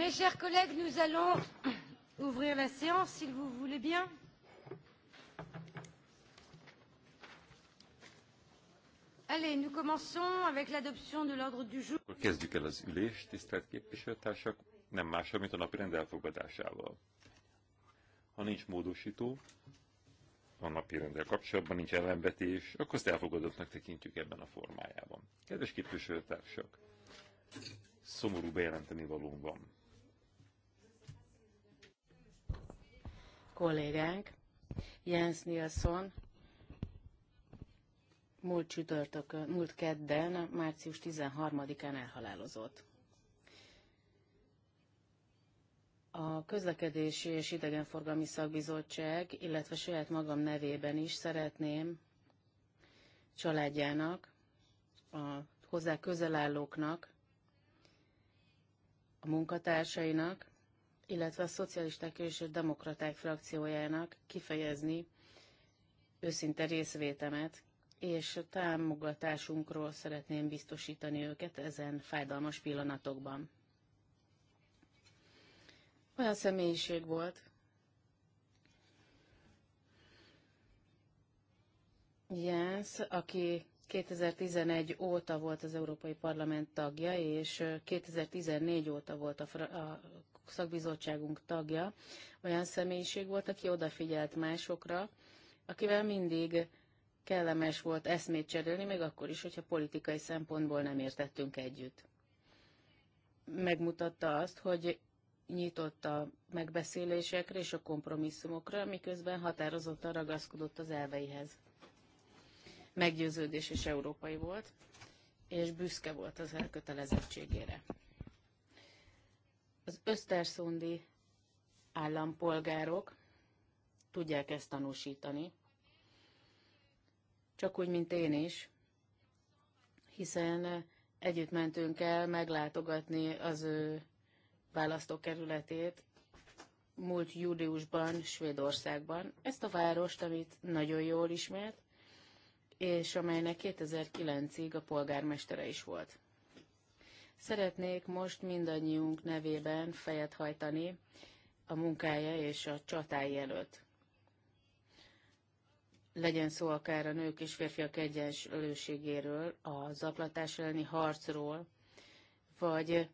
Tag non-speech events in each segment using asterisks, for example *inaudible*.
Mes chers collègues, nous allons ouvrir la séance, si vous voulez bien. Allez, nous commençons avec l'adoption de l'ordre du jour. Kezdjük el az ülést, tisztelt képviselőtársak, nem más, mint a napi rend elfogadásával. Ha nincs módosító, a napi rendel kapcsolatban nincs ellenvetés, akkor azt elfogadottnak tekintjük ebben a formájában. Kedves képviselőtársak, szomorú bejelenteni valóban. van. kollégánk, Jens Nilsson, múlt csütörtökön, múlt kedden, március 13-án elhalálozott. A közlekedési és idegenforgalmi szakbizottság, illetve saját magam nevében is szeretném családjának, a hozzá közel állóknak, a munkatársainak, illetve a szocialisták és demokraták frakciójának kifejezni őszinte részvétemet, és támogatásunkról szeretném biztosítani őket ezen fájdalmas pillanatokban. Olyan személyiség volt, Jens, aki 2011 óta volt az Európai Parlament tagja, és 2014 óta volt a, fra- a szakbizottságunk tagja olyan személyiség volt, aki odafigyelt másokra, akivel mindig kellemes volt eszmét cserélni, még akkor is, hogyha politikai szempontból nem értettünk együtt. Megmutatta azt, hogy nyitott a megbeszélésekre és a kompromisszumokra, miközben határozottan ragaszkodott az elveihez. Meggyőződés és európai volt, és büszke volt az elkötelezettségére. Az öszterszundi állampolgárok tudják ezt tanúsítani, csak úgy, mint én is, hiszen eh, együtt mentünk el meglátogatni az ő választókerületét múlt júliusban Svédországban. Ezt a várost, amit nagyon jól ismert, és amelynek 2009-ig a polgármestere is volt. Szeretnék most mindannyiunk nevében fejet hajtani a munkája és a csatái előtt. Legyen szó akár a nők és férfiak egyenlőségéről, a zaklatás elleni harcról, vagy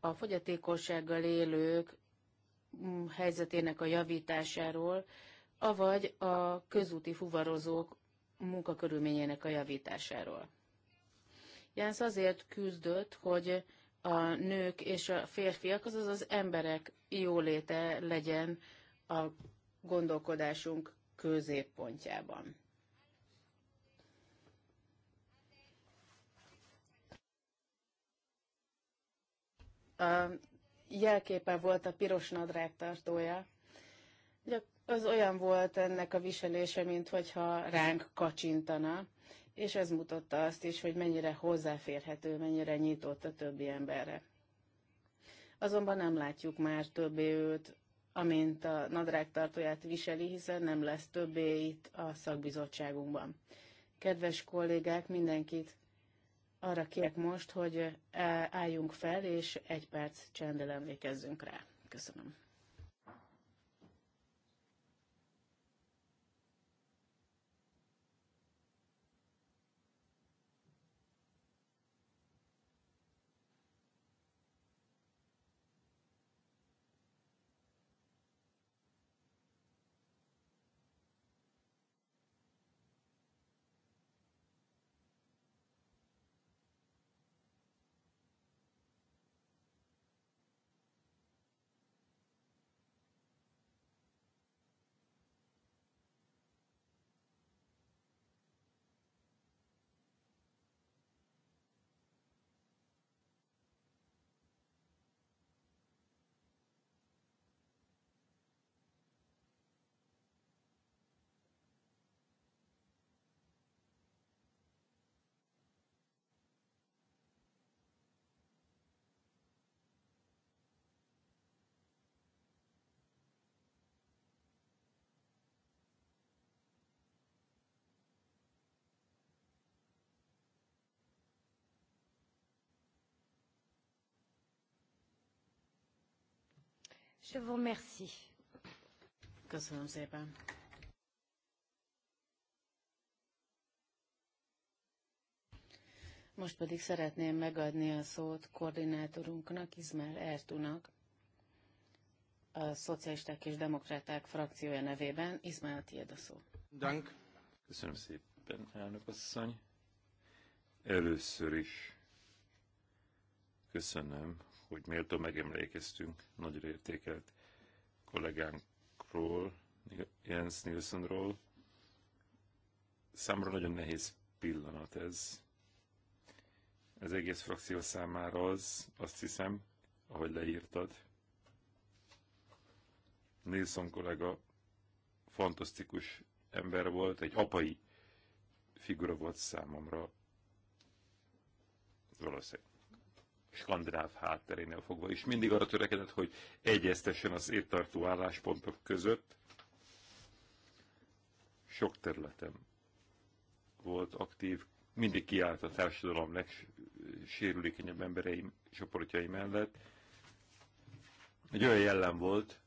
a fogyatékossággal élők mm, helyzetének a javításáról, avagy a közúti fuvarozók munkakörülményének a javításáról. Jánz azért küzdött, hogy a nők és a férfiak, azaz az emberek jóléte legyen a gondolkodásunk középpontjában. A jelképe volt a piros nadrág tartója. Az olyan volt ennek a viselése, mint hogyha ránk kacsintana és ez mutatta azt is, hogy mennyire hozzáférhető, mennyire nyitott a többi emberre. Azonban nem látjuk már többé őt, amint a nadrágtartóját viseli, hiszen nem lesz többé itt a szakbizottságunkban. Kedves kollégák, mindenkit arra kérek most, hogy e, álljunk fel, és egy perc csendel emlékezzünk rá. Köszönöm. Je vous remercie. Köszönöm szépen. Most pedig szeretném megadni a szót koordinátorunknak, Izmel Ertunak, a Szocialisták és Demokraták frakciója nevében. a tiéd a szó. Dank. Köszönöm szépen, elnök asszony. Először is köszönöm hogy méltó megemlékeztünk nagyra értékelt kollégánkról, Jens Nilssonról. számra nagyon nehéz pillanat ez. Az egész frakció számára az, azt hiszem, ahogy leírtad. Nilsson kollega fantasztikus ember volt, egy apai figura volt számomra. Valószínűleg skandináv hátterénél fogva is. Mindig arra törekedett, hogy egyeztessen az éttartó álláspontok között. Sok területen volt aktív, mindig kiállt a társadalom legsérülékenyebb embereim, csoportjai mellett. Egy olyan jellem volt,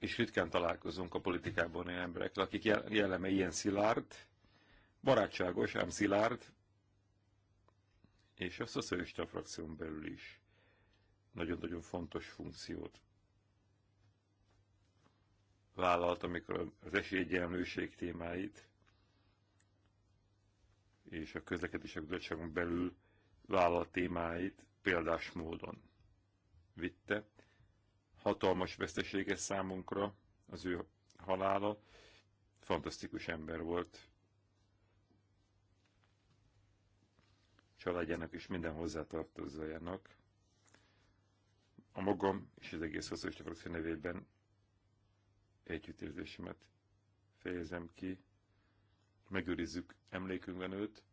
és ritkán találkozunk a politikában olyan emberek, akik jelleme ilyen szilárd, barátságos, ám szilárd, és a szocialista frakción belül is nagyon-nagyon fontos funkciót vállalt, amikor az esélyegyenlőség témáit és a közlekedések bizottságon belül vállalt témáit példás módon vitte. Hatalmas veszteséges számunkra az ő halála. Fantasztikus ember volt, családjának és minden hozzátartozójának. A magam és az egész hosszú frakció nevében együttérzésemet fejezem ki. Megőrizzük emlékünkben őt,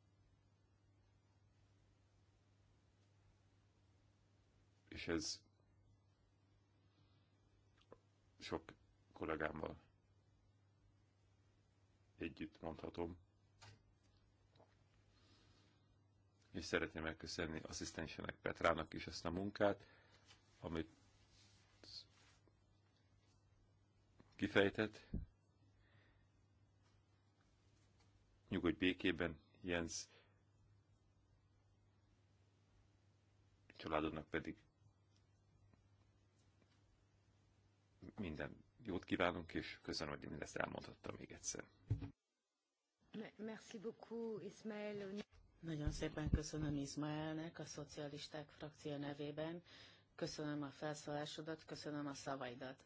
és ez sok kollégámmal együtt mondhatom. és szeretném megköszönni asszisztensének Petrának is ezt a munkát, amit kifejtett. Nyugodj békében, Jens. Családodnak pedig minden jót kívánunk, és köszönöm, hogy mindezt elmondhattam még egyszer. Merci beaucoup, Ismael. Nagyon szépen köszönöm Izmaelnek a szocialisták frakció nevében. Köszönöm a felszólásodat, köszönöm a szavaidat.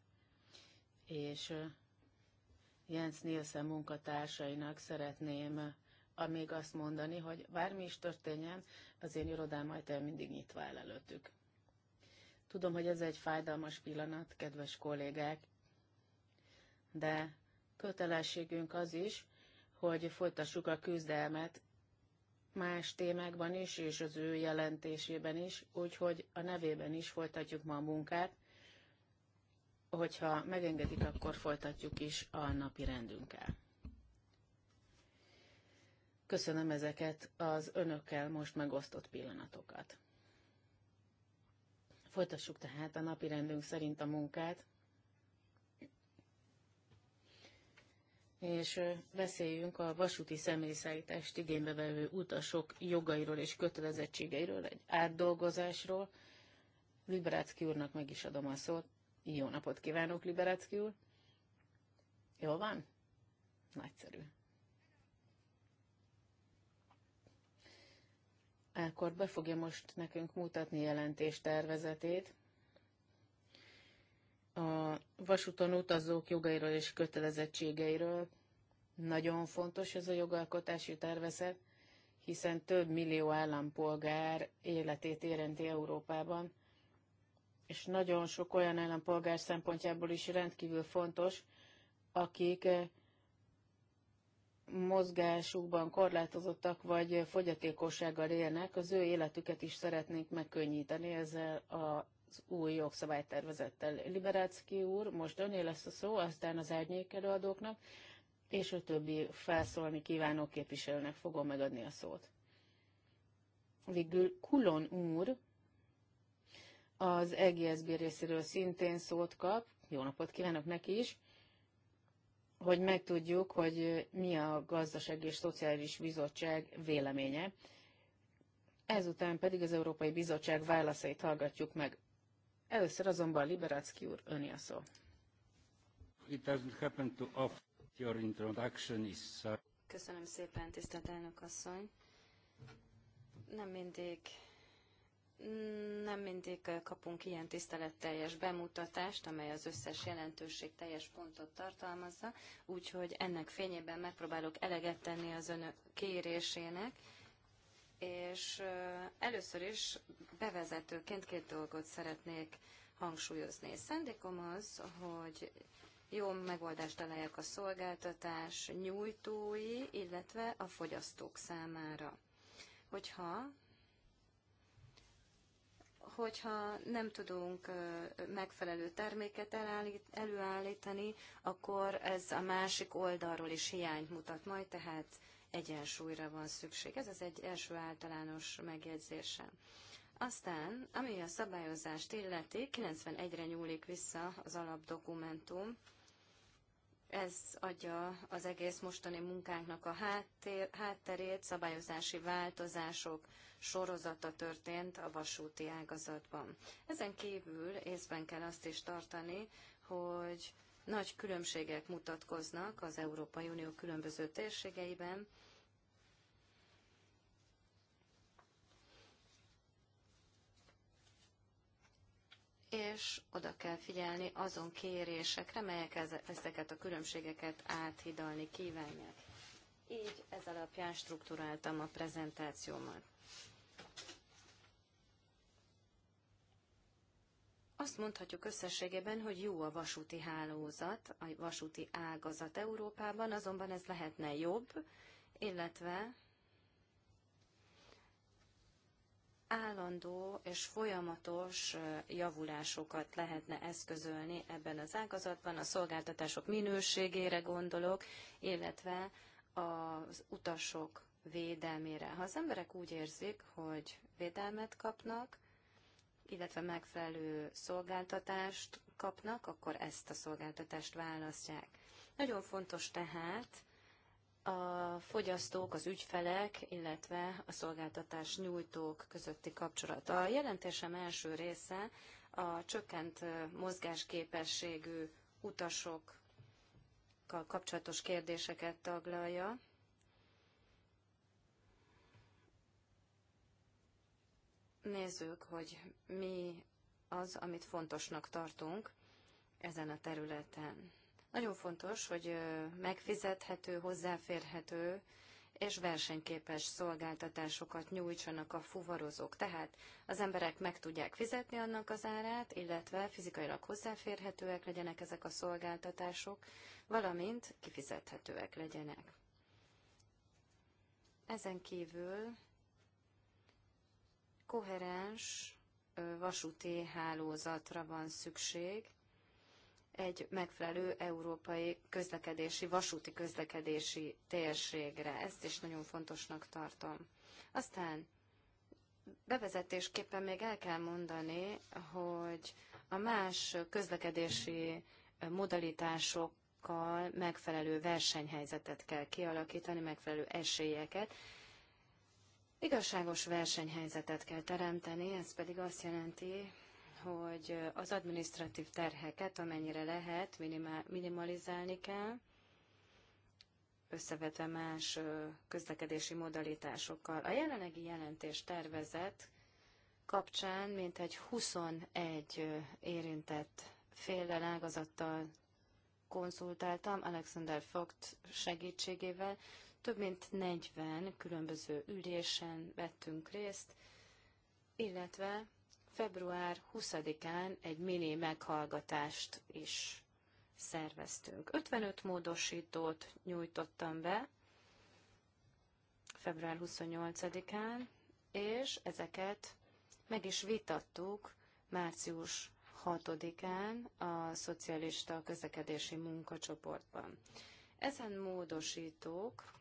És Jens Nielsen munkatársainak szeretném amíg azt mondani, hogy bármi is történjen, az én irodám el mindig nyitva áll előttük. Tudom, hogy ez egy fájdalmas pillanat, kedves kollégák, de kötelességünk az is, hogy folytassuk a küzdelmet más témákban is, és az ő jelentésében is, úgyhogy a nevében is folytatjuk ma a munkát. Hogyha megengedik, akkor folytatjuk is a napi rendünkkel. Köszönöm ezeket az önökkel most megosztott pillanatokat. Folytassuk tehát a napi rendünk szerint a munkát. és beszéljünk a vasúti személyszállítást igénybevevő utasok jogairól és kötelezettségeiről, egy átdolgozásról. Liberácki úrnak meg is adom a szót. Jó napot kívánok, Liberácki úr! Jó van? Nagyszerű. Akkor be fogja most nekünk mutatni jelentés tervezetét, a vasúton utazók jogairól és kötelezettségeiről. Nagyon fontos ez a jogalkotási tervezet, hiszen több millió állampolgár életét érinti Európában, és nagyon sok olyan állampolgár szempontjából is rendkívül fontos, akik eh, mozgásukban korlátozottak vagy fogyatékossággal élnek, az ő életüket is szeretnénk megkönnyíteni ezzel a az új jogszabálytervezettel. Liberácki úr, most öné lesz a szó, aztán az árnyék előadóknak, és a többi felszólni kívánó képviselőnek fogom megadni a szót. Végül Kulon úr az EGSB részéről szintén szót kap, jó napot kívánok neki is, hogy megtudjuk, hogy mi a Gazdasági és Szociális Bizottság véleménye. Ezután pedig az Európai Bizottság válaszait hallgatjuk meg. Először azonban Liberácki úr, öni a szó. It doesn't happen to off. Your introduction is... Köszönöm szépen, tisztelt elnök asszony. Nem mindig nem mindig kapunk ilyen tiszteletteljes bemutatást, amely az összes jelentőség teljes pontot tartalmazza, úgyhogy ennek fényében megpróbálok eleget tenni az önök kérésének és először is bevezetőként két dolgot szeretnék hangsúlyozni. Szándékom az, hogy jó megoldást találjak a szolgáltatás nyújtói, illetve a fogyasztók számára. Hogyha hogyha nem tudunk megfelelő terméket elállít, előállítani, akkor ez a másik oldalról is hiányt mutat majd, tehát egyensúlyra van szükség. Ez az egy első általános megjegyzésem. Aztán, ami a szabályozást illeti, 91-re nyúlik vissza az alapdokumentum. Ez adja az egész mostani munkánknak a háttér, hátterét, szabályozási változások sorozata történt a vasúti ágazatban. Ezen kívül észben kell azt is tartani, hogy nagy különbségek mutatkoznak az Európai Unió különböző térségeiben. és oda kell figyelni azon kérésekre, melyek ezeket a különbségeket áthidalni kívánják. Így ez alapján struktúráltam a prezentációmat. Azt mondhatjuk összességében, hogy jó a vasúti hálózat, a vasúti ágazat Európában, azonban ez lehetne jobb, illetve állandó és folyamatos javulásokat lehetne eszközölni ebben az ágazatban, a szolgáltatások minőségére gondolok, illetve az utasok védelmére. Ha az emberek úgy érzik, hogy védelmet kapnak, illetve megfelelő szolgáltatást kapnak, akkor ezt a szolgáltatást választják. Nagyon fontos tehát a fogyasztók, az ügyfelek, illetve a szolgáltatás nyújtók közötti kapcsolat. A jelentésem első része a csökkent mozgásképességű utasokkal kapcsolatos kérdéseket taglalja. nézzük, hogy mi az, amit fontosnak tartunk ezen a területen. Nagyon fontos, hogy megfizethető, hozzáférhető és versenyképes szolgáltatásokat nyújtsanak a fuvarozók. Tehát az emberek meg tudják fizetni annak az árát, illetve fizikailag hozzáférhetőek legyenek ezek a szolgáltatások, valamint kifizethetőek legyenek. Ezen kívül koherens vasúti hálózatra van szükség, egy megfelelő európai közlekedési, vasúti közlekedési térségre. Ezt is nagyon fontosnak tartom. Aztán bevezetésképpen még el kell mondani, hogy a más közlekedési modalitásokkal megfelelő versenyhelyzetet kell kialakítani, megfelelő esélyeket, Igazságos versenyhelyzetet kell teremteni, ez pedig azt jelenti, hogy az administratív terheket, amennyire lehet, minimalizálni kell, összevetve más közlekedési modalitásokkal. A jelenlegi jelentés tervezet kapcsán mintegy 21 érintett féllel ágazattal konzultáltam Alexander Fogt segítségével, több mint 40 különböző ülésen vettünk részt, illetve február 20-án egy mini meghallgatást is szerveztünk. 55 módosítót nyújtottam be február 28-án, és ezeket meg is vitattuk március 6-án a Szocialista Közlekedési Munkacsoportban. Ezen módosítók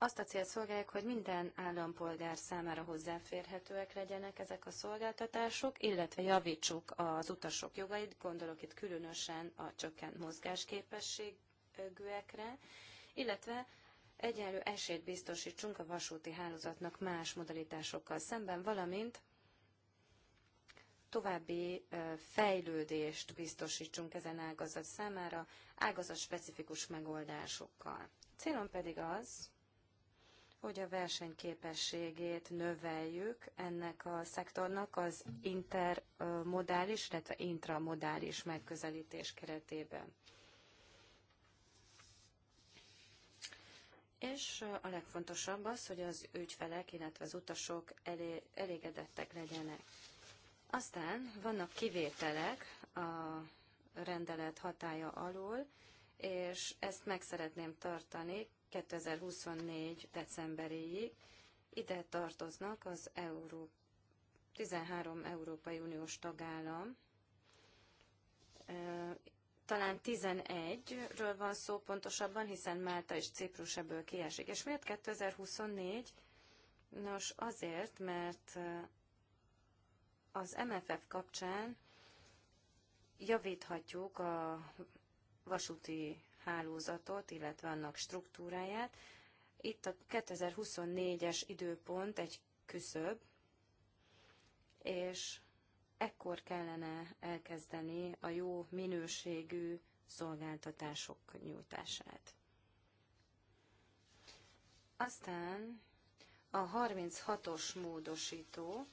azt a célt szolgálják, hogy minden állampolgár számára hozzáférhetőek legyenek ezek a szolgáltatások, illetve javítsuk az utasok jogait, gondolok itt különösen a csökkent mozgásképességűekre, illetve egyenlő esélyt biztosítsunk a vasúti hálózatnak más modalitásokkal szemben, valamint további fejlődést biztosítsunk ezen ágazat számára ágazat specifikus megoldásokkal. Célom pedig az, hogy a versenyképességét növeljük ennek a szektornak az intermodális, illetve intramodális megközelítés keretében. És a legfontosabb az, hogy az ügyfelek, illetve az utasok elé, elégedettek legyenek. Aztán vannak kivételek a rendelet hatája alól, és ezt meg szeretném tartani 2024. decemberéig. Ide tartoznak az Euró 13 Európai Uniós tagállam, talán 11-ről van szó pontosabban, hiszen Málta és Ciprus ebből kiesik. És miért 2024? Nos, azért, mert az MFF kapcsán javíthatjuk a vasúti hálózatot, illetve annak struktúráját. Itt a 2024-es időpont egy küszöb, és ekkor kellene elkezdeni a jó minőségű szolgáltatások nyújtását. Aztán a 36-os módosító,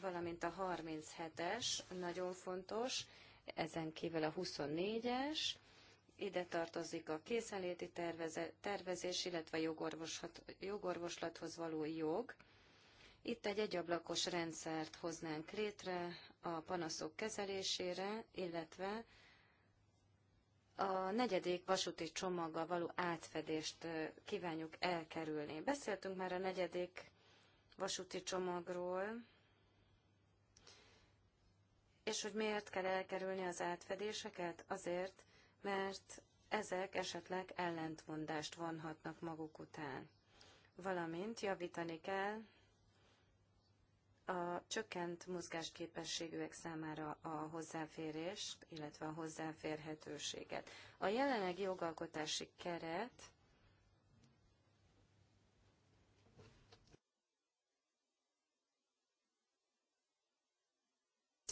valamint a 37-es nagyon fontos, ezen kívül a 24-es, ide tartozik a készenléti tervezés, illetve jogorvoslathoz való jog. Itt egy egyablakos rendszert hoznánk létre a panaszok kezelésére, illetve a negyedik vasúti csomaggal való átfedést kívánjuk elkerülni. Beszéltünk már a negyedik vasúti csomagról, és hogy miért kell elkerülni az átfedéseket? Azért, mert ezek esetleg ellentmondást vonhatnak maguk után. Valamint javítani kell a csökkent mozgásképességűek számára a hozzáférést, illetve a hozzáférhetőséget. A jelenlegi jogalkotási keret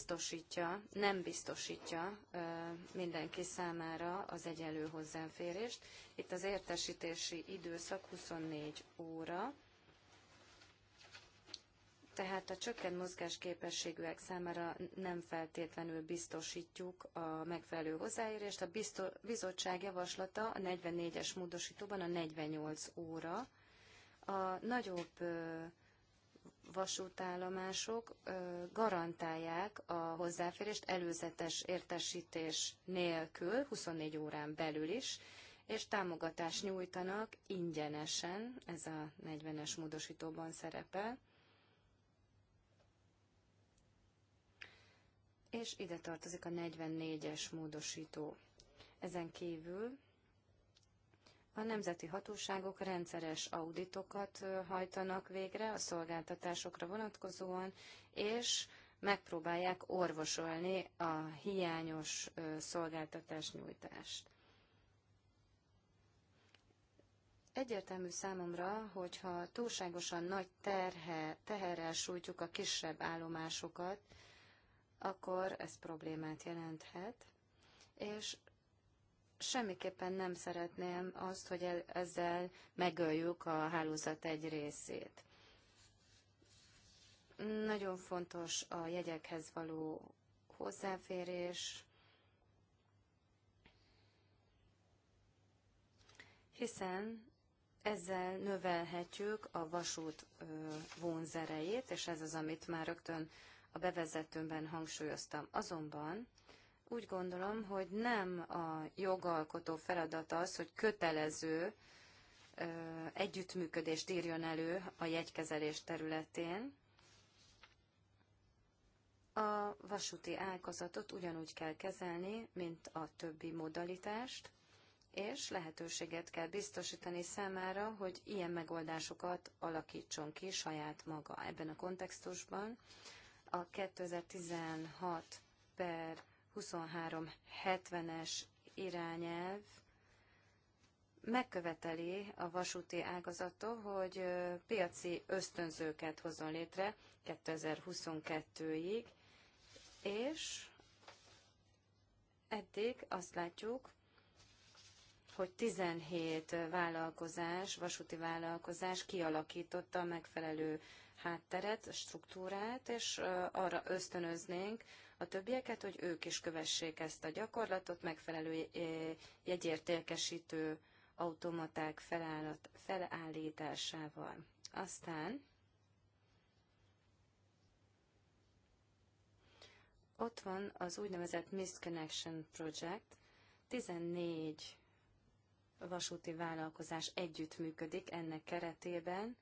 biztosítja, nem biztosítja mindenki számára az egyenlő hozzáférést. Itt az értesítési időszak 24 óra, tehát a csökkent mozgásképességűek számára nem feltétlenül biztosítjuk a megfelelő hozzáérést. A biztos, bizottság javaslata a 44-es módosítóban a 48 óra. A nagyobb vasútállomások garantálják a hozzáférést előzetes értesítés nélkül, 24 órán belül is, és támogatást nyújtanak ingyenesen, ez a 40-es módosítóban szerepel. És ide tartozik a 44-es módosító. Ezen kívül a nemzeti hatóságok rendszeres auditokat hajtanak végre a szolgáltatásokra vonatkozóan, és megpróbálják orvosolni a hiányos szolgáltatás nyújtást. Egyértelmű számomra, hogyha túlságosan nagy terhe, teherrel sújtjuk a kisebb állomásokat, akkor ez problémát jelenthet, és semmiképpen nem szeretném azt, hogy ezzel megöljük a hálózat egy részét. Nagyon fontos a jegyekhez való hozzáférés, hiszen ezzel növelhetjük a vasút vonzerejét, és ez az, amit már rögtön a bevezetőmben hangsúlyoztam. Azonban úgy gondolom, hogy nem a jogalkotó feladata az, hogy kötelező ö, együttműködést írjon elő a jegykezelés területén. A vasúti ágazatot ugyanúgy kell kezelni, mint a többi modalitást, és lehetőséget kell biztosítani számára, hogy ilyen megoldásokat alakítson ki saját maga ebben a kontextusban. A 2016 per 2370-es irányelv megköveteli a vasúti ágazattól, hogy piaci ösztönzőket hozzon létre 2022-ig, és eddig azt látjuk, hogy 17 vállalkozás, vasúti vállalkozás kialakította a megfelelő hátteret, struktúrát, és arra ösztönöznénk a többieket, hogy ők is kövessék ezt a gyakorlatot, megfelelő eh, jegyértékesítő automaták felállat, felállításával. Aztán ott van az úgynevezett Missed Connection Project. 14 vasúti vállalkozás együttműködik ennek keretében,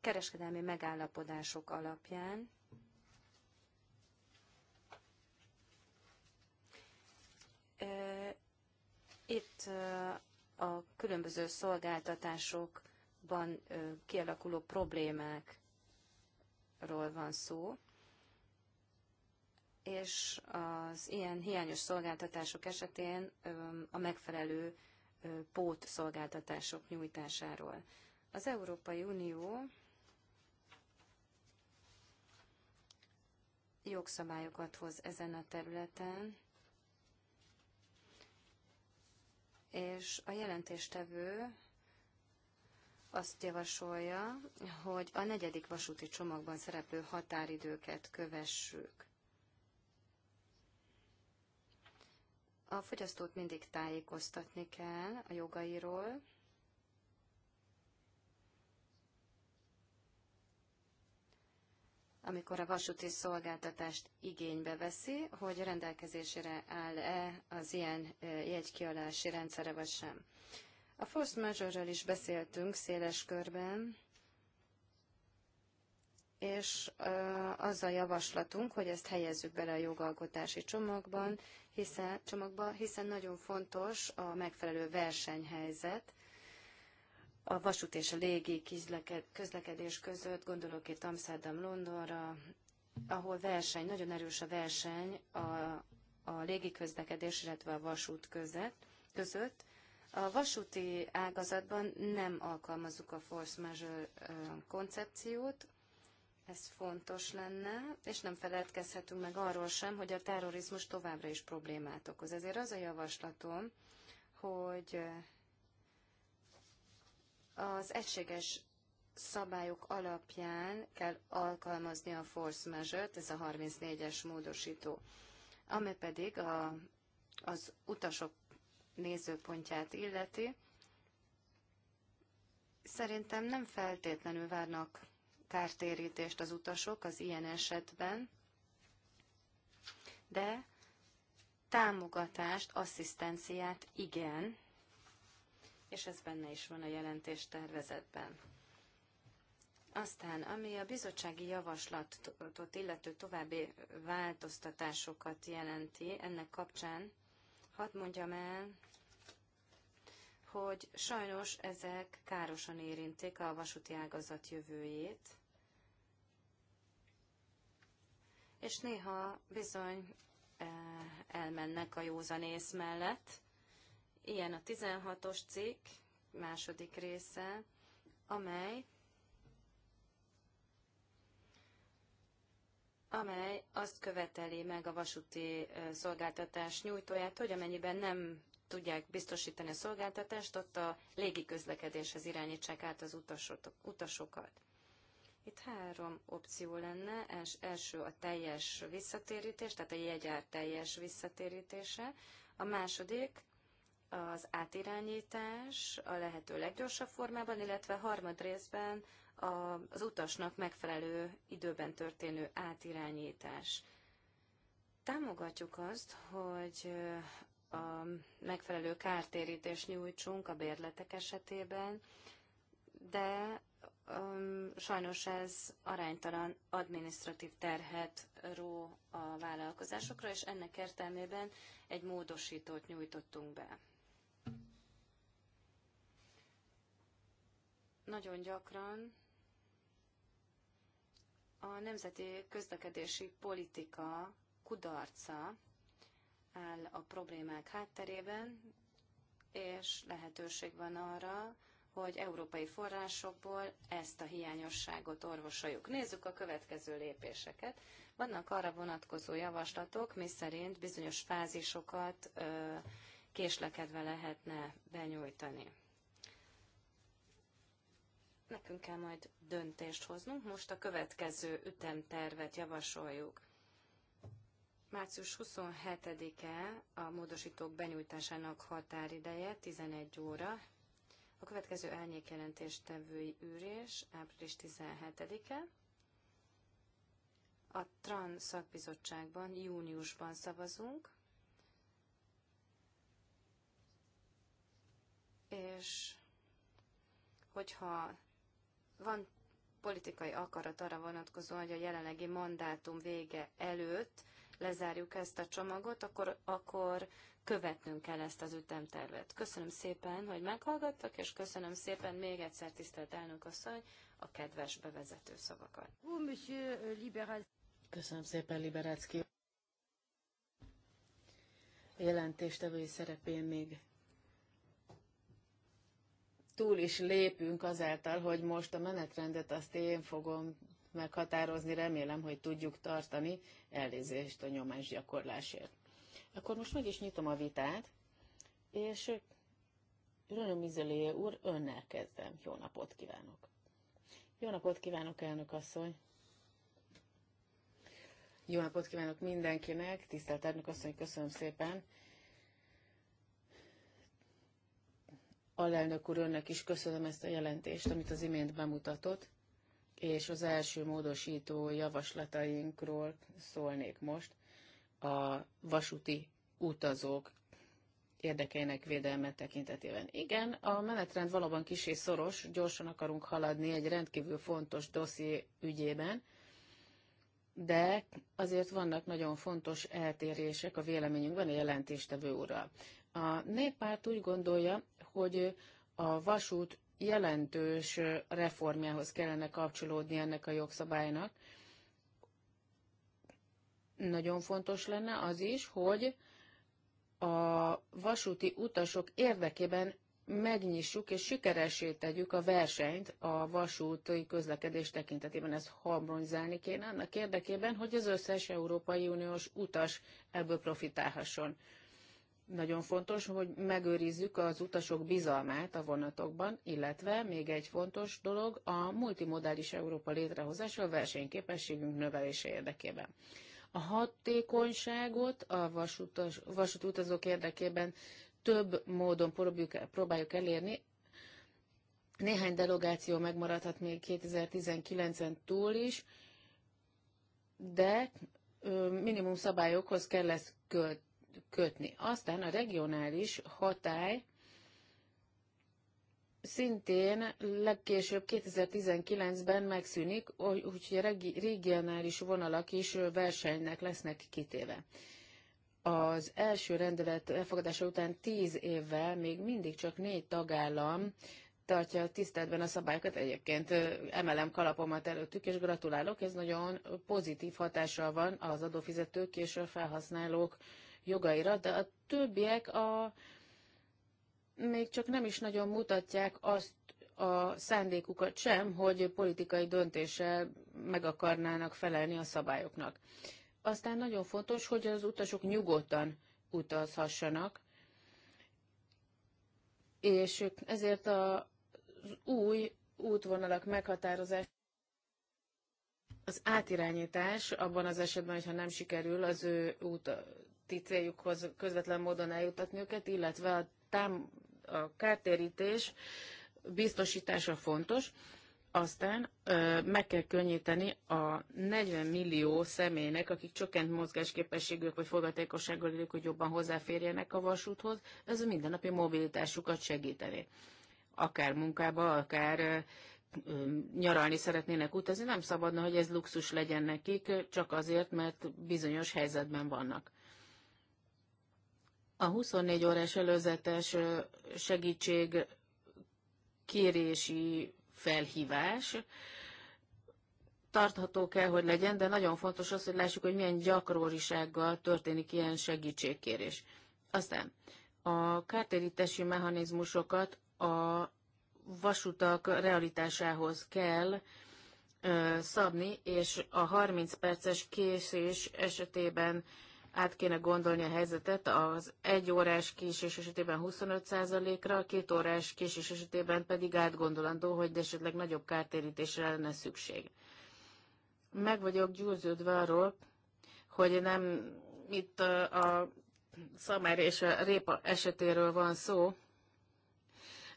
kereskedelmi megállapodások alapján, Itt a különböző szolgáltatásokban kialakuló problémákról van szó, és az ilyen hiányos szolgáltatások esetén a megfelelő pót szolgáltatások nyújtásáról. Az Európai Unió jogszabályokat hoz ezen a területen, és a jelentéstevő azt javasolja, hogy a negyedik vasúti csomagban szereplő határidőket kövessük. A fogyasztót mindig tájékoztatni kell a jogairól, amikor a vasúti szolgáltatást igénybe veszi, hogy rendelkezésére áll-e az ilyen jegykiadási rendszere vagy sem. A force majeure is beszéltünk széles körben, és az a javaslatunk, hogy ezt helyezzük bele a jogalkotási csomagban, hiszen, csomagba, hiszen nagyon fontos a megfelelő versenyhelyzet, a vasút és a légi közlekedés között, gondolok itt Amsterdam, Londonra, ahol verseny, nagyon erős a verseny a, a légi közlekedés, illetve a vasút között, között. A vasúti ágazatban nem alkalmazzuk a force majeure koncepciót, ez fontos lenne, és nem feledkezhetünk meg arról sem, hogy a terrorizmus továbbra is problémát okoz. Ezért az a javaslatom, hogy az egységes szabályok alapján kell alkalmazni a force measure ez a 34-es módosító, ami pedig a, az utasok nézőpontját illeti. Szerintem nem feltétlenül várnak kártérítést az utasok az ilyen esetben, de támogatást, asszisztenciát igen, és ez benne is van a jelentés tervezetben. Aztán, ami a bizottsági javaslatot illető további változtatásokat jelenti, ennek kapcsán hadd mondjam el, hogy sajnos ezek károsan érintik a vasúti ágazat jövőjét, és néha bizony eh, elmennek a józan ész mellett, Ilyen a 16-os cikk második része, amely amely azt követeli meg a vasúti szolgáltatás nyújtóját, hogy amennyiben nem tudják biztosítani a szolgáltatást, ott a légi közlekedéshez irányítsák át az utasokat. Itt három opció lenne. Els, első a teljes visszatérítés, tehát a jegyár teljes visszatérítése. A második az átirányítás a lehető leggyorsabb formában, illetve harmad részben az utasnak megfelelő időben történő átirányítás. Támogatjuk azt, hogy a megfelelő kártérítést nyújtsunk a bérletek esetében, de um, sajnos ez aránytalan adminisztratív terhet ró a vállalkozásokra, és ennek értelmében egy módosítót nyújtottunk be. nagyon gyakran a nemzeti közlekedési politika kudarca áll a problémák hátterében, és lehetőség van arra, hogy európai forrásokból ezt a hiányosságot orvosoljuk. Nézzük a következő lépéseket. Vannak arra vonatkozó javaslatok, szerint bizonyos fázisokat ö, késlekedve lehetne benyújtani nekünk kell majd döntést hoznunk. Most a következő ütemtervet javasoljuk. Március 27-e a módosítók benyújtásának határideje 11 óra. A következő árnyékjelentéstevői űrés április 17-e. A TRAN szakbizottságban júniusban szavazunk, és hogyha van politikai akarat arra vonatkozóan, hogy a jelenlegi mandátum vége előtt lezárjuk ezt a csomagot, akkor, akkor követnünk kell ezt az ütemtervet. Köszönöm szépen, hogy meghallgattak, és köszönöm szépen még egyszer, tisztelt elnök asszony, a kedves bevezető szavakat. Köszönöm szépen, Liberácki. Jelentéstevői szerepén még túl is lépünk azáltal, hogy most a menetrendet azt én fogom meghatározni, remélem, hogy tudjuk tartani elnézést a nyomásgyakorlásért. Akkor most meg is nyitom a vitát, és Rönöm Izelé úr, önnel kezdem. Jó napot kívánok! Jó napot kívánok, elnök asszony! Jó napot kívánok mindenkinek, tisztelt elnök asszony, köszönöm szépen! Alelnök úr, önnek is köszönöm ezt a jelentést, amit az imént bemutatott, és az első módosító javaslatainkról szólnék most. A vasúti utazók érdekeinek védelme tekintetében. Igen, a menetrend valóban kis és szoros, gyorsan akarunk haladni egy rendkívül fontos dosszié ügyében, de azért vannak nagyon fontos eltérések a véleményünkben a jelentéstevő úrral. A néppárt úgy gondolja, hogy a vasút jelentős reformjához kellene kapcsolódni ennek a jogszabálynak. Nagyon fontos lenne az is, hogy a vasúti utasok érdekében megnyissuk és sikeressé tegyük a versenyt a vasúti közlekedés tekintetében. Ezt harmonizálni kéne annak érdekében, hogy az összes Európai Uniós utas ebből profitálhasson. Nagyon fontos, hogy megőrizzük az utasok bizalmát a vonatokban, illetve még egy fontos dolog a multimodális Európa létrehozása a versenyképességünk növelése érdekében. A hatékonyságot a vasutas, vasútutazók érdekében több módon próbáljuk elérni, néhány delegáció megmaradhat még 2019-en túl is, de minimum szabályokhoz kell ezt kötni. Aztán a regionális hatály szintén legkésőbb 2019-ben megszűnik, úgyhogy a regionális vonalak is versenynek lesznek kitéve. Az első rendelet elfogadása után 10 évvel még mindig csak négy tagállam tartja tiszteletben a szabályokat. Egyébként emelem kalapomat előttük, és gratulálok. Ez nagyon pozitív hatással van az adófizetők és a felhasználók jogaira, de a többiek a, még csak nem is nagyon mutatják azt a szándékukat sem, hogy politikai döntéssel meg akarnának felelni a szabályoknak. Aztán nagyon fontos, hogy az utasok nyugodtan utazhassanak, és ezért az új útvonalak meghatározás, az átirányítás abban az esetben, hogyha nem sikerül az ő út, eredeti céljukhoz közvetlen módon eljutatni őket, illetve a, tám, a kártérítés biztosítása fontos. Aztán ö, meg kell könnyíteni a 40 millió személynek, akik csökkent mozgásképességűek vagy fogatékossággal élők, hogy jobban hozzáférjenek a vasúthoz, ez a mindennapi mobilitásukat segíteni. Akár munkába, akár ö, nyaralni szeretnének utazni, nem szabadna, hogy ez luxus legyen nekik, csak azért, mert bizonyos helyzetben vannak. A 24 órás előzetes segítség kérési felhívás tartható kell, hogy legyen, de nagyon fontos az, hogy lássuk, hogy milyen gyakrórisággal történik ilyen segítségkérés. Aztán a kártérítési mechanizmusokat a vasutak realitásához kell ö, szabni, és a 30 perces készés esetében át kéne gondolni a helyzetet, az egy órás késés esetében 25%-ra, a két órás késés esetében pedig átgondolandó, hogy esetleg nagyobb kártérítésre lenne szükség. Meg vagyok győződve arról, hogy nem itt a szamár és a répa esetéről van szó,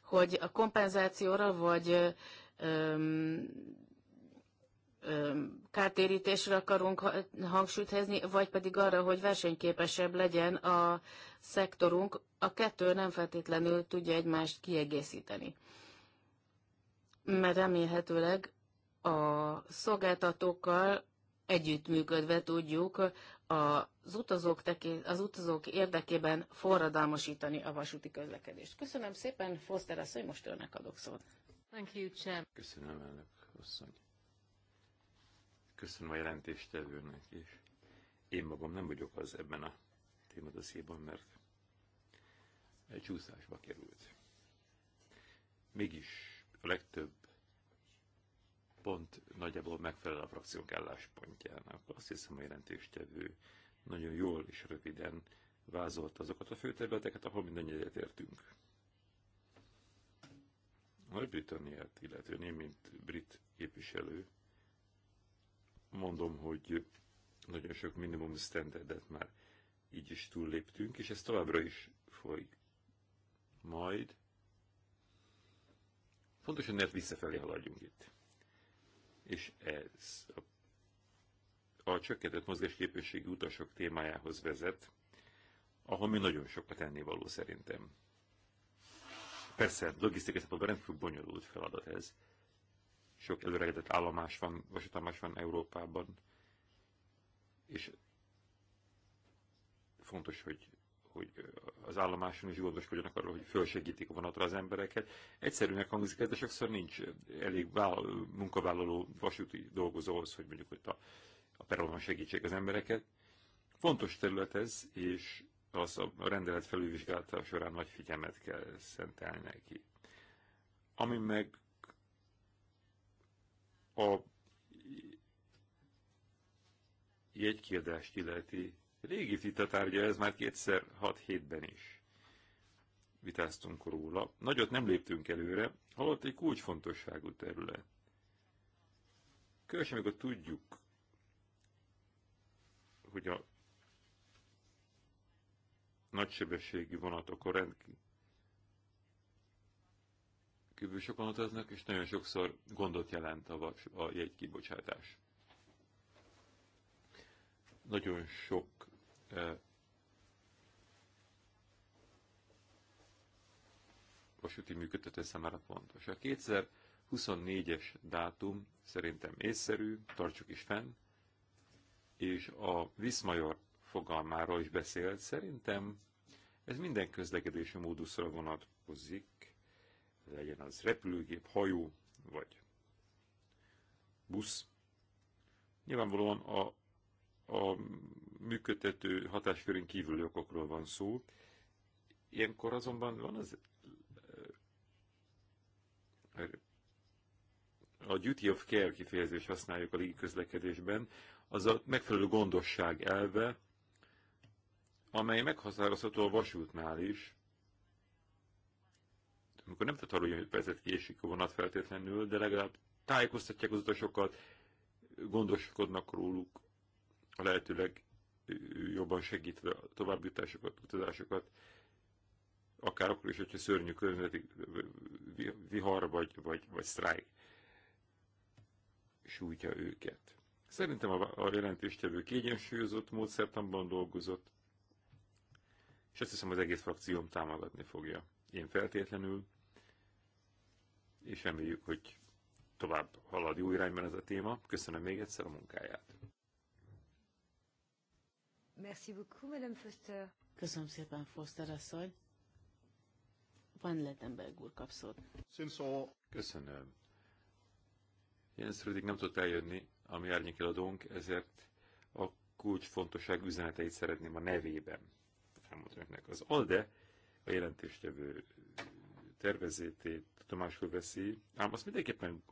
hogy a kompenzációra vagy kártérítésre akarunk hangsúlyt helyezni, vagy pedig arra, hogy versenyképesebb legyen a szektorunk. A kettő nem feltétlenül tudja egymást kiegészíteni. Mert remélhetőleg a szolgáltatókkal együttműködve tudjuk az utazók, teké, az utazók érdekében forradalmasítani a vasúti közlekedést. Köszönöm szépen, Foster asszony, most önnek adok szót. Thank you, Chair. Köszönöm, elnök asszony köszönöm a jelentéstevőnek és Én magam nem vagyok az ebben a témadosszéban, mert egy csúszásba került. Mégis a legtöbb pont nagyjából megfelel a frakciónk álláspontjának. Azt hiszem, a jelentéstevő nagyon jól és röviden vázolta azokat a főterületeket, ahol mindannyian egyetértünk. Nagy-Britanniát, illetően én, mint brit képviselő, mondom, hogy nagyon sok minimum standardet már így is túlléptünk, és ez továbbra is folyik. Majd fontos, hogy visszafelé haladjunk itt. És ez a, a csökkentett mozgásképességi utasok témájához vezet, ahol mi nagyon sokat ennivaló szerintem. Persze, logisztikai szempontból rendkívül bonyolult feladat ez, sok előregedett állomás van, vasútállomás van Európában, és fontos, hogy, hogy az állomáson is gondoskodjanak arról, hogy fölsegítik a vonatra az embereket. Egyszerűnek hangzik ez, de sokszor nincs elég munkavállaló vasúti dolgozóhoz, hogy mondjuk ott a, a peronon segítsék az embereket. Fontos terület ez, és az a rendelet felülvizsgálata során nagy figyelmet kell szentelni neki. Ami meg a jegykiadást illeti. Régi vitatárgya, ez már kétszer 6 7 is vitáztunk róla. Nagyot nem léptünk előre, halott egy kulcsfontosságú terület. Különösen, amikor tudjuk, hogy a nagysebességű a rendkívül kívül sokan utaznak, és nagyon sokszor gondot jelent a, vas, a jegykibocsátás. Nagyon sok eh, vasúti működtető számára fontos. A 2024-es dátum szerintem észszerű, tartsuk is fenn, és a Viszmajor fogalmáról is beszélt, szerintem ez minden közlekedési módusra vonatkozik, legyen az repülőgép, hajó vagy busz. Nyilvánvalóan a, a működtető hatáskörén kívüli okokról van szó. Ilyenkor azonban van az a duty of care kifejezés használjuk a légiközlekedésben, az a megfelelő gondosság elve, amely meghatározható a vasútnál is, amikor nem tudhat arról, hogy percet késik a vonat feltétlenül, de legalább tájékoztatják az utasokat, gondoskodnak róluk, a lehetőleg jobban segítve a továbbjutásokat, utazásokat, akár akkor is, hogyha szörnyű környezeti vihar vagy, vagy, vagy sztrájk sújtja őket. Szerintem a, a jelentéstevő kiegyensúlyozott módszertanban dolgozott, és azt hiszem az egész frakcióm támogatni fogja. Én feltétlenül, és reméljük, hogy tovább halad jó irányban ez a téma. Köszönöm még egyszer a munkáját. Merci beaucoup, Madame Foster. Köszönöm szépen, Foster asszony. Van Lettenberg úr kapszott. Köszönöm. Jens Rüdig nem tudott eljönni a mi árnyékeladónk, ezért a kulcsfontosság üzeneteit szeretném a nevében elmondani önöknek. Az ALDE a jelentéstevő tervezétét tudomásul veszi, ám azt mindenképpen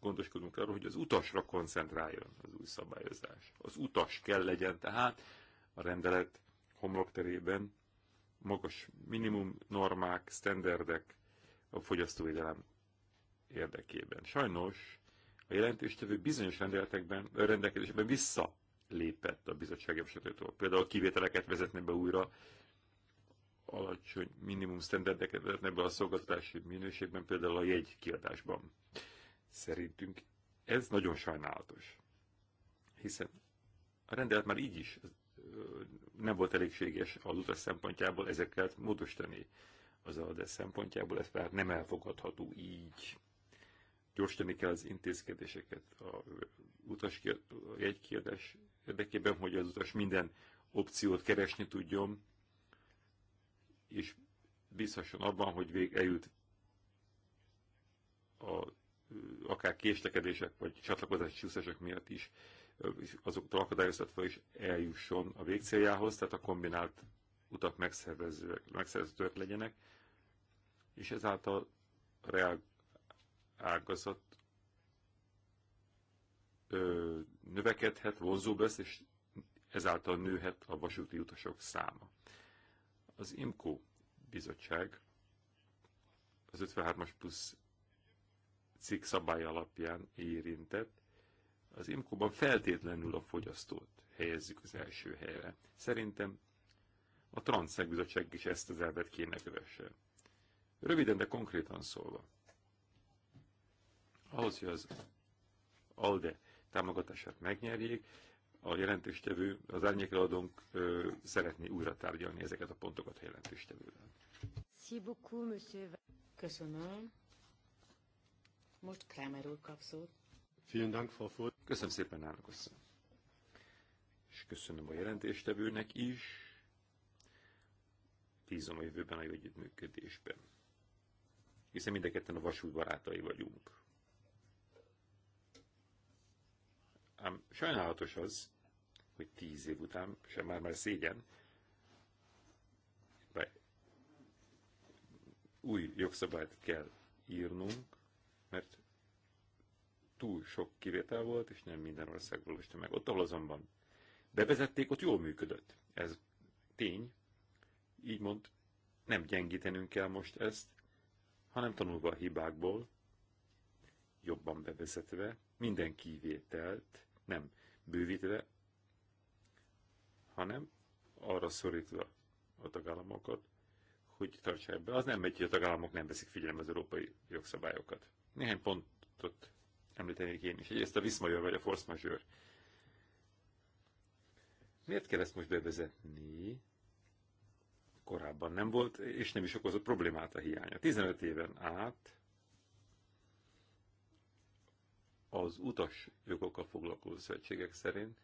gondoskodunk arról, hogy az utasra koncentráljon az új szabályozás. Az utas kell legyen tehát a rendelet homlokterében magas minimum normák, sztenderdek a fogyasztóvédelem érdekében. Sajnos a jelentéstevő bizonyos rendeletekben, rendelkezésben visszalépett a bizottság javaslatótól. Például kivételeket vezetne be újra alacsony minimum sztenderdeket vezetne be a szolgáltatási minőségben, például a jegykiadásban. Szerintünk ez nagyon sajnálatos, hiszen a rendelet már így is nem volt elégséges az utas szempontjából ezeket módosítani. Az adás szempontjából ez már nem elfogadható így. Gyorsítani kell az intézkedéseket a utas jegykiadás érdekében, hogy az utas minden opciót keresni tudjon, és biztosan abban, hogy vég eljut a, akár késtekedések vagy csatlakozási csúszások miatt is azoktól akadályoztatva is eljusson a végcéljához, tehát a kombinált utak megszervezők legyenek, és ezáltal a reál ágazat ö, növekedhet, vonzóbb lesz, és ezáltal nőhet a vasúti utasok száma. Az IMCO bizottság az 53-as plusz cikk szabály alapján érintett, az IMCO-ban feltétlenül a fogyasztót helyezzük az első helyre. Szerintem a Transzeg bizottság is ezt az elvet kéne kövesse. Röviden, de konkrétan szólva. Ahhoz, hogy az ALDE támogatását megnyerjék, a jelentéstevő, az árnyékeladónk szeretné újra tárgyalni ezeket a pontokat a jelentéstevővel. Köszönöm. Most Kramer úr kap szót. Köszönöm szépen, állok össze. És köszönöm a jelentéstevőnek is. Bízom a jövőben a jó együttműködésben. Hiszen mind a ketten a vasúly barátai vagyunk. Ám sajnálatos az, hogy tíz év után sem már már szégyen, be, új jogszabályt kell írnunk, mert túl sok kivétel volt, és nem minden ország valósta meg. Ott, ahol azonban bevezették, ott jól működött. Ez tény, így mond, nem gyengítenünk kell most ezt, hanem tanulva a hibákból, jobban bevezetve minden kivételt nem bővítve, hanem arra szorítva a tagállamokat, hogy tartsák be. Az nem megy, hogy a tagállamok nem veszik figyelembe az európai jogszabályokat. Néhány pontot említenék én is. Egyrészt a viszmajor vagy a force majeure. Miért kell ezt most bevezetni? Korábban nem volt, és nem is okozott problémát a hiánya. 15 éven át az utas jogokkal foglalkozó szövetségek szerint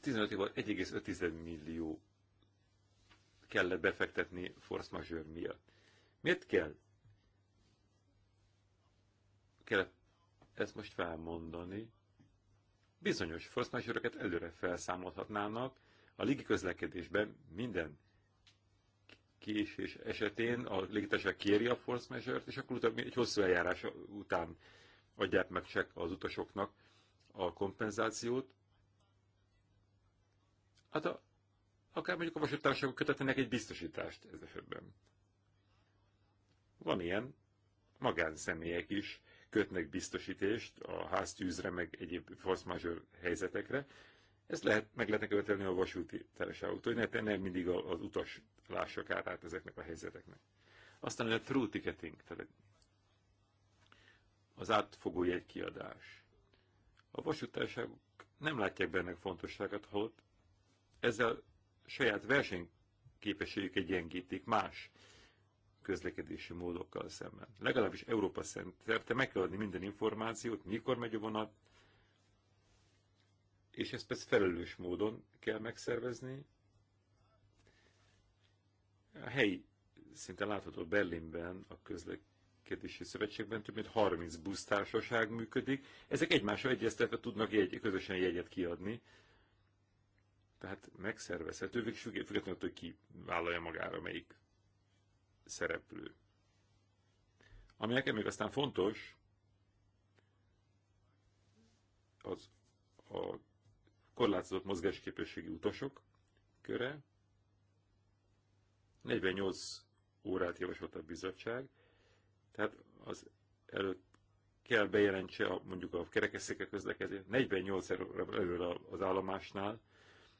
15 millió kellett befektetni force majeure miatt. Miért kell? Kell ezt most felmondani. Bizonyos force majeure előre felszámolhatnának. A légiközlekedésben minden késés esetén a légitársaság kéri a force majeure és akkor utána egy hosszú eljárás után adják meg csak az utasoknak a kompenzációt. Hát a, akár mondjuk a vasútársaságok kötetnek egy biztosítást ez esetben. Van ilyen, magánszemélyek is kötnek biztosítést a háztűzre, meg egyéb force helyzetekre. Ezt lehet, meg lehetne követelni a vasúti társaságoktól, hogy ne, ne mindig az utas át, át ezeknek a helyzeteknek. Aztán a true ticketing, tehát az átfogó jegykiadás. A vasútárságok nem látják benne fontosságát, holott ezzel saját versenyképességüket gyengítik más közlekedési módokkal szemben. Legalábbis Európa szerte meg kell adni minden információt, mikor megy a vonat, és ezt persze felelős módon kell megszervezni. A helyi szinte látható Berlinben a közlekedés közlekedési szövetségben több mint 30 busztársaság működik. Ezek egymással egyeztetve tudnak jegy, közösen jegyet kiadni. Tehát megszervezhető, függetlenül, hogy ki vállalja magára melyik szereplő. Ami nekem még aztán fontos, az a korlátozott mozgásképességi utasok köre. 48 órát javasolt a bizottság, tehát az előtt kell bejelentse a, mondjuk a kerekesszéke közlekedés 48 előre az állomásnál,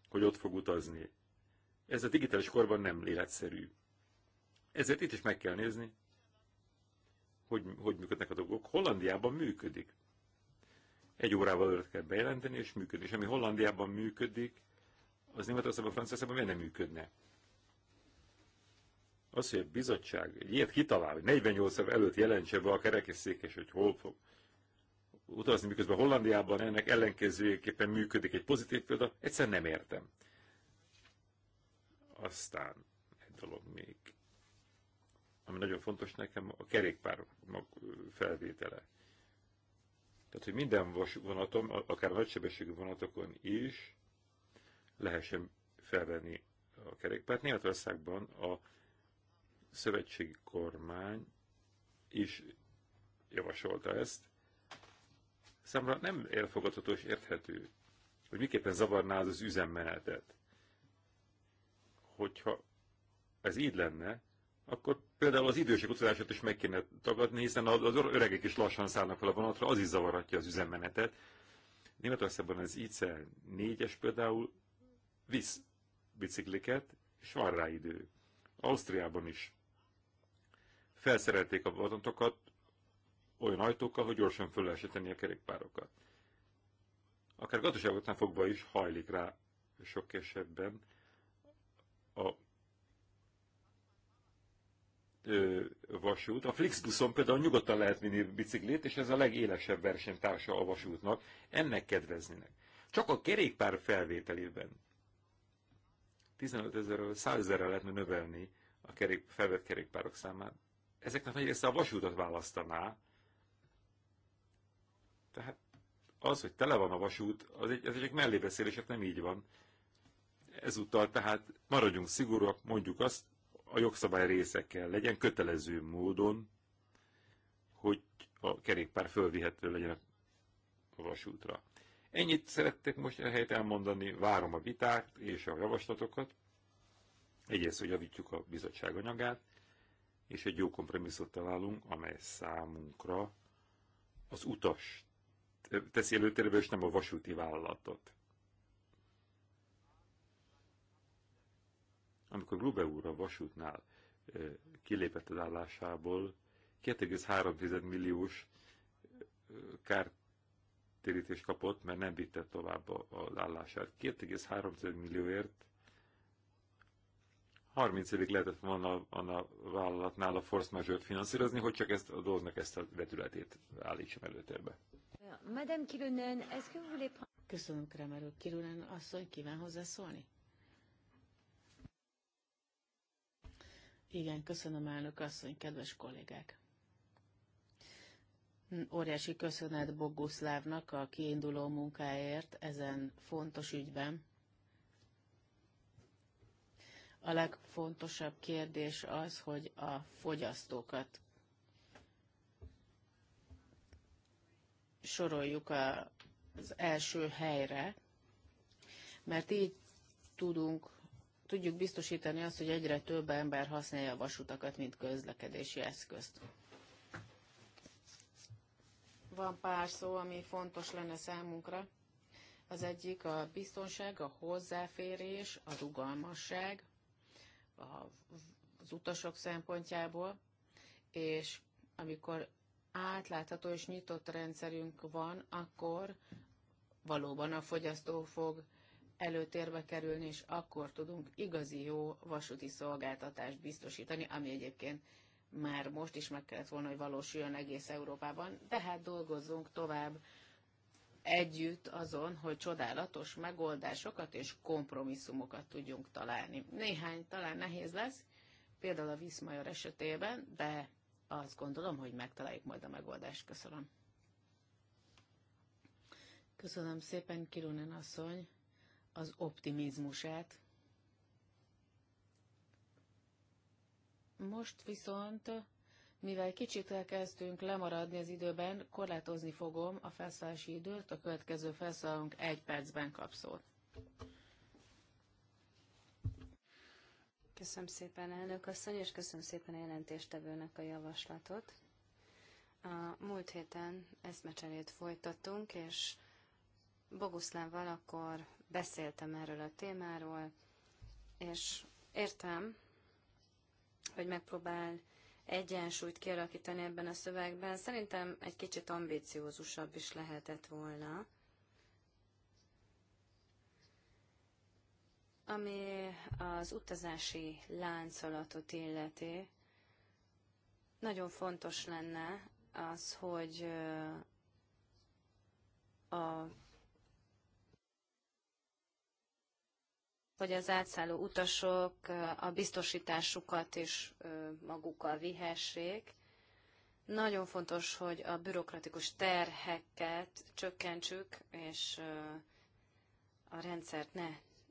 hogy ott fog utazni. Ez a digitális korban nem életszerű. Ezért itt is meg kell nézni, hogy, hogy működnek a dolgok. Hollandiában működik. Egy órával előtt kell bejelenteni, és működik. És ami Hollandiában működik, az Németországban, Franciaországban miért nem működne? Az, hogy a bizottság egy ilyet kitalál, hogy 48 év előtt jelentse be a kerekesszékes, hogy hol fog utazni, miközben Hollandiában ennek ellenkezőjéképpen működik egy pozitív példa, egyszer nem értem. Aztán egy dolog még, ami nagyon fontos nekem, a kerékpár felvétele. Tehát, hogy minden vonatom, akár a nagysebességű vonatokon is lehessen felvenni a kerékpárt. Németországban a szövetségi kormány is javasolta ezt. Számra nem elfogadható és érthető, hogy miképpen zavarná az, az üzemmenetet. Hogyha ez így lenne, akkor például az idősek utazását is meg kéne tagadni, hiszen az öregek is lassan szállnak fel a vonatra, az is zavarhatja az üzemmenetet. Németországban az ICL 4-es például visz bicikliket, és van rá idő. Ausztriában is felszerelték a vadontokat olyan ajtókkal, hogy gyorsan föl lehessen tenni a kerékpárokat. Akár gazdaságoknál fogva is hajlik rá sok esetben a ö, vasút. A Flixbuszon például nyugodtan lehet vinni biciklét, és ez a legélesebb versenytársa a vasútnak. Ennek kedveznének. Csak a kerékpár felvételében 15 ezerről 100 ezerre lehetne növelni a kerék, felvett kerékpárok számát ezeknek nagy része a vasútat választaná. Tehát az, hogy tele van a vasút, az egy, ez egy mellébeszélés, hát nem így van. Ezúttal tehát maradjunk szigorúak, mondjuk azt, a jogszabály részekkel legyen kötelező módon, hogy a kerékpár fölvihető legyen a vasútra. Ennyit szerettek most a helyet elmondani, várom a vitát és a javaslatokat. Egyrészt, hogy javítjuk a bizottság anyagát, és egy jó kompromisszot találunk, amely számunkra az utas teszi előtérbe, és nem a vasúti vállalatot. Amikor Grube úr a vasútnál kilépett az állásából, 2,3 milliós kártérítést kapott, mert nem vitte tovább az állását. 2,3 millióért 30 évig lehetett volna a vállalatnál a force majeure finanszírozni, hogy csak ezt a dolgnak ezt a vetületét állítsam előtérbe. Madame Kilunen, est-ce que vous voulez Köszönöm, Kramer úr. Kilunen asszony, kíván hozzászólni? Igen, köszönöm, elnök asszony, kedves kollégák. Óriási köszönet Boguszlávnak a kiinduló munkáért ezen fontos ügyben a legfontosabb kérdés az, hogy a fogyasztókat soroljuk az első helyre, mert így tudunk, tudjuk biztosítani azt, hogy egyre több ember használja a vasutakat, mint közlekedési eszközt. Van pár szó, ami fontos lenne számunkra. Az egyik a biztonság, a hozzáférés, a rugalmasság, az utasok szempontjából, és amikor átlátható és nyitott rendszerünk van, akkor valóban a fogyasztó fog előtérbe kerülni, és akkor tudunk igazi jó vasúti szolgáltatást biztosítani, ami egyébként már most is meg kellett volna, hogy valósuljon egész Európában, de hát dolgozzunk tovább együtt azon, hogy csodálatos megoldásokat és kompromisszumokat tudjunk találni. Néhány talán nehéz lesz, például a Viszmajor esetében, de azt gondolom, hogy megtaláljuk majd a megoldást. Köszönöm. Köszönöm szépen Kirunen asszony az optimizmusát. Most viszont mivel kicsit elkezdtünk lemaradni az időben, korlátozni fogom a felszállási időt, a következő felszállunk egy percben kap szót. Köszönöm szépen, elnök asszony, és köszönöm szépen a jelentéstevőnek a javaslatot. A múlt héten eszmecserét folytattunk, és Boguszlán akkor beszéltem erről a témáról, és értem, hogy megpróbál egyensúlyt kialakítani ebben a szövegben. Szerintem egy kicsit ambíciózusabb is lehetett volna. Ami az utazási láncolatot illeti, nagyon fontos lenne az, hogy a hogy az átszálló utasok a biztosításukat is magukkal vihessék. Nagyon fontos, hogy a bürokratikus terheket csökkentsük, és a rendszert ne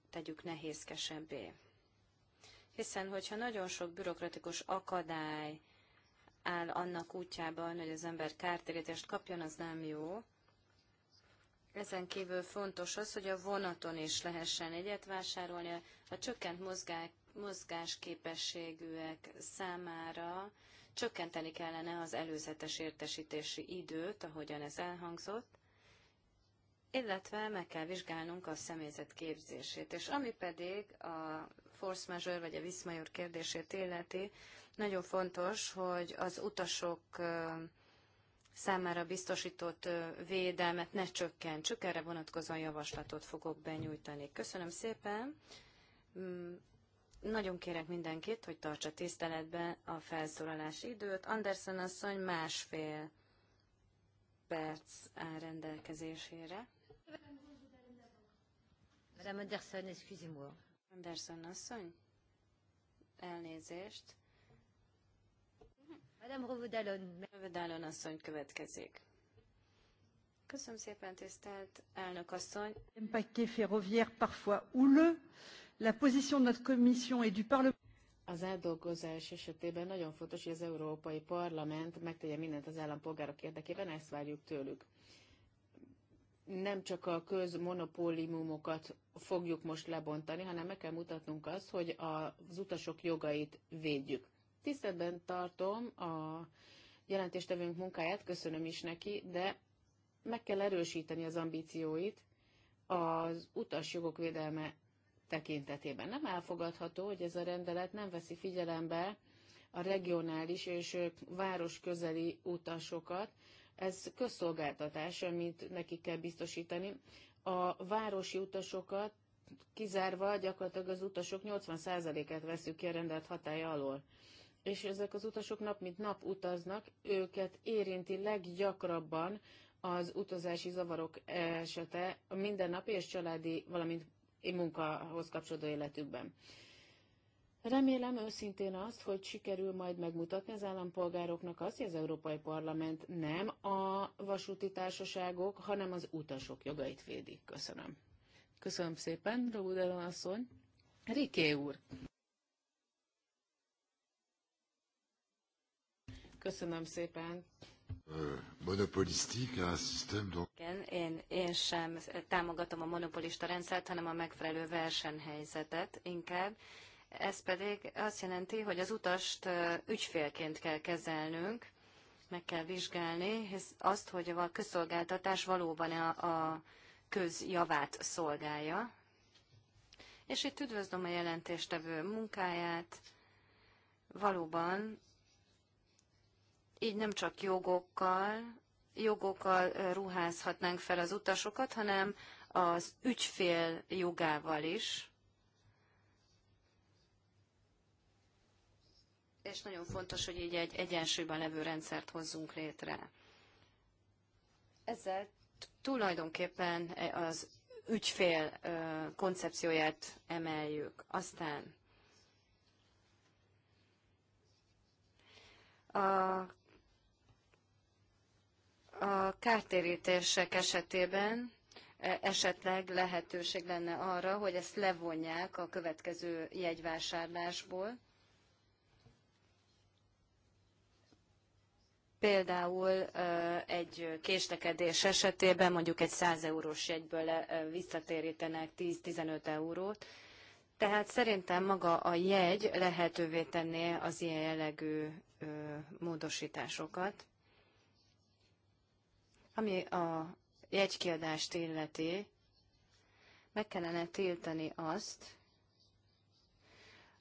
tegyük nehézkesebbé. Hiszen, hogyha nagyon sok bürokratikus akadály áll annak útjában, hogy az ember kártérítést kapjon, az nem jó. Ezen kívül fontos az, hogy a vonaton is lehessen egyet vásárolni. A csökkent mozgásképességűek számára csökkenteni kellene az előzetes értesítési időt, ahogyan ez elhangzott, illetve meg kell vizsgálnunk a személyzet képzését. És ami pedig a force majeure vagy a viszmajor kérdését illeti, nagyon fontos, hogy az utasok számára biztosított védelmet ne csökkentsük, erre vonatkozóan javaslatot fogok benyújtani. Köszönöm szépen. Mm, nagyon kérek mindenkit, hogy tartsa tiszteletben a felszólalási időt. Anderson asszony másfél perc áll rendelkezésére. Madame Anderson, excusez-moi. Anderson asszony, elnézést. Madame Rovodalon. Rovodalon asszony következik. Köszönöm szépen, tisztelt elnök asszony. Un paquet ferroviaire parfois houleux. La position de notre commission et du Parlement az eldolgozás esetében nagyon fontos, hogy az Európai Parlament megtegye mindent az állampolgárok érdekében, ezt várjuk tőlük. Nem csak a közmonopóliumokat fogjuk most lebontani, hanem meg kell mutatnunk azt, hogy az utasok jogait védjük. Tiszteletben tartom a jelentéstevőnk munkáját, köszönöm is neki, de meg kell erősíteni az ambícióit az utasjogok védelme tekintetében. Nem elfogadható, hogy ez a rendelet nem veszi figyelembe a regionális és város közeli utasokat. Ez közszolgáltatás, amit nekik kell biztosítani. A városi utasokat kizárva gyakorlatilag az utasok 80%-át veszük ki a rendelet hatája alól és ezek az utasok nap mint nap utaznak, őket érinti leggyakrabban az utazási zavarok esete a mindennapi és családi, valamint munkahoz kapcsolódó életükben. Remélem őszintén azt, hogy sikerül majd megmutatni az állampolgároknak azt, hogy az Európai Parlament nem a vasúti társaságok, hanem az utasok jogait védi. Köszönöm. Köszönöm szépen, Rogudelon asszony. Riké úr. Köszönöm szépen. Euh, Monopolisztik, a Igen, én, én sem támogatom a monopolista rendszert, hanem a megfelelő versenyhelyzetet inkább. Ez pedig azt jelenti, hogy az utast ügyfélként kell kezelnünk, meg kell vizsgálni, hisz azt, hogy a közszolgáltatás valóban a, a közjavát szolgálja. És itt üdvözlöm a jelentéstevő munkáját. Valóban így nem csak jogokkal, jogokkal ruházhatnánk fel az utasokat, hanem az ügyfél jogával is. És nagyon fontos, hogy így egy egyensúlyban levő rendszert hozzunk létre. Ezzel tulajdonképpen e, az ügyfél koncepcióját emeljük. Aztán a a kártérítések esetében e, esetleg lehetőség lenne arra, hogy ezt levonják a következő jegyvásárlásból. Például e, egy késlekedés esetében mondjuk egy 100 eurós jegyből e, visszatérítenek 10-15 eurót, tehát szerintem maga a jegy lehetővé tenné az ilyen jellegű módosításokat. Ami a jegykiadást illeti, meg kellene tiltani azt,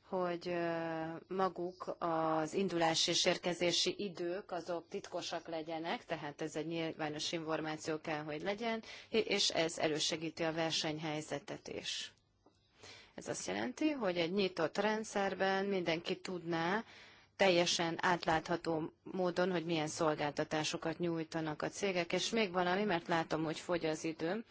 hogy maguk az indulás és érkezési idők azok titkosak legyenek, tehát ez egy nyilvános információ kell, hogy legyen, és ez elősegíti a versenyhelyzetet is. Ez azt jelenti, hogy egy nyitott rendszerben mindenki tudná, teljesen átlátható módon, hogy milyen szolgáltatásokat nyújtanak a cégek. És még valami, mert látom, hogy fogy az időm.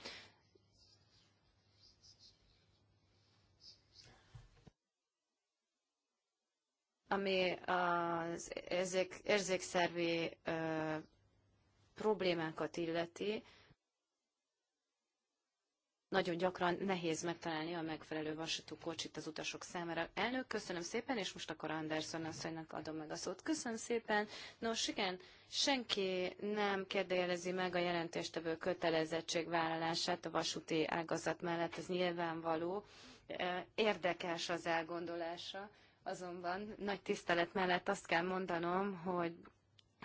ami az érzék, érzékszervi ö, problémákat illeti, nagyon gyakran nehéz megtalálni a megfelelő vasatú kocsit az utasok számára. Elnök, köszönöm szépen, és most akkor Anderson asszonynak adom meg a szót. Köszönöm szépen. Nos, igen, senki nem kérdejelezi meg a jelentéstevő kötelezettségvállalását a vasúti ágazat mellett, ez nyilvánvaló. Érdekes az elgondolása, azonban nagy tisztelet mellett azt kell mondanom, hogy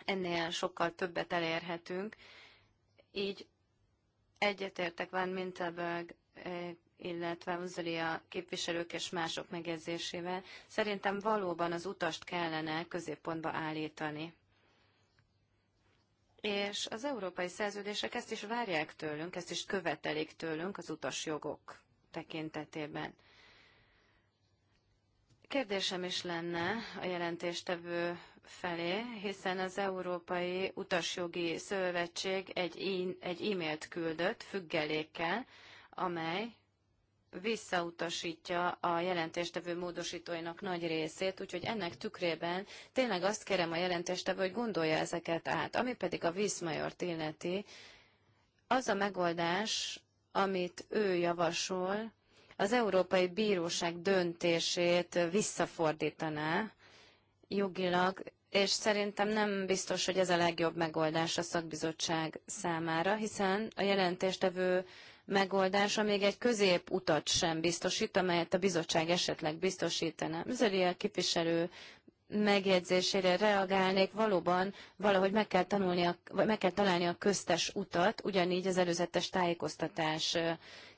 ennél sokkal többet elérhetünk, így Egyetértek Van Mintelberg, eh, illetve a képviselők és mások megjegyzésével. Szerintem valóban az utast kellene középpontba állítani. És az európai szerződések ezt is várják tőlünk, ezt is követelik tőlünk az utas jogok tekintetében. Kérdésem is lenne a jelentéstevő felé, hiszen az Európai Utasjogi Szövetség egy e-mailt küldött függelékkel, amely visszautasítja a jelentéstevő módosítóinak nagy részét, úgyhogy ennek tükrében tényleg azt kérem a jelentéstevő, hogy gondolja ezeket át. Ami pedig a Viszmajort illeti, az a megoldás, amit ő javasol, az Európai Bíróság döntését visszafordítaná, jogilag és szerintem nem biztos, hogy ez a legjobb megoldás a szakbizottság számára, hiszen a jelentéstevő megoldása még egy középutat sem biztosít, amelyet a bizottság esetleg biztosítana. a képviselő megjegyzésére reagálnék, valóban valahogy meg kell, tanulni a, vagy meg kell találni a köztes utat, ugyanígy az előzetes tájékoztatás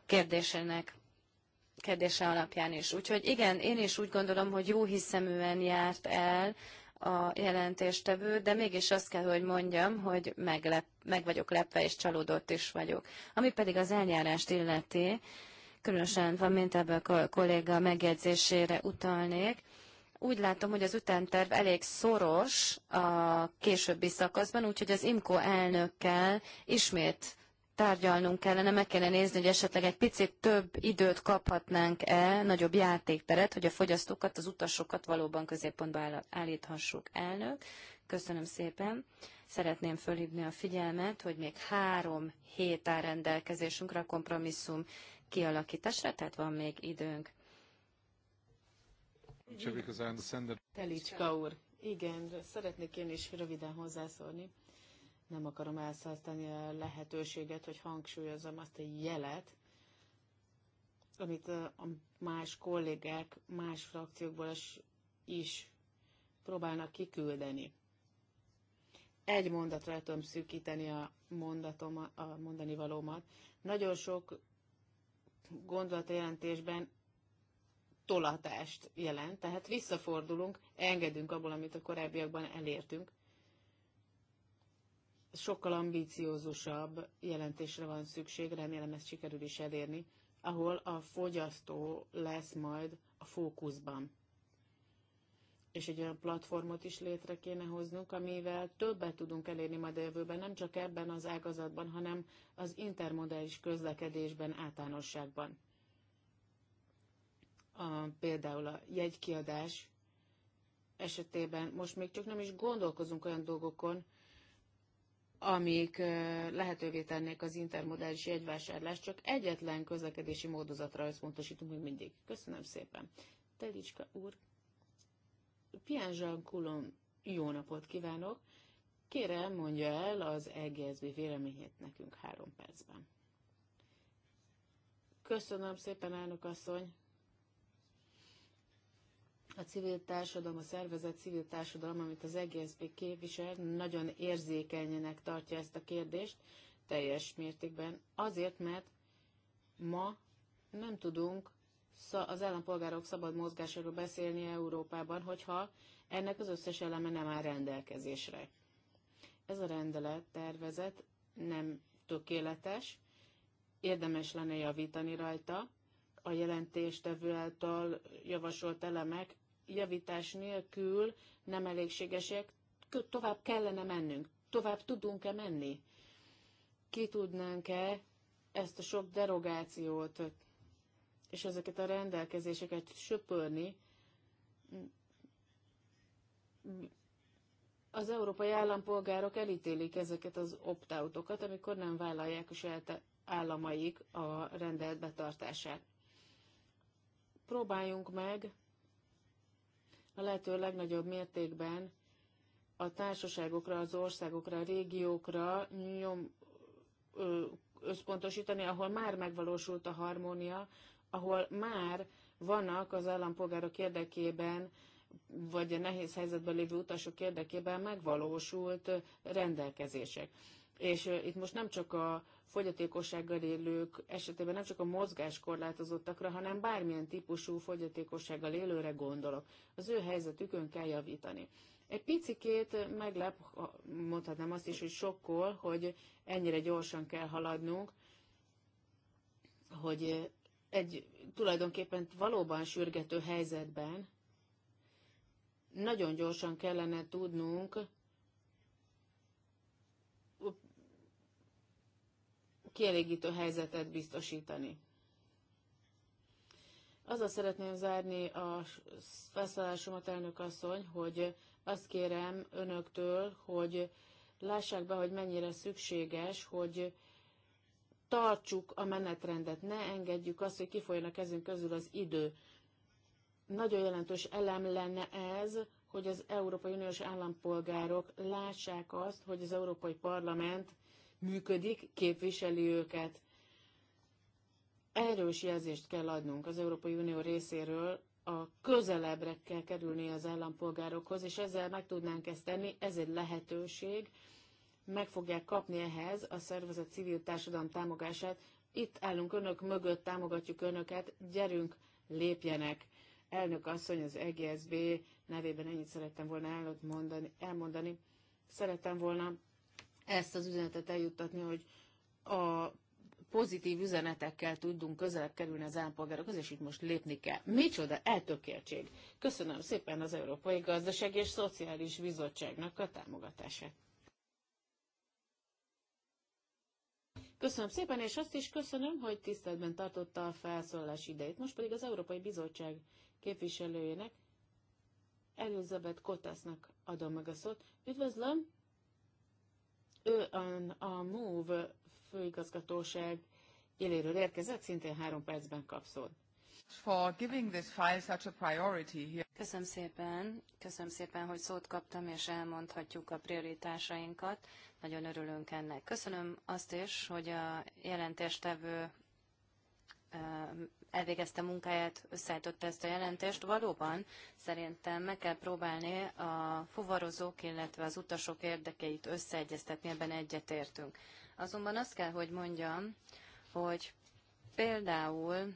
kérdésének kérdése alapján is. Úgyhogy igen, én is úgy gondolom, hogy jó hiszeműen járt el a jelentéstevő, de mégis azt kell, hogy mondjam, hogy meglep, meg vagyok lepve, és csalódott is vagyok. Ami pedig az eljárást illeti, különösen van mint ebből a kolléga megjegyzésére utalnék, úgy látom, hogy az ütemterv elég szoros a későbbi szakaszban, úgyhogy az IMKO elnökkel ismét tárgyalnunk kellene, meg kellene nézni, hogy esetleg egy picit több időt kaphatnánk-e, nagyobb játékteret, hogy a fogyasztókat, az utasokat valóban középpontba állíthassuk. Elnök, köszönöm szépen. Szeretném fölhívni a figyelmet, hogy még három hét áll rendelkezésünkre a kompromisszum kialakításra, tehát van még időnk. Telicska úr, igen, szeretnék én is röviden hozzászólni. Nem akarom elszállítani a lehetőséget, hogy hangsúlyozom azt a jelet, amit a más kollégák más frakciókból is próbálnak kiküldeni. Egy mondatra tudom szűkíteni a, mondatom, a mondani valómat. Nagyon sok gondolatjelentésben tolatást jelent, tehát visszafordulunk, engedünk abból, amit a korábbiakban elértünk, sokkal ambíciózusabb jelentésre van szükség, remélem ezt sikerül is elérni, ahol a fogyasztó lesz majd a fókuszban. És egy olyan platformot is létre kéne hoznunk, amivel többet tudunk elérni majd a jövőben, nem csak ebben az ágazatban, hanem az intermodális közlekedésben általánosságban. A, például a jegykiadás esetében most még csak nem is gondolkozunk olyan dolgokon, amik lehetővé tennék az intermodális jegyvásárlást, csak egyetlen közlekedési módozatra összpontosítunk még mindig. Köszönöm szépen. Telicska úr, Jean Kulon, jó napot kívánok! Kérem, mondja el az EGSB véleményét nekünk három percben. Köszönöm szépen, elnök asszony! a civil társadalom, a szervezet civil társadalom, amit az EGSZP képvisel, nagyon érzékenyenek tartja ezt a kérdést teljes mértékben. Azért, mert ma nem tudunk az állampolgárok szabad mozgásáról beszélni Európában, hogyha ennek az összes eleme nem áll rendelkezésre. Ez a rendelet tervezet nem tökéletes, érdemes lenne javítani rajta, a jelentéstevő által javasolt elemek javítás nélkül nem elégségesek, tovább kellene mennünk, tovább tudunk-e menni? Ki tudnánk-e ezt a sok derogációt és ezeket a rendelkezéseket söpörni? Az európai állampolgárok elítélik ezeket az opt-outokat, amikor nem vállalják a saját államaik a rendelt betartását. Próbáljunk meg a lehető legnagyobb mértékben a társaságokra, az országokra, a régiókra nyom, összpontosítani, ahol már megvalósult a harmónia, ahol már vannak az állampolgárok érdekében, vagy a nehéz helyzetben lévő utasok érdekében megvalósult rendelkezések és itt most nem csak a fogyatékossággal élők esetében nem csak a mozgáskorlátozottakra, hanem bármilyen típusú fogyatékossággal élőre gondolok. Az ő helyzetükön kell javítani. Egy picikét meglep, mondhatnám azt is, hogy sokkol, hogy ennyire gyorsan kell haladnunk, hogy egy tulajdonképpen valóban sürgető helyzetben nagyon gyorsan kellene tudnunk kielégítő helyzetet biztosítani. Azzal szeretném zárni a felszállásomat, elnök asszony, hogy azt kérem önöktől, hogy lássák be, hogy mennyire szükséges, hogy tartsuk a menetrendet, ne engedjük azt, hogy kifolyjon a kezünk közül az idő. Nagyon jelentős elem lenne ez, hogy az Európai Uniós állampolgárok lássák azt, hogy az Európai Parlament működik, képviseli őket. Erős jelzést kell adnunk az Európai Unió részéről, a közelebbre kell kerülni az állampolgárokhoz, és ezzel meg tudnánk ezt tenni, ez egy lehetőség, meg fogják kapni ehhez a szervezet civil társadalom támogását. Itt állunk önök mögött, támogatjuk önöket, gyerünk, lépjenek. Elnök asszony az EGSB nevében ennyit szerettem volna elmondani. elmondani. Szerettem volna ezt az üzenetet eljuttatni, hogy a pozitív üzenetekkel tudunk közelebb kerülni az állampolgárokhoz, és itt most lépni kell. Micsoda eltökéltség! Köszönöm szépen az Európai gazdaság és Szociális Bizottságnak a támogatását. Köszönöm szépen, és azt is köszönöm, hogy tiszteletben tartotta a felszólalás idejét. Most pedig az Európai Bizottság képviselőjének, Elizabeth Kotasznak adom meg a szót. Üdvözlöm! Ő ön a MOVE főigazgatóság éléről érkezett, szintén három percben kap For giving this file such a priority here. Köszönöm szépen, köszönöm szépen, hogy szót kaptam, és elmondhatjuk a prioritásainkat. Nagyon örülünk ennek. Köszönöm azt is, hogy a jelentéstevő elvégezte munkáját, összeállította ezt a jelentést. Valóban szerintem meg kell próbálni a fuvarozók, illetve az utasok érdekeit összeegyeztetni, ebben egyetértünk. Azonban azt kell, hogy mondjam, hogy például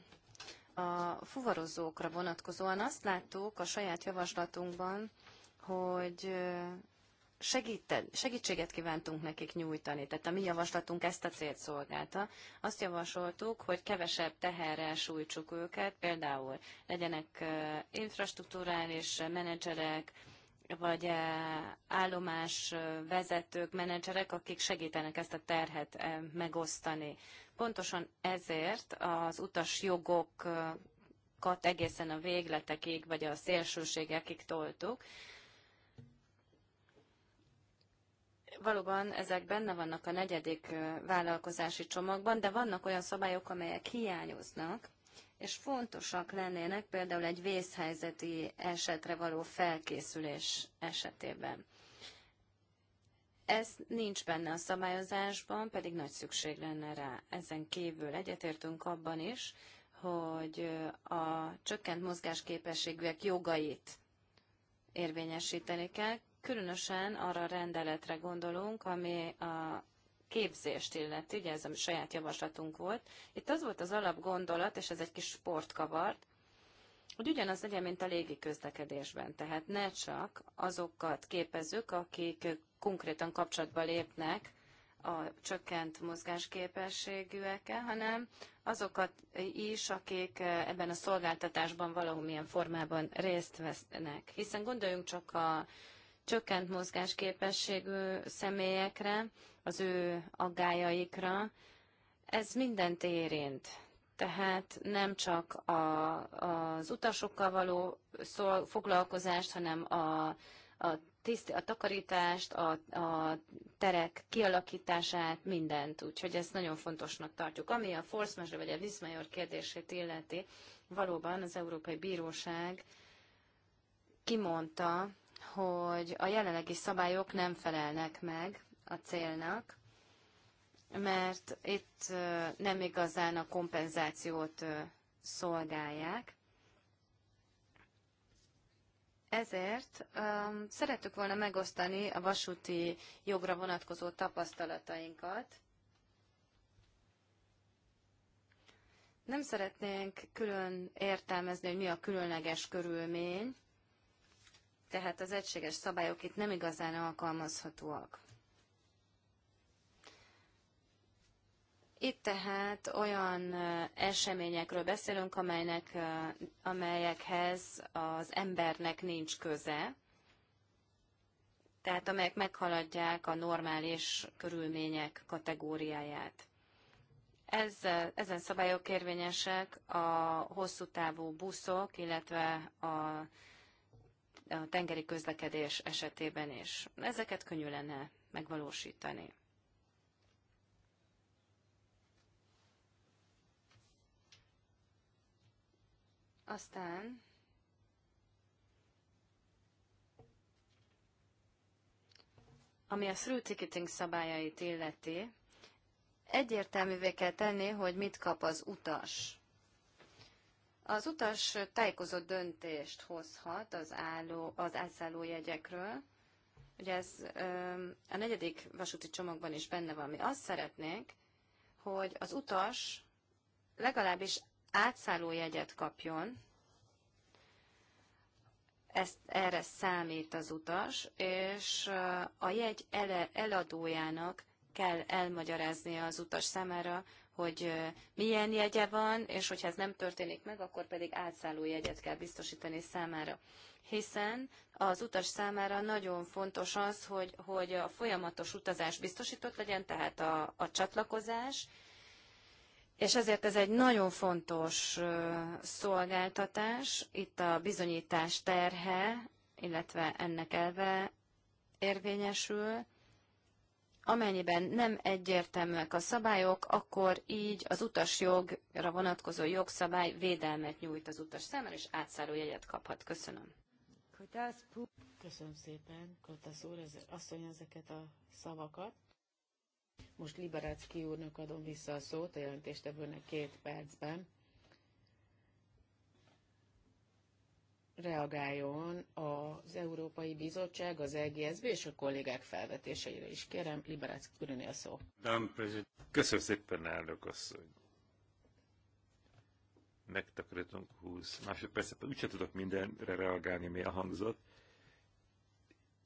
a fuvarozókra vonatkozóan azt láttuk a saját javaslatunkban, hogy segíten, segítséget kívántunk nekik nyújtani, tehát a mi javaslatunk ezt a célt szolgálta. Azt javasoltuk, hogy kevesebb teherrel sújtsuk őket, például legyenek infrastruktúrális menedzserek, vagy állomás vezetők, menedzserek, akik segítenek ezt a terhet megosztani. Pontosan ezért az utas jogokat egészen a végletekig, vagy a szélsőségekig toltuk, valóban ezek benne vannak a negyedik vállalkozási csomagban, de vannak olyan szabályok, amelyek hiányoznak, és fontosak lennének például egy vészhelyzeti esetre való felkészülés esetében. Ez nincs benne a szabályozásban, pedig nagy szükség lenne rá. Ezen kívül egyetértünk abban is, hogy a csökkent mozgásképességűek jogait érvényesíteni kell, Különösen arra a rendeletre gondolunk, ami a képzést illeti, ugye ez a saját javaslatunk volt. Itt az volt az alapgondolat, és ez egy kis sportkavart. hogy ugyanaz legyen, mint a légi közlekedésben. Tehát ne csak azokat képezzük, akik konkrétan kapcsolatba lépnek a csökkent mozgásképességűekkel, hanem azokat is, akik ebben a szolgáltatásban valamilyen formában részt vesznek. Hiszen gondoljunk csak a csökkent mozgásképességű személyekre, az ő aggájaikra. Ez mindent érint. Tehát nem csak a, az utasokkal való szol, foglalkozást, hanem a, a, tiszt, a takarítást, a, a terek kialakítását, mindent. Úgyhogy ezt nagyon fontosnak tartjuk. Ami a force measure, vagy a viszmajor kérdését illeti, valóban az Európai Bíróság kimondta, hogy a jelenlegi szabályok nem felelnek meg a célnak, mert itt nem igazán a kompenzációt szolgálják. Ezért um, szerettük volna megosztani a vasúti jogra vonatkozó tapasztalatainkat. Nem szeretnénk külön értelmezni, hogy mi a különleges körülmény, tehát az egységes szabályok itt nem igazán alkalmazhatóak. Itt tehát olyan eseményekről beszélünk, amelynek, amelyekhez az embernek nincs köze, tehát amelyek meghaladják a normális körülmények kategóriáját. Ez, ezen szabályok érvényesek a hosszú távú buszok, illetve a a tengeri közlekedés esetében is. Ezeket könnyű lenne megvalósítani. Aztán ami a through ticketing szabályait illeti, egyértelművé kell tenni, hogy mit kap az utas. Az utas tájékozott döntést hozhat az, álló, az átszálló jegyekről. Ugye ez a negyedik vasúti csomagban is benne van. Mi azt szeretnénk, hogy az utas legalábbis átszálló jegyet kapjon, ezt, erre számít az utas, és a jegy ele, eladójának kell elmagyaráznia az utas számára, hogy milyen jegye van, és hogyha ez nem történik meg, akkor pedig átszálló jegyet kell biztosítani számára. Hiszen az utas számára nagyon fontos az, hogy, hogy a folyamatos utazás biztosított legyen, tehát a, a csatlakozás, és ezért ez egy nagyon fontos szolgáltatás, itt a bizonyítás terhe, illetve ennek elve érvényesül, amennyiben nem egyértelműek a szabályok, akkor így az utasjogra vonatkozó jogszabály védelmet nyújt az utas számára, és átszálló jegyet kaphat. Köszönöm. Köszönöm szépen, Kotász úr, ez, asszony ezeket a szavakat. Most Liberácki úrnak adom vissza a szót, a jelentést jelentéstevőnek két percben, reagáljon az Európai Bizottság, az EGSB és a kollégák felvetéseire is. Kérem, Liberácki Kürüni a szó. Köszönöm szépen, elnök asszony. Megtakarítunk 20 másodpercet. Úgyse tudok mindenre reagálni, mi elhangzott.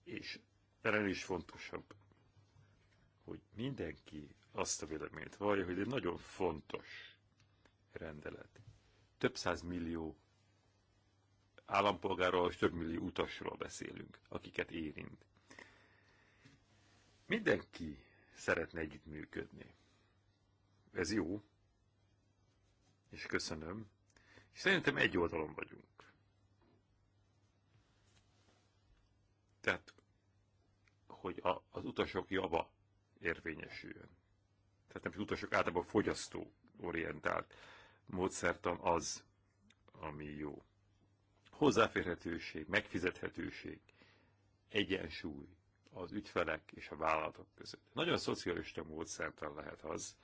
És erre is fontosabb, hogy mindenki azt a véleményt vallja, hogy egy nagyon fontos rendelet. Több száz millió állampolgárról és több millió utasról beszélünk, akiket érint. Mindenki szeretne együttműködni. Ez jó, és köszönöm. És szerintem egy oldalon vagyunk. Tehát, hogy a, az utasok java érvényesüljön. Tehát nem az utasok általában fogyasztó orientált módszertan az, ami jó. Hozzáférhetőség, megfizethetőség, egyensúly az ügyfelek és a vállalatok között. Nagyon szocialista módszertan lehet az,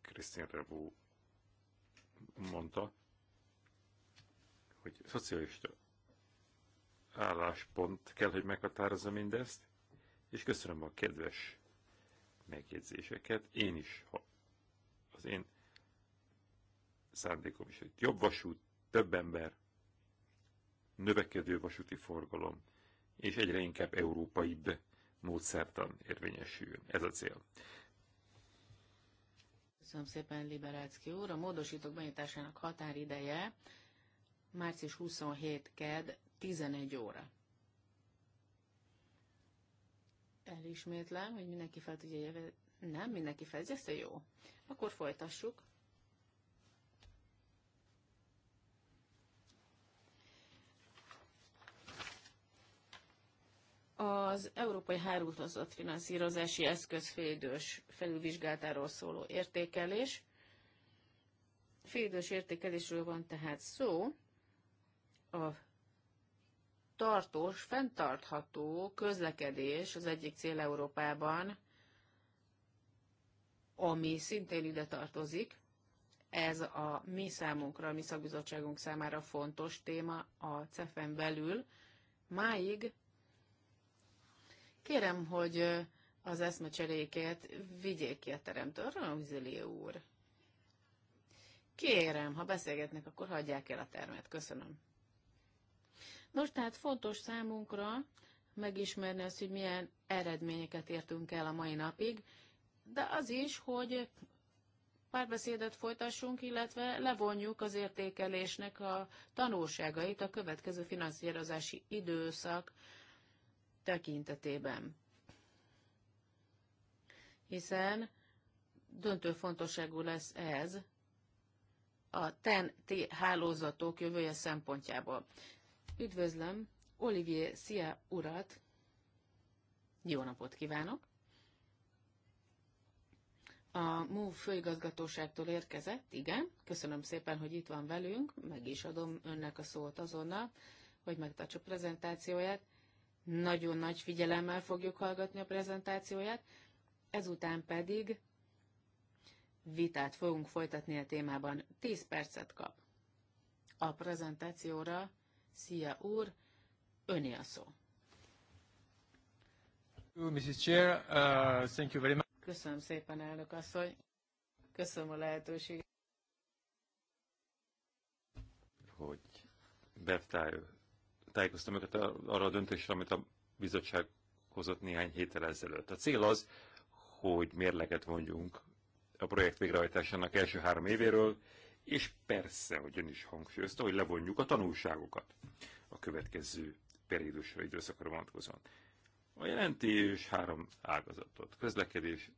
Christian Revaux mondta, hogy szocialista álláspont kell, hogy meghatározza mindezt, és köszönöm a kedves megjegyzéseket. Én is, ha az én szándékom is, hogy jobb vasút, több ember, növekedő vasúti forgalom, és egyre inkább európaibb módszertan érvényesüljön. Ez a cél. Köszönöm szépen, Liberácki úr. A módosítók benyitásának határideje március 27 ked 11 óra. Elismétlem, hogy mindenki fel tudja jelezni. Nem, mindenki fel, ez jó. Akkor folytassuk. Az Európai Hálózat finanszírozási eszköz félidős felülvizsgálatáról szóló értékelés. Félidős értékelésről van tehát szó. A tartós, fenntartható közlekedés az egyik cél Európában, ami szintén ide tartozik. Ez a mi számunkra, a mi szakbizottságunk számára fontos téma a CEFEN belül. Máig Kérem, hogy az eszmecseréket vigyék ki a teremtől, Ramzili úr. Kérem, ha beszélgetnek, akkor hagyják el a termet. Köszönöm. Nos, tehát fontos számunkra megismerni azt, hogy milyen eredményeket értünk el a mai napig, de az is, hogy párbeszédet folytassunk, illetve levonjuk az értékelésnek a tanulságait a következő finanszírozási időszak tekintetében. Hiszen döntő fontosságú lesz ez a TEN-T hálózatok jövője szempontjából. Üdvözlöm Olivier Szia urat! Jó napot kívánok! A MOVE főigazgatóságtól érkezett, igen. Köszönöm szépen, hogy itt van velünk. Meg is adom önnek a szót azonnal, hogy megtartsa prezentációját. Nagyon nagy figyelemmel fogjuk hallgatni a prezentációját, ezután pedig vitát fogunk folytatni a témában. 10 percet kap. A prezentációra, szia úr, öné a szó. Uh, Köszönöm szépen, elnök asszony. Köszönöm a lehetőséget. Hogy beftáljuk tájékoztam őket arra a döntésre, amit a bizottság hozott néhány héttel ezelőtt. A cél az, hogy mérleget mondjunk a projekt végrehajtásának első három évéről, és persze, hogy ön is hangsúlyozta, hogy levonjuk a tanulságokat a következő periódusra, időszakra vonatkozóan. A jelentés három ágazatot, közlekedés,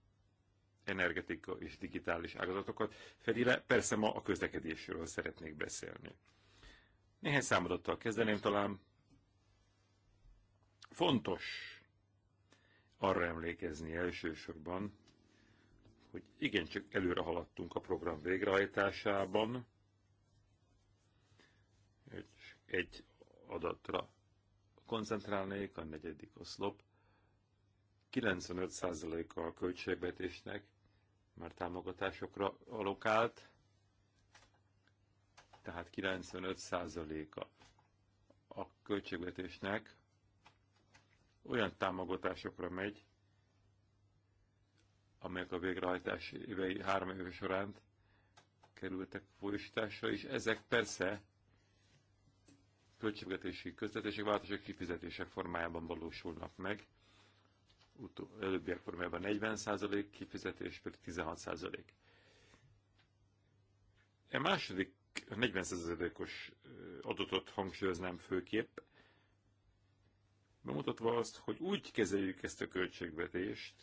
energetika és digitális ágazatokat fedi le. Persze ma a közlekedésről szeretnék beszélni. Néhány számadattal kezdeném talán. Fontos arra emlékezni elsősorban, hogy igencsak előre haladtunk a program végrehajtásában, és egy adatra koncentrálnék, a negyedik oszlop, 95%-a a költségvetésnek már támogatásokra alokált, tehát 95%-a a költségvetésnek olyan támogatásokra megy, amelyek a végrehajtás évei három éve során kerültek folyosításra, és ezek persze költségvetési közvetések, változások, kifizetések formájában valósulnak meg. Utó, előbbiek formájában 40%, kifizetés pedig 16%. E második 40%-os adatot hangsúlyoznám főképp, bemutatva azt, hogy úgy kezeljük ezt a költségvetést,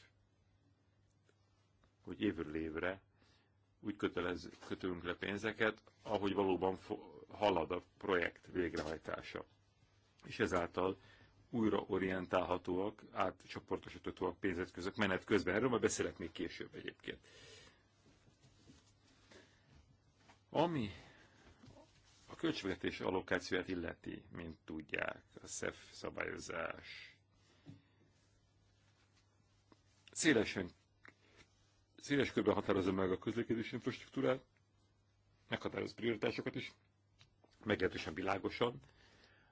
hogy évről évre úgy kötelez, kötünk le pénzeket, ahogy valóban halad a projekt végrehajtása. És ezáltal újra orientálhatóak, átcsoportosíthatóak pénzeszközök menet közben. Erről majd beszélek még később egyébként. Ami költségvetés allokációját illeti, mint tudják, a SZEF szabályozás szélesen, széles körben határozza meg a közlekedési infrastruktúrát, meghatároz prioritásokat is, meglehetősen világosan,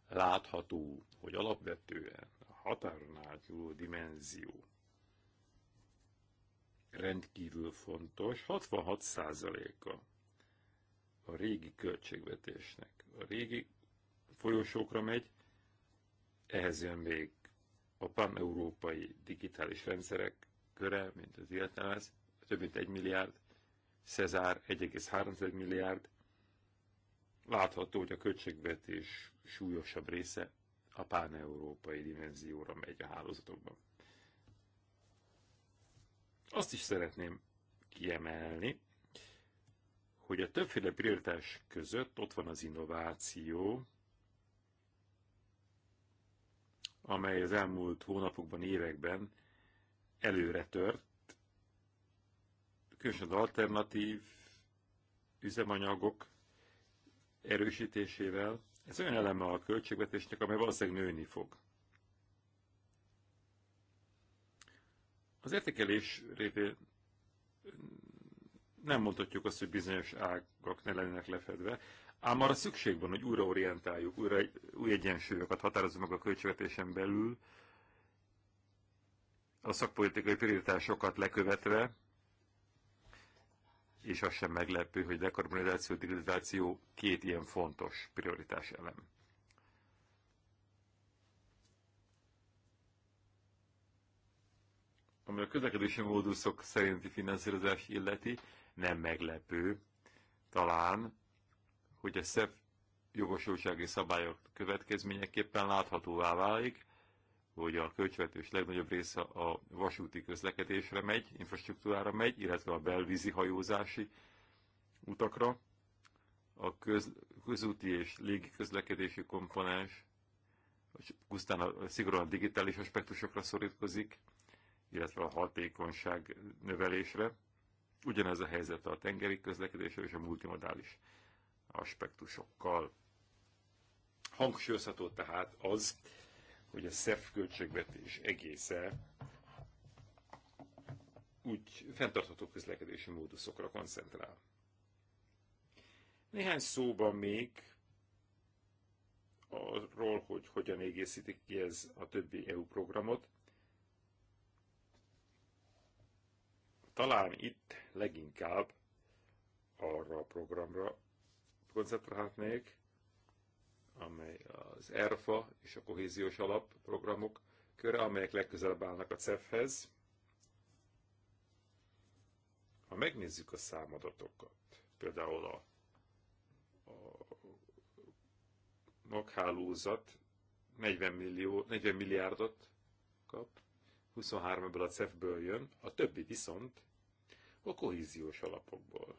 látható, hogy alapvetően a határon átnyúló dimenzió rendkívül fontos, 66%-a a régi költségvetésnek. A régi folyosókra megy, ehhez jön még a pan-európai digitális rendszerek köre, mint az IETNAS, több mint 1 milliárd, Cezár 1,3 milliárd. Látható, hogy a költségvetés súlyosabb része a pán-európai dimenzióra megy a hálózatokban. Azt is szeretném kiemelni, hogy a többféle prioritás között ott van az innováció, amely az elmúlt hónapokban, években előre tört, különösen az alternatív üzemanyagok erősítésével. Ez olyan eleme a költségvetésnek, amely valószínűleg nőni fog. Az értékelés révén nem mondhatjuk azt, hogy bizonyos ágak ne lennének lefedve, ám arra szükség van, hogy újraorientáljuk, újra új egyensúlyokat határozunk meg a költségvetésen belül, a szakpolitikai prioritásokat lekövetve, és az sem meglepő, hogy dekarbonizáció, digitalizáció két ilyen fontos prioritás elem. Ami a közlekedési móduszok szerinti finanszírozás illeti, nem meglepő talán, hogy a szebb jogosultsági szabályok következményeképpen láthatóvá válik, hogy a költségvetés legnagyobb része a vasúti közlekedésre megy, infrastruktúrára megy, illetve a belvízi hajózási utakra. A köz, közúti és légi közlekedési komponens pusztán a, szigorúan digitális aspektusokra szorítkozik, illetve a hatékonyság növelésre. Ugyanez a helyzet a tengeri közlekedéssel és a multimodális aspektusokkal. Hangsúlyozható tehát az, hogy a SZEF költségvetés egésze úgy fenntartható közlekedési móduszokra koncentrál. Néhány szóban még arról, hogy hogyan egészítik ki ez a többi EU programot. Talán itt leginkább arra a programra koncentrálhatnék, amely az ERFA és a kohéziós alap programok köre, amelyek legközelebb állnak a CEF-hez. Ha megnézzük a számadatokat, például a, a maghálózat 40, millió, 40 milliárdot kap, 23 ből a CEF-ből jön, a többi viszont a kohéziós alapokból.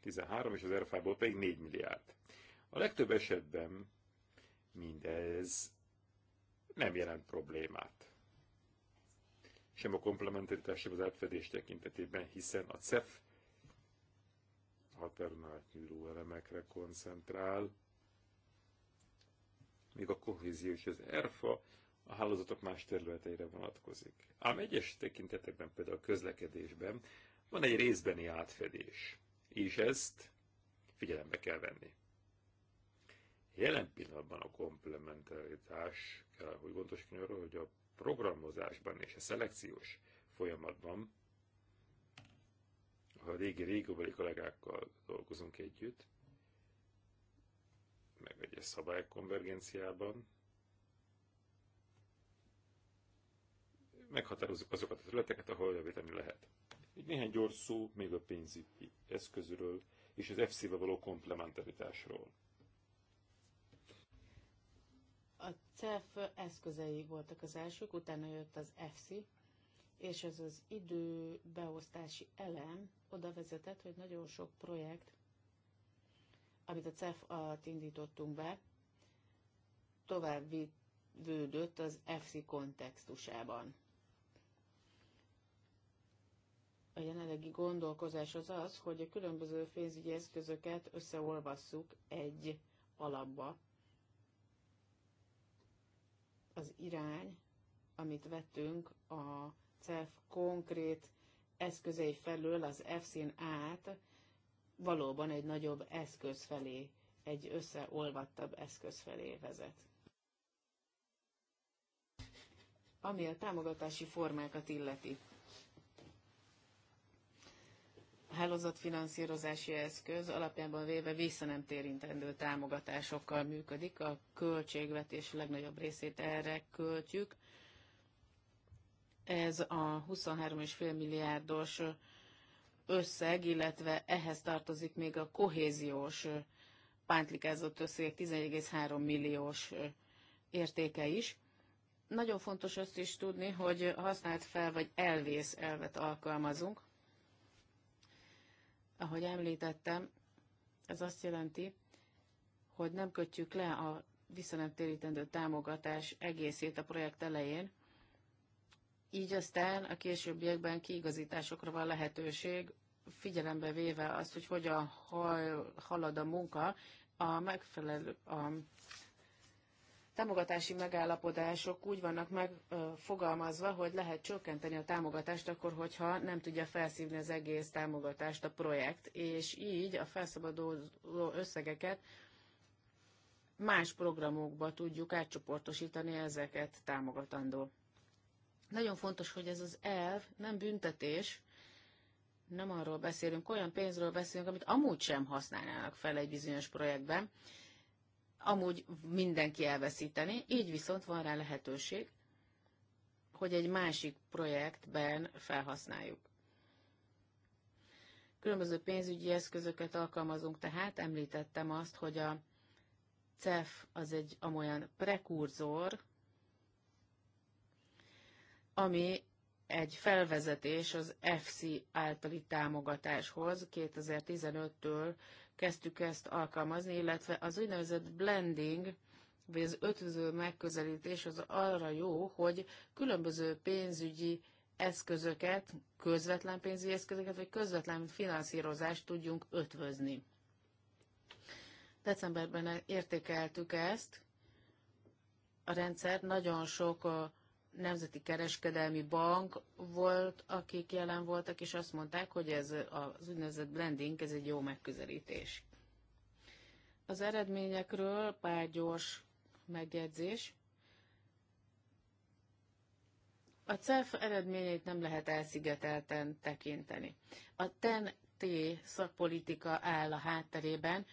13 és az RFA-ból pedig 4 milliárd. A legtöbb esetben mindez nem jelent problémát. Sem a komplementaritás, sem az átfedés tekintetében, hiszen a CEF határon átnyúló elemekre koncentrál, míg a kohézió és az ERFA a hálózatok más területeire vonatkozik. Ám egyes tekintetekben, például a közlekedésben van egy részbeni átfedés, és ezt figyelembe kell venni. Jelen pillanatban a komplementaritás kell, hogy gondoskodni arról, hogy a programozásban és a szelekciós folyamatban, ha a régi régóbeli kollégákkal dolgozunk együtt, meg egyes szabálykonvergenciában, meghatározzuk azokat a területeket, ahol javítani lehet. Így néhány gyors szó még a pénzügyi eszközről és az FC-be való komplementaritásról. A CEF eszközei voltak az elsők, utána jött az FC, és ez az időbeosztási elem oda vezetett, hogy nagyon sok projekt, amit a CEF alatt indítottunk be, tovább vődött az EFSI kontextusában. a jelenlegi gondolkozás az az, hogy a különböző pénzügyi eszközöket összeolvasszuk egy alapba. Az irány, amit vettünk a CEF konkrét eszközei felől az F-szín át valóban egy nagyobb eszköz felé, egy összeolvattabb eszköz felé vezet. Ami a támogatási formákat illeti hálózatfinanszírozási eszköz alapjában véve vissza nem térintendő támogatásokkal működik, a költségvetés legnagyobb részét erre költjük. Ez a 23,5 milliárdos összeg, illetve ehhez tartozik még a kohéziós pántlikázott összeg 11,3 milliós értéke is. Nagyon fontos azt is tudni, hogy használt fel vagy elvész elvet alkalmazunk, ahogy említettem, ez azt jelenti, hogy nem kötjük le a visszanemtérítendő támogatás egészét a projekt elején, így aztán a későbbiekben kiigazításokra van lehetőség, figyelembe véve azt, hogy hogyan halad a munka, a megfelelő a támogatási megállapodások úgy vannak megfogalmazva, hogy lehet csökkenteni a támogatást akkor, hogyha nem tudja felszívni az egész támogatást a projekt, és így a felszabaduló összegeket más programokba tudjuk átcsoportosítani ezeket támogatandó. Nagyon fontos, hogy ez az elv nem büntetés, nem arról beszélünk, olyan pénzről beszélünk, amit amúgy sem használnának fel egy bizonyos projektben, amúgy mindenki elveszíteni, így viszont van rá lehetőség, hogy egy másik projektben felhasználjuk. Különböző pénzügyi eszközöket alkalmazunk, tehát említettem azt, hogy a CEF az egy amolyan prekurzor, ami egy felvezetés az FC általi támogatáshoz 2015-től kezdtük ezt alkalmazni, illetve az úgynevezett blending, vagy az ötöző megközelítés az arra jó, hogy különböző pénzügyi eszközöket, közvetlen pénzügyi eszközöket, vagy közvetlen finanszírozást tudjunk ötvözni. Decemberben értékeltük ezt, a rendszer nagyon sok Nemzeti Kereskedelmi Bank volt, akik jelen voltak, és azt mondták, hogy ez az úgynevezett blending, ez egy jó megközelítés. Az eredményekről pár gyors megjegyzés. A CEF eredményeit nem lehet elszigetelten tekinteni. A TEN-T szakpolitika áll a hátterében,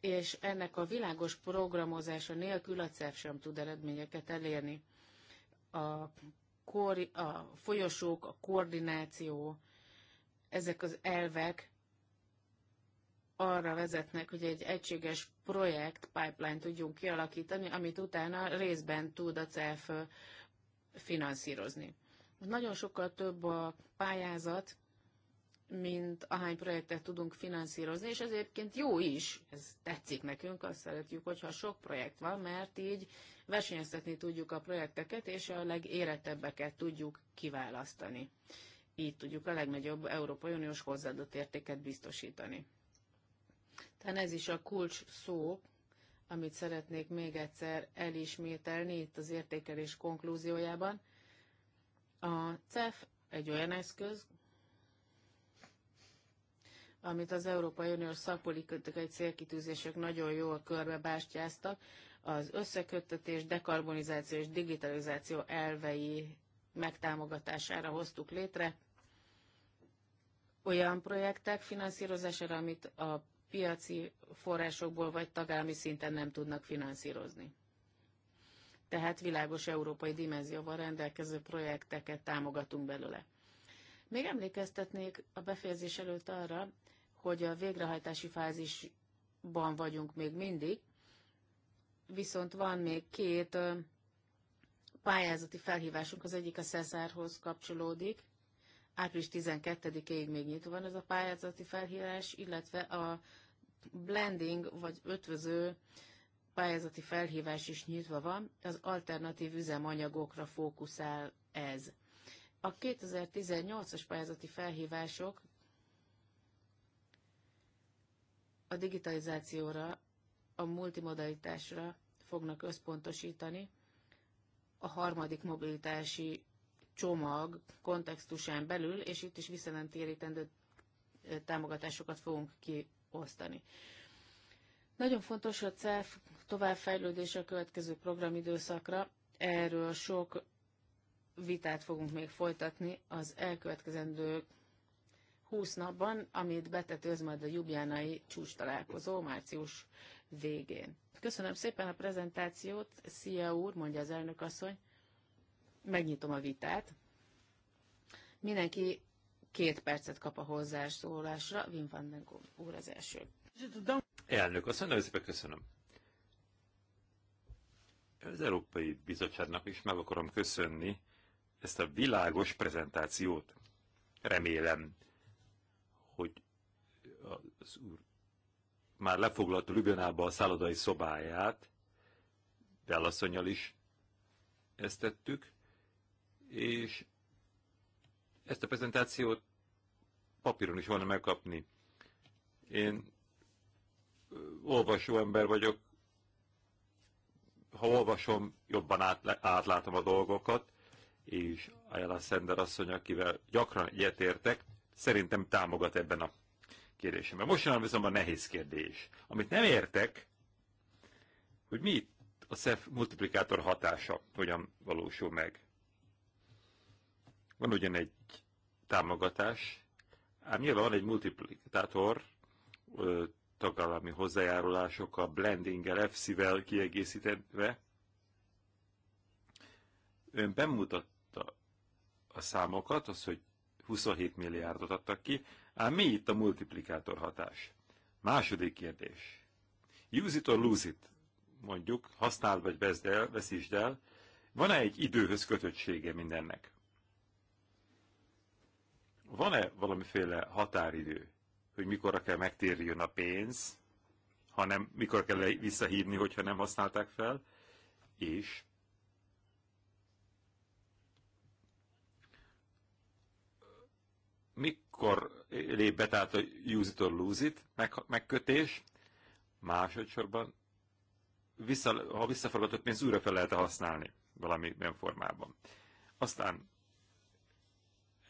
és ennek a világos programozása nélkül a CEF sem tud eredményeket elérni a, kor, a folyosók, a koordináció, ezek az elvek arra vezetnek, hogy egy egységes projekt pipeline tudjunk kialakítani, amit utána részben tud a CEF finanszírozni. Nagyon sokkal több a pályázat, mint ahány projektet tudunk finanszírozni, és ez egyébként jó is, ez tetszik nekünk, azt szeretjük, hogyha sok projekt van, mert így versenyeztetni tudjuk a projekteket, és a legérettebbeket tudjuk kiválasztani. Így tudjuk a legnagyobb Európai Uniós hozzáadott értéket biztosítani. Tehát ez is a kulcs szó, amit szeretnék még egyszer elismételni itt az értékelés konklúziójában. A CEF egy olyan eszköz, amit az Európai Uniós szakpolitikai célkitűzések nagyon jól körbe bástyáztak, az összeköttetés, dekarbonizáció és digitalizáció elvei megtámogatására hoztuk létre olyan projektek finanszírozására, amit a piaci forrásokból vagy tagállami szinten nem tudnak finanszírozni. Tehát világos európai dimenzióval rendelkező projekteket támogatunk belőle. Még emlékeztetnék a befejezés előtt arra, hogy a végrehajtási fázisban vagyunk még mindig, viszont van még két pályázati felhívásunk, az egyik a Szeszárhoz kapcsolódik, április 12-ig még nyitva van ez a pályázati felhívás, illetve a blending vagy ötvöző pályázati felhívás is nyitva van, az alternatív üzemanyagokra fókuszál ez. A 2018-as pályázati felhívások a digitalizációra, a multimodalitásra fognak összpontosítani, a harmadik mobilitási csomag kontextusán belül, és itt is visszanemtérítendő támogatásokat fogunk kiosztani. Nagyon fontos a CEF továbbfejlődése a következő programidőszakra. Erről sok vitát fogunk még folytatni az elkövetkezendő 20 napban, amit betetőz majd a Jubjánai csúcs találkozó március végén. Köszönöm szépen a prezentációt, Szia úr, mondja az elnök asszony. Megnyitom a vitát. Mindenki két percet kap a hozzászólásra. Wim van den úr az első. Elnök asszony, nagyon szépen köszönöm. Az Európai Bizottságnak is meg akarom köszönni ezt a világos prezentációt. Remélem, az úr már lefoglalt Ljubljanába a szállodai szobáját, Bellasszonyjal is ezt tettük, és ezt a prezentációt papíron is volna megkapni. Én olvasó ember vagyok, ha olvasom, jobban átlátom a dolgokat, és Ayala Szender asszony, akivel gyakran egyetértek, szerintem támogat ebben a most Mostanában viszont nehéz kérdés. Amit nem értek, hogy mi a SZEF multiplikátor hatása, hogyan valósul meg. Van ugyan egy támogatás, ám nyilván van egy multiplikátor, ö, tagállami hozzájárulásokkal, blendinggel, FC-vel kiegészítve. Ön bemutatta a számokat, az, hogy 27 milliárdot adtak ki, Ám mi itt a multiplikátor hatás? Második kérdés. Use it or lose it, mondjuk, használ vagy vezd el, veszítsd el, van-e egy időhöz kötöttsége mindennek? Van-e valamiféle határidő, hogy mikorra kell megtérjön a pénz, hanem mikor kell visszahívni, hogyha nem használták fel, és mikor lép be tehát a use it or lose it meg, megkötés, másodszorban vissza, ha visszaforgatott pénzt újra fel lehet -e használni valamilyen formában. Aztán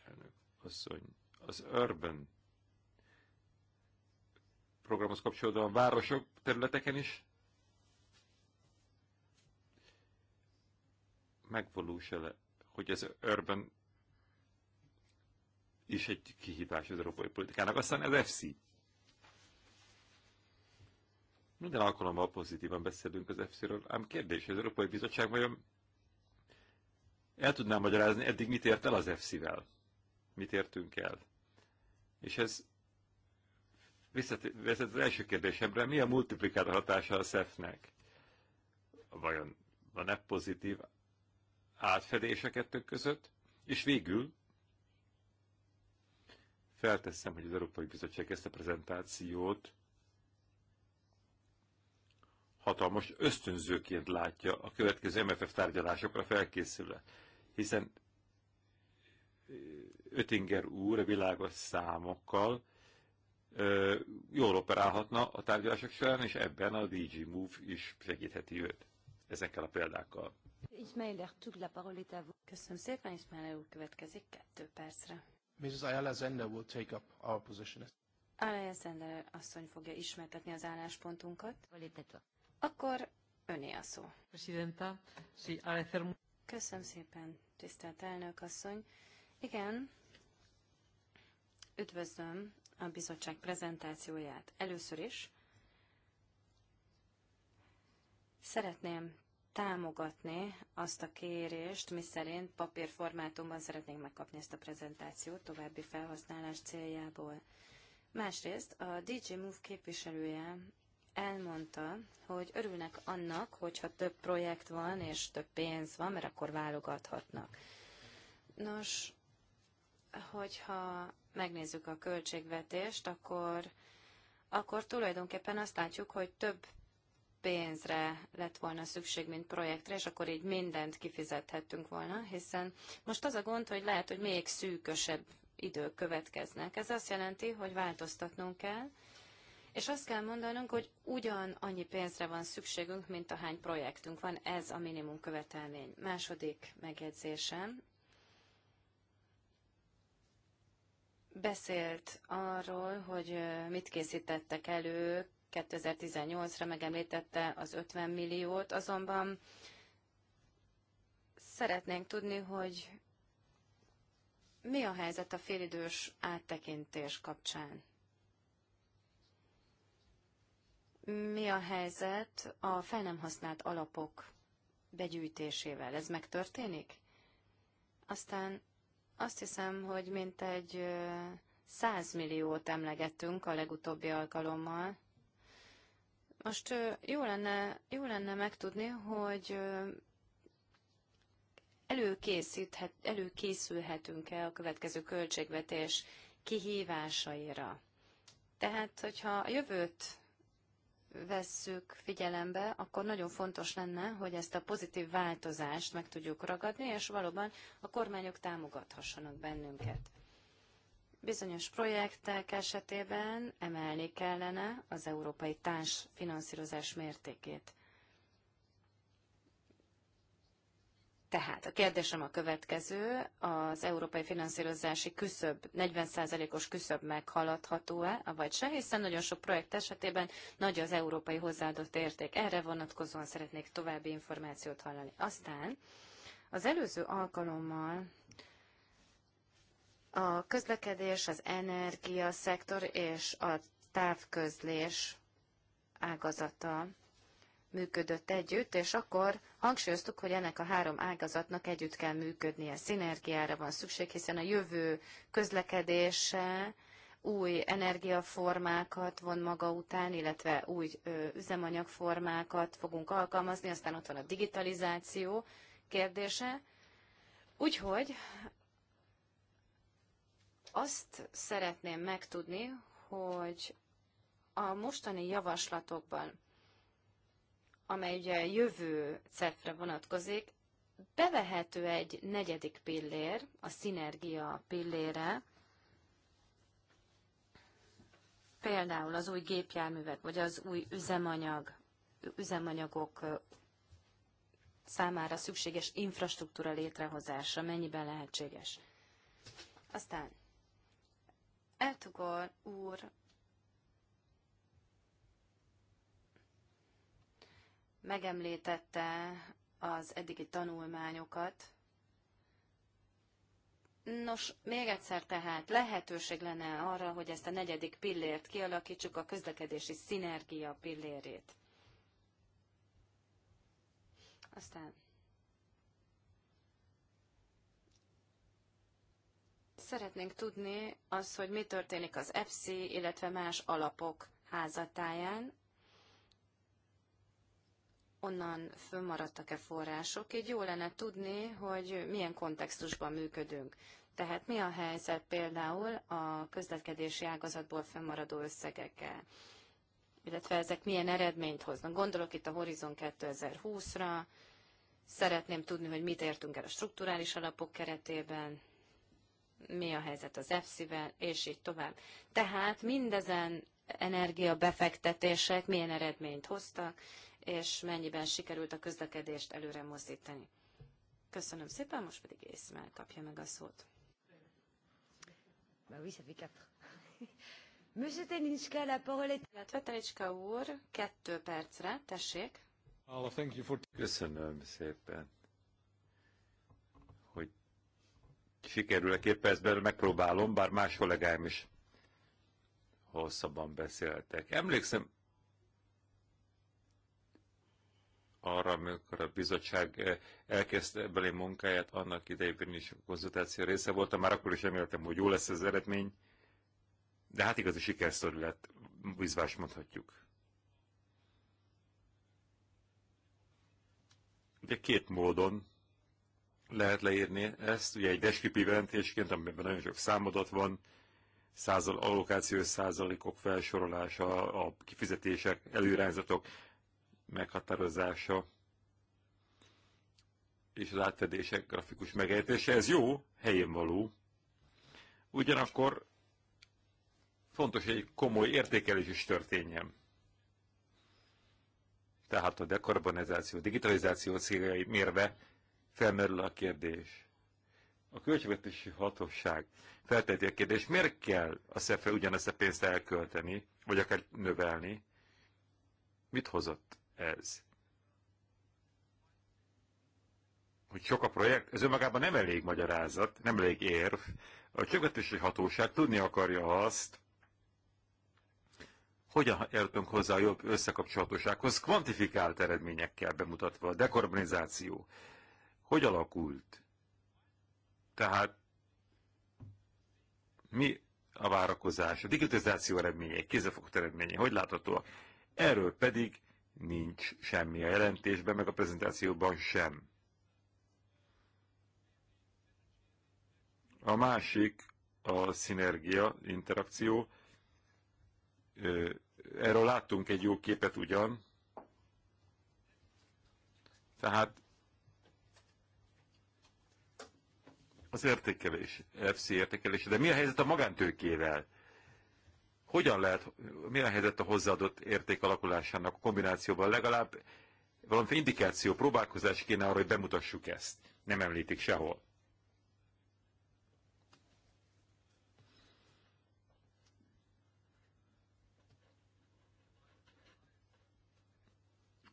elnök asszony, az Urban programhoz kapcsolódóan városok területeken is megvalósul -e, hogy az Urban is egy kihívás az európai politikának. Aztán az FC. Minden alkalommal pozitívan beszélünk az FC-ről, ám kérdés, az Európai Bizottság vajon el tudná magyarázni, eddig mit ért el az FC-vel? Mit értünk el? És ez visszatér az első kérdésemre, mi a multiplikátor hatása a SZEF-nek? Vajon van-e pozitív átfedés a kettő között? És végül Felteszem, hogy az Európai Bizottság ezt a prezentációt hatalmas ösztönzőként látja a következő MFF tárgyalásokra felkészülve, hiszen Ötinger úr a világos számokkal ö, jól operálhatna a tárgyalások során, és ebben a DG Move is segítheti őt ezekkel a példákkal. Ismail Ertug, la vous. Köszönöm szépen, Ismail úr következik kettő percre. Mrs. Ayala Zender will take up our position. Ayala Zender asszony fogja ismertetni az álláspontunkat. Akkor öné a szó. Presidenta, sí, agradecer... Köszönöm szépen, tisztelt elnök asszony. Igen, üdvözlöm a bizottság prezentációját. Először is szeretném támogatni azt a kérést, miszerint papírformátumban szeretnénk megkapni ezt a prezentációt további felhasználás céljából. Másrészt a DJ Move képviselője elmondta, hogy örülnek annak, hogyha több projekt van és több pénz van, mert akkor válogathatnak. Nos, hogyha megnézzük a költségvetést, akkor, akkor tulajdonképpen azt látjuk, hogy több pénzre lett volna szükség, mint projektre, és akkor így mindent kifizethettünk volna, hiszen most az a gond, hogy lehet, hogy még szűkösebb idők következnek. Ez azt jelenti, hogy változtatnunk kell, és azt kell mondanunk, hogy ugyan annyi pénzre van szükségünk, mint a hány projektünk van, ez a minimum követelmény. Második megjegyzésem. Beszélt arról, hogy mit készítettek elő 2018-ra megemlítette az 50 milliót, azonban szeretnénk tudni, hogy mi a helyzet a félidős áttekintés kapcsán? Mi a helyzet a fel nem használt alapok begyűjtésével? Ez megtörténik? Aztán azt hiszem, hogy mintegy 100 milliót emlegettünk a legutóbbi alkalommal. Most jó lenne, jó lenne megtudni, hogy előkészíthet, előkészülhetünk-e a következő költségvetés kihívásaira. Tehát, hogyha a jövőt vesszük figyelembe, akkor nagyon fontos lenne, hogy ezt a pozitív változást meg tudjuk ragadni, és valóban a kormányok támogathassanak bennünket. Bizonyos projektek esetében emelni kellene az európai finanszírozás mértékét. Tehát a kérdésem a következő, az európai finanszírozási küszöb, 40%-os küszöb meghaladható-e, vagy se, hiszen nagyon sok projekt esetében nagy az európai hozzáadott érték. Erre vonatkozóan szeretnék további információt hallani. Aztán az előző alkalommal a közlekedés, az energia szektor és a távközlés ágazata működött együtt, és akkor hangsúlyoztuk, hogy ennek a három ágazatnak együtt kell működnie. Szinergiára van szükség, hiszen a jövő közlekedése új energiaformákat von maga után, illetve új ö, üzemanyagformákat fogunk alkalmazni, aztán ott van a digitalizáció kérdése. Úgyhogy azt szeretném megtudni, hogy a mostani javaslatokban, amely ugye jövő cefre vonatkozik, bevehető egy negyedik pillér, a szinergia pillére, például az új gépjárművek, vagy az új üzemanyag, üzemanyagok számára szükséges infrastruktúra létrehozása mennyiben lehetséges. Aztán Eltugor úr megemlítette az eddigi tanulmányokat. Nos, még egyszer tehát lehetőség lenne arra, hogy ezt a negyedik pillért kialakítsuk, a közlekedési szinergia pillérét. Aztán Szeretnénk tudni az, hogy mi történik az FC, illetve más alapok házatáján, onnan fönnmaradtak-e források, így jó lenne tudni, hogy milyen kontextusban működünk. Tehát mi a helyzet például a közlekedési ágazatból fönnmaradó összegekkel, illetve ezek milyen eredményt hoznak. Gondolok itt a Horizon 2020-ra, szeretném tudni, hogy mit értünk el a strukturális alapok keretében, mi a helyzet az EFSZ-vel, és így tovább. Tehát mindezen energiabefektetések milyen eredményt hoztak, és mennyiben sikerült a közlekedést előre mozdítani. Köszönöm szépen, most pedig észmel kapja meg a szót. Bah oui, ça fait quatre. *laughs* Monsieur Telinska, la Illetve Telinska úr, kettő percre, tessék. Köszönöm szépen. sikerül a két megpróbálom, bár más kollégáim is hosszabban beszéltek. Emlékszem arra, amikor a bizottság eh, elkezdte belé munkáját, annak idejében is konzultáció része voltam, már akkor is reméltem, hogy jó lesz az eredmény, de hát igazi sikerszörű lett, bizvás mondhatjuk. De két módon lehet leírni ezt, ugye egy deskripi jelentésként, amiben nagyon sok számadat van, százal, allokációs százalékok felsorolása, a kifizetések, előrányzatok meghatározása, és az átfedések grafikus megejtése. Ez jó, helyén való. Ugyanakkor fontos, hogy egy komoly értékelés is történjen. Tehát a dekarbonizáció, digitalizáció céljai mérve felmerül a kérdés. A költségvetési hatóság felteti a kérdést, miért kell a szefe ugyanezt a pénzt elkölteni, vagy akár növelni? Mit hozott ez? Hogy sok a projekt, ez önmagában nem elég magyarázat, nem elég érv. A költségvetési hatóság tudni akarja azt, hogyan értünk hozzá a jobb összekapcsolhatósághoz, kvantifikált eredményekkel bemutatva, a dekarbonizáció, hogy alakult? Tehát mi a várakozás, a digitalizáció eredményei, kézefogott eredményei, hogy látható. Erről pedig nincs semmi a jelentésben, meg a prezentációban sem. A másik a szinergia, interakció. Erről láttunk egy jó képet ugyan. Tehát az értékelés, FC értékelés, de mi a helyzet a magántőkével? Hogyan lehet, mi a helyzet a hozzáadott érték alakulásának a kombinációban? Legalább valami indikáció, próbálkozás kéne arra, hogy bemutassuk ezt. Nem említik sehol.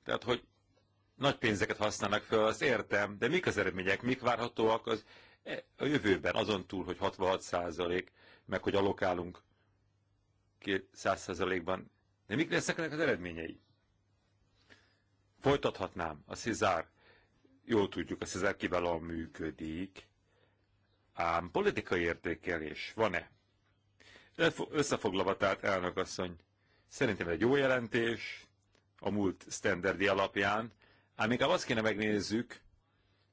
Tehát, hogy nagy pénzeket használnak fel, azt értem, de mik az eredmények, mik várhatóak az a jövőben, azon túl, hogy 66 százalék, meg hogy alokálunk 100 százalékban, de mik lesznek ennek az eredményei? Folytathatnám, a Cézár, jól tudjuk, a Cézár kiválóan működik, ám politikai értékelés van-e? Összefoglalva tehát, elnök asszony, szerintem egy jó jelentés, a múlt standardi alapján, ám inkább azt kéne megnézzük,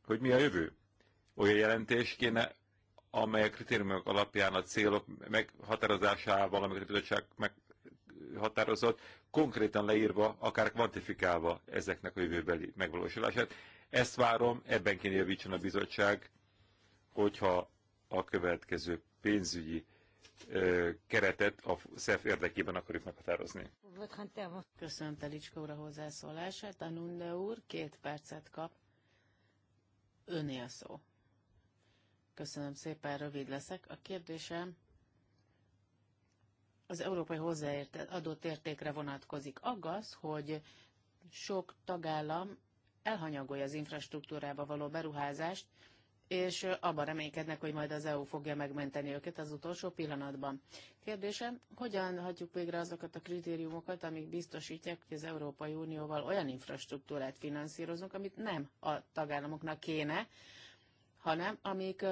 hogy mi a jövő olyan jelentés kéne, amely a kritériumok alapján a célok meghatározásával, amiket a bizottság meghatározott, konkrétan leírva, akár kvantifikálva ezeknek a jövőbeli megvalósulását. Ezt várom, ebben kéne javítson a bizottság, hogyha a következő pénzügyi ö, keretet a SZEF érdekében akarjuk meghatározni. Köszönöm Telicska úr a hozzászólását. Nunde úr két percet kap. Öné a szó. Köszönöm szépen, rövid leszek. A kérdésem az európai hozzáértett adott értékre vonatkozik. Aggaz, hogy sok tagállam elhanyagolja az infrastruktúrába való beruházást, és abban reménykednek, hogy majd az EU fogja megmenteni őket az utolsó pillanatban. Kérdésem, hogyan hagyjuk végre azokat a kritériumokat, amik biztosítják, hogy az Európai Unióval olyan infrastruktúrát finanszírozunk, amit nem a tagállamoknak kéne, hanem amik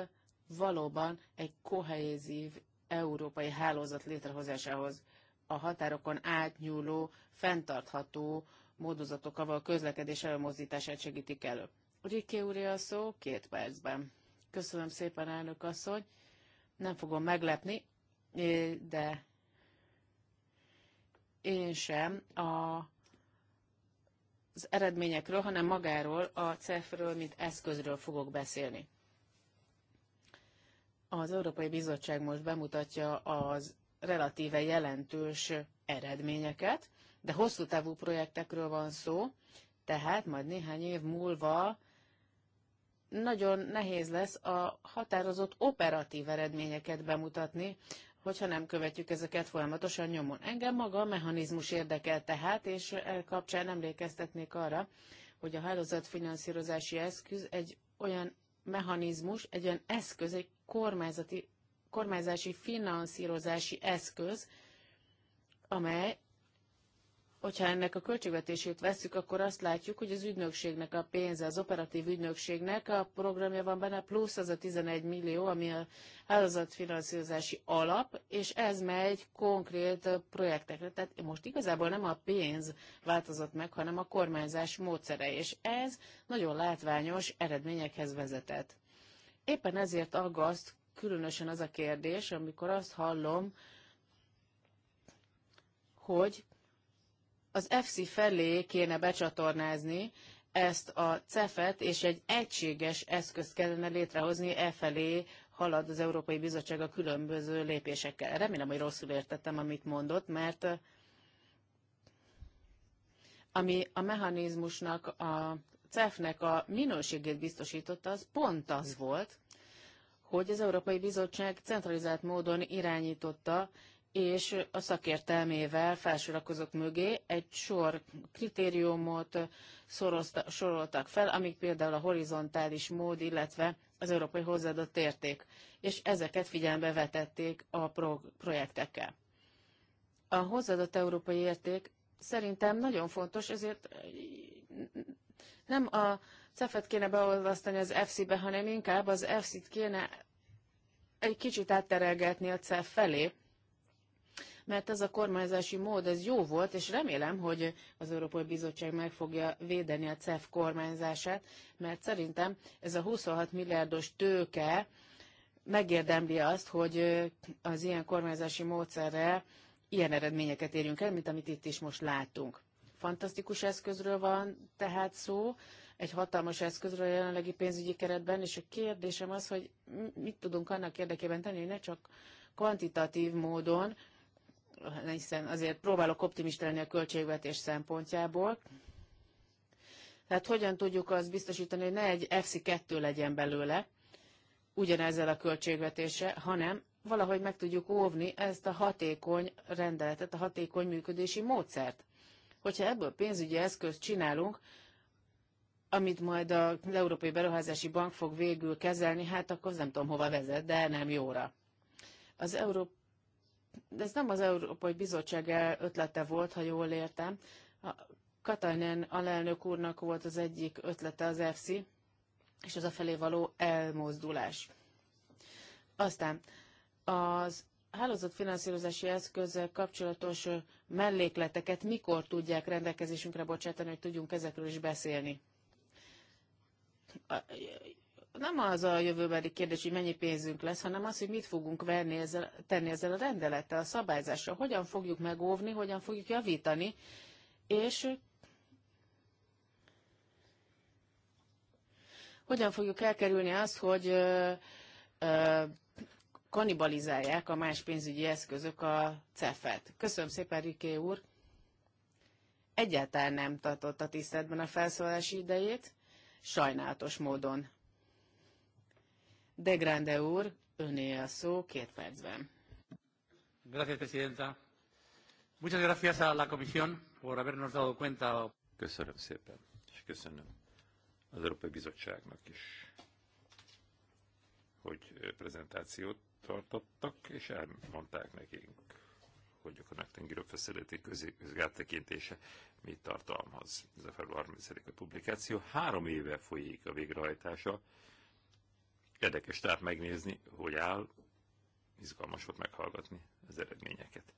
valóban egy kohézív európai hálózat létrehozásához a határokon átnyúló, fenntartható módozatokkal a közlekedés elmozdítását segítik elő. Riké úr, a szó két percben. Köszönöm szépen, elnök asszony. Nem fogom meglepni, de én sem a, az eredményekről, hanem magáról, a CEF-ről, mint eszközről fogok beszélni. Az Európai Bizottság most bemutatja az relatíve jelentős eredményeket, de hosszú távú projektekről van szó, tehát majd néhány év múlva nagyon nehéz lesz a határozott operatív eredményeket bemutatni, hogyha nem követjük ezeket folyamatosan nyomon. Engem maga a mechanizmus érdekel tehát, és e kapcsán emlékeztetnék arra, hogy a hálózatfinanszírozási eszköz egy olyan mechanizmus egy olyan eszköz, egy kormányzati, kormányzási finanszírozási eszköz, amely hogyha ennek a költségvetését vesszük, akkor azt látjuk, hogy az ügynökségnek a pénze, az operatív ügynökségnek a programja van benne, plusz az a 11 millió, ami a hálózatfinanszírozási alap, és ez megy konkrét projektekre. Tehát most igazából nem a pénz változott meg, hanem a kormányzás módszere, és ez nagyon látványos eredményekhez vezetett. Éppen ezért aggaszt különösen az a kérdés, amikor azt hallom, hogy az EFSI felé kéne becsatornázni ezt a CEFET, és egy egységes eszközt kellene létrehozni, e felé halad az Európai Bizottság a különböző lépésekkel. Remélem, hogy rosszul értettem, amit mondott, mert eh, ami a mechanizmusnak, a CEF-nek a minőségét biztosította, az pont az volt, hogy az Európai Bizottság centralizált módon irányította és a szakértelmével felsorakozók mögé egy sor kritériumot szorozta, soroltak fel, amik például a horizontális mód, illetve az európai hozzáadott érték, és ezeket figyelembe vetették a pro projektekkel. A hozzáadott európai érték szerintem nagyon fontos, ezért nem a CEF-et kéne beolvasztani az FC-be, hanem inkább az FC-t kéne egy kicsit átterelgetni a CEF felé, mert ez a kormányzási mód ez jó volt, és remélem, hogy az Európai Bizottság meg fogja védeni a CEF kormányzását, mert szerintem ez a 26 milliárdos tőke megérdemli azt, hogy az ilyen kormányzási módszerrel ilyen eredményeket érjünk el, mint amit itt is most látunk. Fantasztikus eszközről van tehát szó, egy hatalmas eszközről a jelenlegi pénzügyi keretben, és a kérdésem az, hogy mit tudunk annak érdekében tenni, hogy ne csak kvantitatív módon hiszen azért próbálok optimista lenni a költségvetés szempontjából. Tehát hogyan tudjuk azt biztosítani, hogy ne egy FC2 legyen belőle, ugyanezzel a költségvetése, hanem valahogy meg tudjuk óvni ezt a hatékony rendeletet, a hatékony működési módszert. Hogyha ebből pénzügyi eszközt csinálunk, amit majd az Európai Beruházási Bank fog végül kezelni, hát akkor nem tudom hova vezet, de nem jóra. Az Európai de ez nem az Európai Bizottság ötlete volt, ha jól értem. A Katajnen alelnök úrnak volt az egyik ötlete az EFSI, és az a felé való elmozdulás. Aztán az hálózatfinanszírozási eszközzel kapcsolatos mellékleteket mikor tudják rendelkezésünkre bocsátani, hogy tudjunk ezekről is beszélni? nem az a jövőbeli kérdés, hogy mennyi pénzünk lesz, hanem az, hogy mit fogunk venni ezzel, tenni ezzel a rendelettel, a szabályzással, hogyan fogjuk megóvni, hogyan fogjuk javítani, és hogyan fogjuk elkerülni azt, hogy ö, ö, kanibalizálják a más pénzügyi eszközök a CEF-et. Köszönöm szépen, Riké úr! Egyáltalán nem a tiszteletben a felszólási idejét, sajnálatos módon. De Grande úr, öné a szó két percben. Gracias, Presidenta. Muchas gracias a la Comisión por habernos dado cuenta. Köszönöm szépen, és köszönöm az Európai Bizottságnak is, hogy prezentációt tartottak, és elmondták nekünk, hogy a Connecting Europe Facility közgáttekintése mit tartalmaz. Ez a február 30 a publikáció. Három éve folyik a végrehajtása, Érdekes tehát megnézni, hogy áll, izgalmas volt meghallgatni az eredményeket.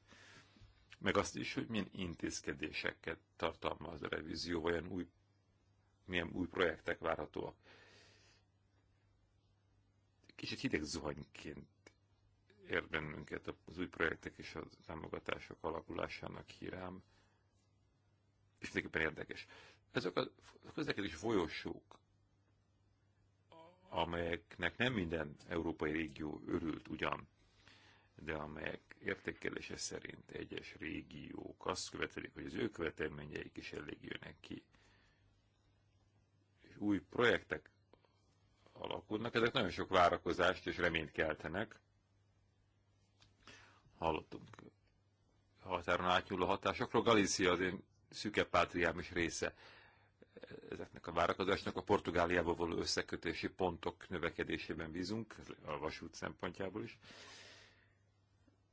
Meg azt is, hogy milyen intézkedéseket tartalmaz a revízió, vagy új, milyen új projektek várhatóak. Kicsit hideg zuhanyként ér bennünket az új projektek és a támogatások alakulásának hírám, és mindenképpen érdekes. Ezek a közlekedés folyosók amelyeknek nem minden európai régió örült ugyan, de amelyek értékelése szerint egyes régiók azt követelik, hogy az ő követelményeik is elég jönnek ki. És új projektek alakulnak, ezek nagyon sok várakozást és reményt keltenek. Hallottunk határon átnyúló hatásokról. Galícia az én szüke pátriám is része ezeknek a várakozásnak a Portugáliából való összekötési pontok növekedésében bízunk, a vasút szempontjából is.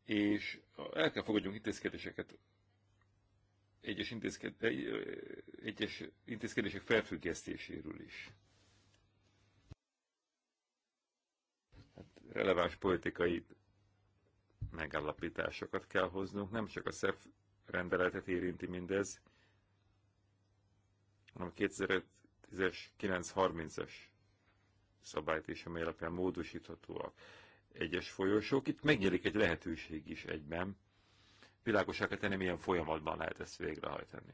És el kell fogadjunk intézkedéseket, egyes, intézked, egyes intézkedések felfüggesztéséről is. Hát releváns politikai megállapításokat kell hoznunk, nem csak a szerv rendeletet érinti mindez, hanem a 2010-es 930-es szabályt is, amely alapján módosíthatóak egyes folyosók. Itt megnyílik egy lehetőség is egyben. Világosá kell tenni, milyen folyamatban lehet ezt végrehajtani.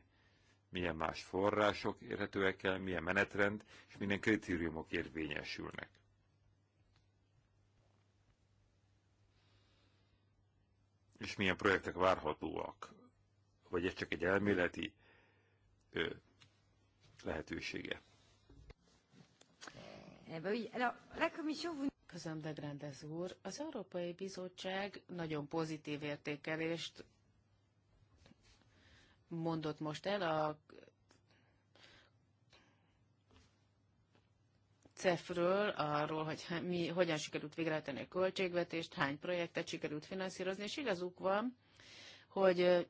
Milyen más források érhetőek el, milyen menetrend, és milyen kritériumok érvényesülnek. És milyen projektek várhatóak. Vagy ez csak egy elméleti lehetősége. Eh, eh, Köszönöm, de Grandes úr. Az Európai Bizottság nagyon pozitív értékelést mondott most el a CEF-ről, arról, hogy mi, hogyan sikerült végrehajtani a költségvetést, hány projektet sikerült finanszírozni, és igazuk van, hogy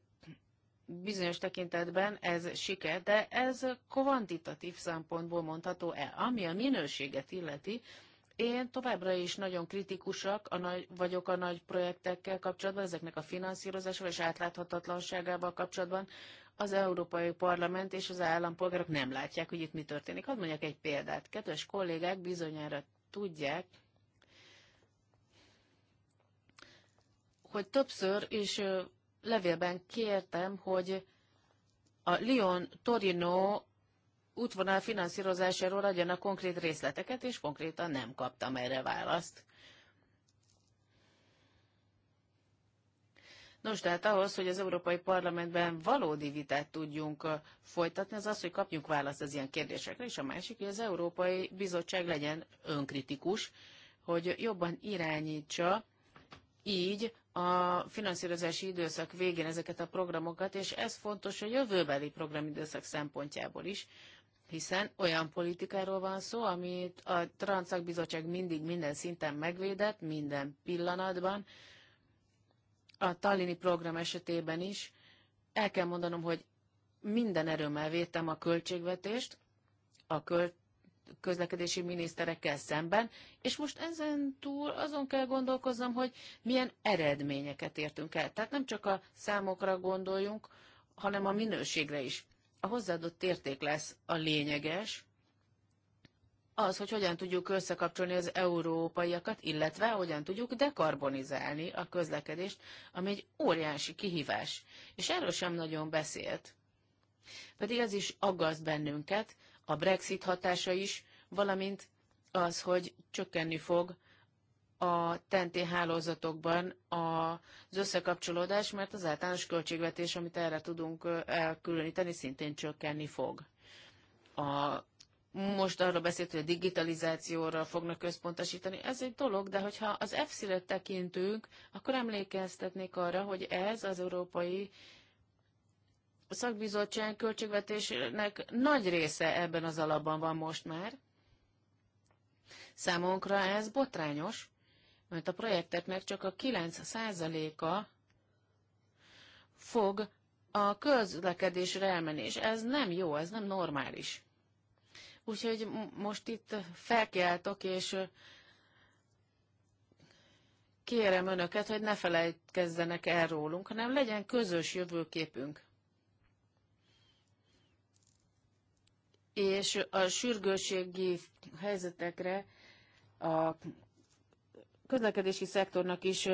bizonyos tekintetben ez siker, de ez kvantitatív szempontból mondható el. Ami a minőséget illeti, én továbbra is nagyon kritikusak a nagy, vagyok a nagy projektekkel kapcsolatban, ezeknek a finanszírozásával és átláthatatlanságával kapcsolatban. Az Európai Parlament és az állampolgárok nem látják, hogy itt mi történik. Hadd mondjak egy példát. Kedves kollégák bizonyára tudják, hogy többször is levélben kértem, hogy a Lyon-Torino útvonal finanszírozásáról adjanak konkrét részleteket, és konkrétan nem kaptam erre választ. Nos, tehát ahhoz, hogy az Európai Parlamentben valódi vitát tudjunk folytatni, az az, hogy kapjunk választ az ilyen kérdésekre, és a másik, hogy az Európai Bizottság legyen önkritikus, hogy jobban irányítsa így a finanszírozási időszak végén ezeket a programokat, és ez fontos a jövőbeli programidőszak szempontjából is, hiszen olyan politikáról van szó, amit a Transzakbizottság mindig minden szinten megvédett, minden pillanatban, a Tallini program esetében is. El kell mondanom, hogy minden erőmmel védtem a költségvetést, a költ közlekedési miniszterekkel szemben, és most ezen túl azon kell gondolkoznom, hogy milyen eredményeket értünk el. Tehát nem csak a számokra gondoljunk, hanem a minőségre is. A hozzáadott érték lesz a lényeges, az, hogy hogyan tudjuk összekapcsolni az európaiakat, illetve hogyan tudjuk dekarbonizálni a közlekedést, ami egy óriási kihívás. És erről sem nagyon beszélt. Pedig ez is aggaszt bennünket, a Brexit hatása is, valamint az, hogy csökkenni fog a TNT hálózatokban az összekapcsolódás, mert az általános költségvetés, amit erre tudunk elkülöníteni, szintén csökkenni fog. A, most arról beszélt, hogy a digitalizációra fognak központosítani. Ez egy dolog, de hogyha az EFSZ-re tekintünk, akkor emlékeztetnék arra, hogy ez az európai szakbizottság költségvetésének nagy része ebben az alapban van most már. Számunkra ez botrányos, mert a projekteknek csak a 9%-a fog a közlekedésre elmenni, és ez nem jó, ez nem normális. Úgyhogy most itt felkiáltok, és kérem önöket, hogy ne felejtkezzenek el rólunk, hanem legyen közös jövőképünk. és a sürgőségi helyzetekre a közlekedési szektornak is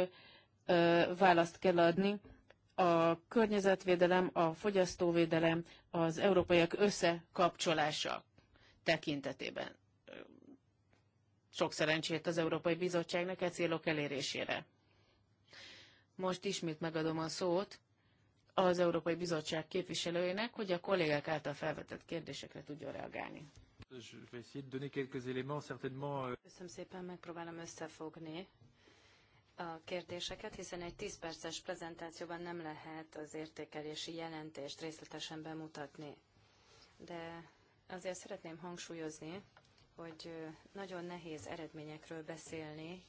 választ kell adni. A környezetvédelem, a fogyasztóvédelem, az európaiak összekapcsolása tekintetében. Sok szerencsét az Európai Bizottságnak e célok elérésére. Most ismét megadom a szót az Európai Bizottság képviselőjének, hogy a kollégák által felvetett kérdésekre tudjon reagálni. Euh, Köszönöm szépen, megpróbálom összefogni a kérdéseket, hiszen egy 10 perces prezentációban nem lehet az értékelési jelentést részletesen bemutatni. De azért szeretném hangsúlyozni, hogy nagyon nehéz eredményekről beszélni,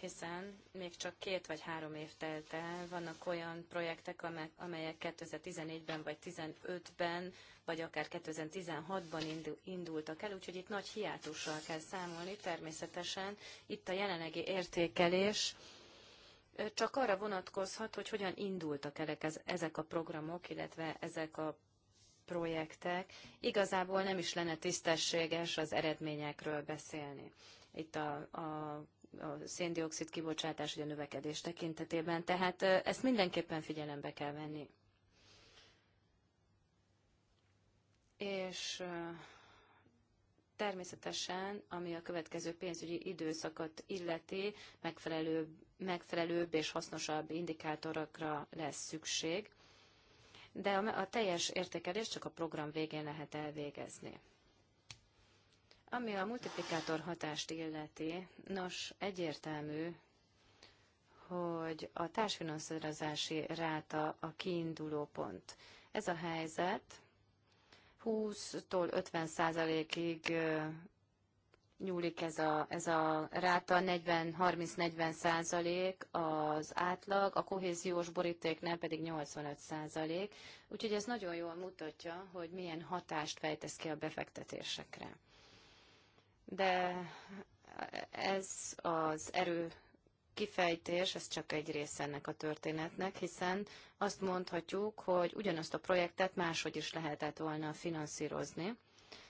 hiszen még csak két vagy három év telt el, vannak olyan projektek, amelyek 2014-ben vagy 2015-ben, vagy akár 2016-ban indultak el, úgyhogy itt nagy hiátussal kell számolni természetesen. Itt a jelenlegi értékelés csak arra vonatkozhat, hogy hogyan indultak el ezek a programok, illetve ezek a projektek. Igazából nem is lenne tisztességes az eredményekről beszélni. Itt a, a a széndiokszid kibocsátás, vagy a növekedés tekintetében. Tehát ezt mindenképpen figyelembe kell venni. És természetesen, ami a következő pénzügyi időszakot illeti, megfelelőbb, megfelelőbb és hasznosabb indikátorokra lesz szükség, de a teljes értékelést csak a program végén lehet elvégezni. Ami a multiplikátor hatást illeti, nos, egyértelmű, hogy a társfinanszírozási ráta a kiinduló pont. Ez a helyzet 20-tól 50 százalékig nyúlik ez a, ez a ráta, 40-30-40 százalék az átlag, a kohéziós borítéknál pedig 85 százalék, úgyhogy ez nagyon jól mutatja, hogy milyen hatást fejtesz ki a befektetésekre de ez az erő kifejtés, ez csak egy része ennek a történetnek, hiszen azt mondhatjuk, hogy ugyanazt a projektet máshogy is lehetett volna finanszírozni.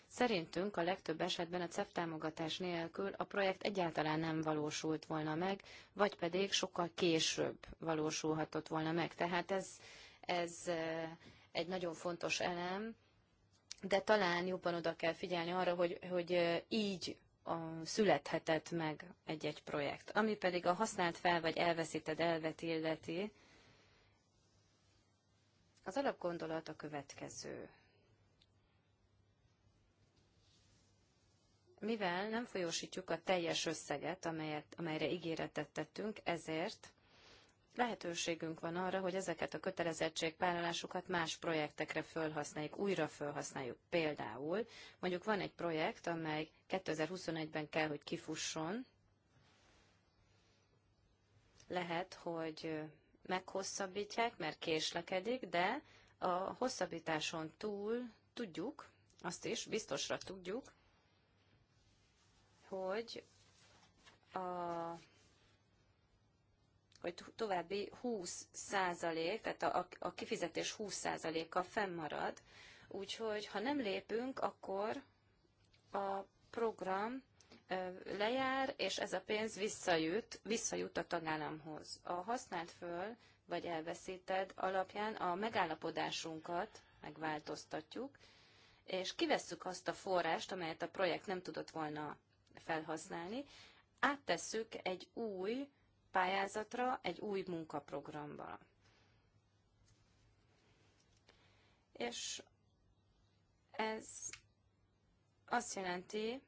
Szerintünk a legtöbb esetben a CEF támogatás nélkül a projekt egyáltalán nem valósult volna meg, vagy pedig sokkal később valósulhatott volna meg. Tehát ez, ez eh, egy nagyon fontos elem, de talán jobban oda kell figyelni arra, hogy, hogy így születhetett meg egy-egy projekt. Ami pedig a használt fel vagy elveszíted elvet illeti, az alapgondolat a következő. Mivel nem folyósítjuk a teljes összeget, amelyet, amelyre ígéretet tettünk, ezért lehetőségünk van arra, hogy ezeket a kötelezettségvállalásokat más projektekre felhasználjuk, újra felhasználjuk. Például mondjuk van egy projekt, amely 2021-ben kell, hogy kifusson. Lehet, hogy meghosszabbítják, mert késlekedik, de a hosszabbításon túl tudjuk, azt is biztosra tudjuk, hogy a hogy további 20 százalék, tehát a, a kifizetés 20 százaléka fennmarad, úgyhogy ha nem lépünk, akkor a program lejár, és ez a pénz visszajut, visszajut a tagállamhoz. A használt föl, vagy elveszíted alapján a megállapodásunkat megváltoztatjuk, és kivesszük azt a forrást, amelyet a projekt nem tudott volna felhasználni, áttesszük egy új pályázatra, egy új munkaprogramba. És ez azt jelenti,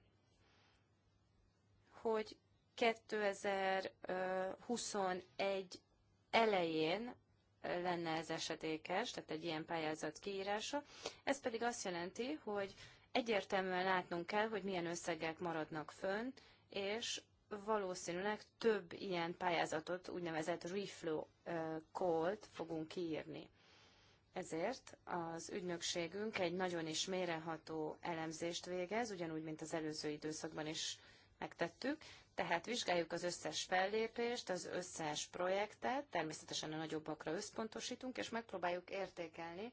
hogy 2021 elején lenne ez esetékes, tehát egy ilyen pályázat kiírása. Ez pedig azt jelenti, hogy egyértelműen látnunk kell, hogy milyen összegek maradnak fönn, és valószínűleg több ilyen pályázatot, úgynevezett reflow call-t fogunk kiírni. Ezért az ügynökségünk egy nagyon is méreható elemzést végez, ugyanúgy, mint az előző időszakban is megtettük. Tehát vizsgáljuk az összes fellépést, az összes projektet, természetesen a nagyobbakra összpontosítunk, és megpróbáljuk értékelni,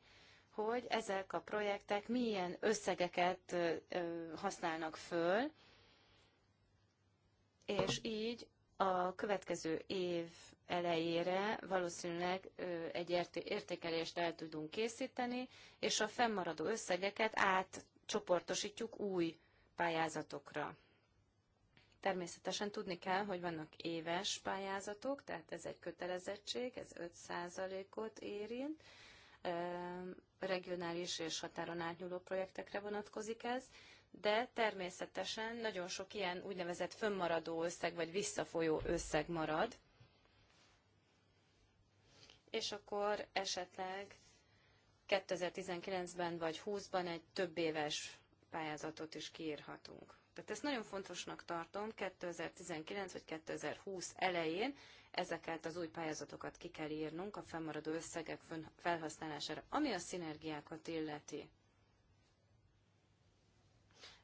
hogy ezek a projektek milyen összegeket használnak föl, és így a következő év elejére valószínűleg egy értékelést el tudunk készíteni, és a fennmaradó összegeket átcsoportosítjuk új pályázatokra. Természetesen tudni kell, hogy vannak éves pályázatok, tehát ez egy kötelezettség, ez 5%-ot érint, regionális és határon átnyúló projektekre vonatkozik ez, de természetesen nagyon sok ilyen úgynevezett fönnmaradó összeg, vagy visszafolyó összeg marad, és akkor esetleg 2019-ben vagy 20-ban egy több éves pályázatot is kiírhatunk. Tehát ezt nagyon fontosnak tartom, 2019 vagy 2020 elején ezeket az új pályázatokat ki kell írnunk a fennmaradó összegek felhasználására, ami a szinergiákat illeti.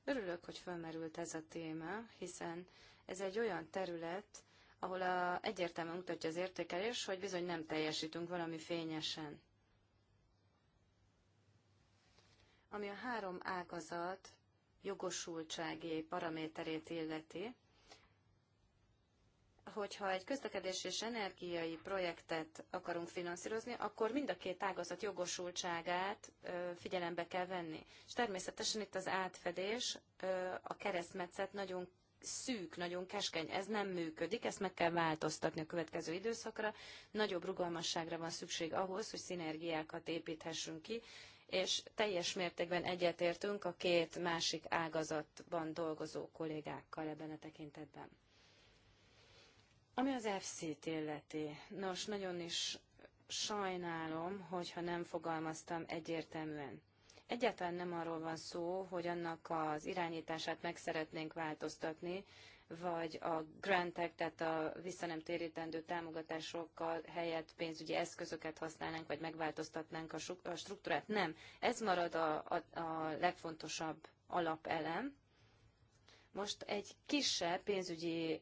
Örülök, hogy felmerült ez a téma, hiszen ez egy olyan terület, ahol a, egyértelműen mutatja az értékelés, hogy bizony nem teljesítünk valami fényesen. Ami a három ágazat jogosultsági paraméterét illeti, hogyha egy közlekedés és energiai projektet akarunk finanszírozni, akkor mind a két ágazat jogosultságát figyelembe kell venni. És természetesen itt az átfedés, a keresztmetszet nagyon szűk, nagyon keskeny, ez nem működik, ezt meg kell változtatni a következő időszakra. Nagyobb rugalmasságra van szükség ahhoz, hogy szinergiákat építhessünk ki, és teljes mértékben egyetértünk a két másik ágazatban dolgozó kollégákkal ebben a tekintetben. Ami az FC-t illeti, nos, nagyon is sajnálom, hogyha nem fogalmaztam egyértelműen. Egyáltalán nem arról van szó, hogy annak az irányítását meg szeretnénk változtatni, vagy a grantek, tehát a visszanemtérítendő támogatásokkal helyett pénzügyi eszközöket használnánk, vagy megváltoztatnánk a struktúrát. Nem. Ez marad a, a, a legfontosabb alapelem. Most egy kisebb pénzügyi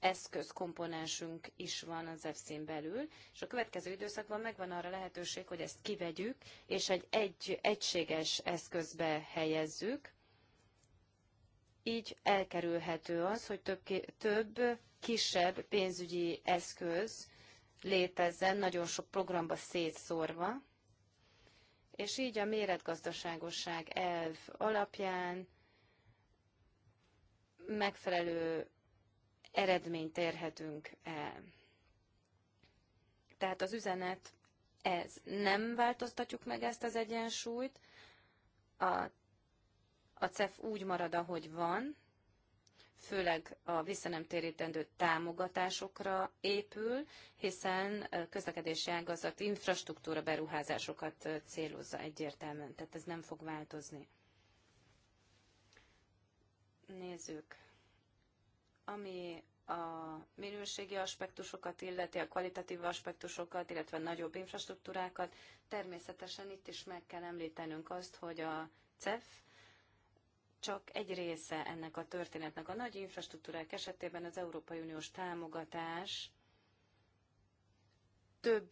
eszközkomponensünk is van az EFSZ-n belül, és a következő időszakban megvan arra lehetőség, hogy ezt kivegyük, és egy, egy egységes eszközbe helyezzük. Így elkerülhető az, hogy több, több kisebb pénzügyi eszköz létezzen, nagyon sok programba szétszórva, és így a méretgazdaságosság elv alapján megfelelő eredményt érhetünk el. Tehát az üzenet ez. Nem változtatjuk meg ezt az egyensúlyt, a, a CEF úgy marad, ahogy van, főleg a visszanemtérítendő támogatásokra épül, hiszen közlekedési ágazat infrastruktúra beruházásokat célozza egyértelműen, tehát ez nem fog változni. Nézzük ami a minőségi aspektusokat illeti, a kvalitatív aspektusokat, illetve nagyobb infrastruktúrákat. Természetesen itt is meg kell említenünk azt, hogy a CEF csak egy része ennek a történetnek. A nagy infrastruktúrák esetében az Európai Uniós támogatás több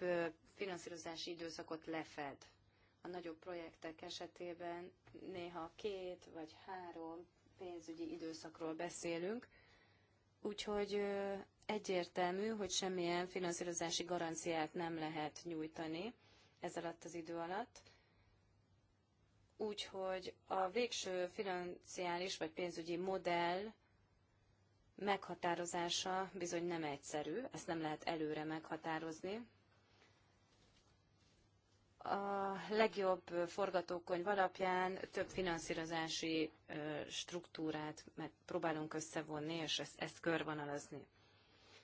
finanszírozási időszakot lefed. A nagyobb projektek esetében néha két vagy három pénzügyi időszakról beszélünk, Úgyhogy egyértelmű, hogy semmilyen finanszírozási garanciát nem lehet nyújtani ez alatt az idő alatt. Úgyhogy a végső financiális vagy pénzügyi modell meghatározása bizony nem egyszerű, ezt nem lehet előre meghatározni a legjobb forgatókönyv alapján több finanszírozási struktúrát próbálunk összevonni, és ezt, ezt körvonalazni.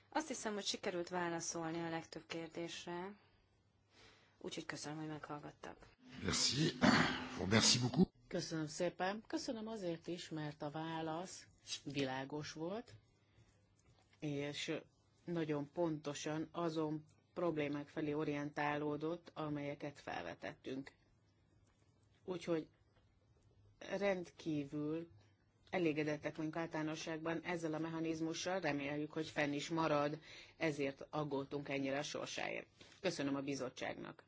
Azt hiszem, hogy sikerült válaszolni a legtöbb kérdésre, úgyhogy köszönöm, hogy meghallgattak. Merci. Merci beaucoup. Köszönöm szépen. Köszönöm azért is, mert a válasz világos volt, és nagyon pontosan azon problémák felé orientálódott, amelyeket felvetettünk. Úgyhogy rendkívül elégedettek vagyunk általánosságban ezzel a mechanizmussal, reméljük, hogy fenn is marad, ezért aggódtunk ennyire a sorsáért. Köszönöm a bizottságnak.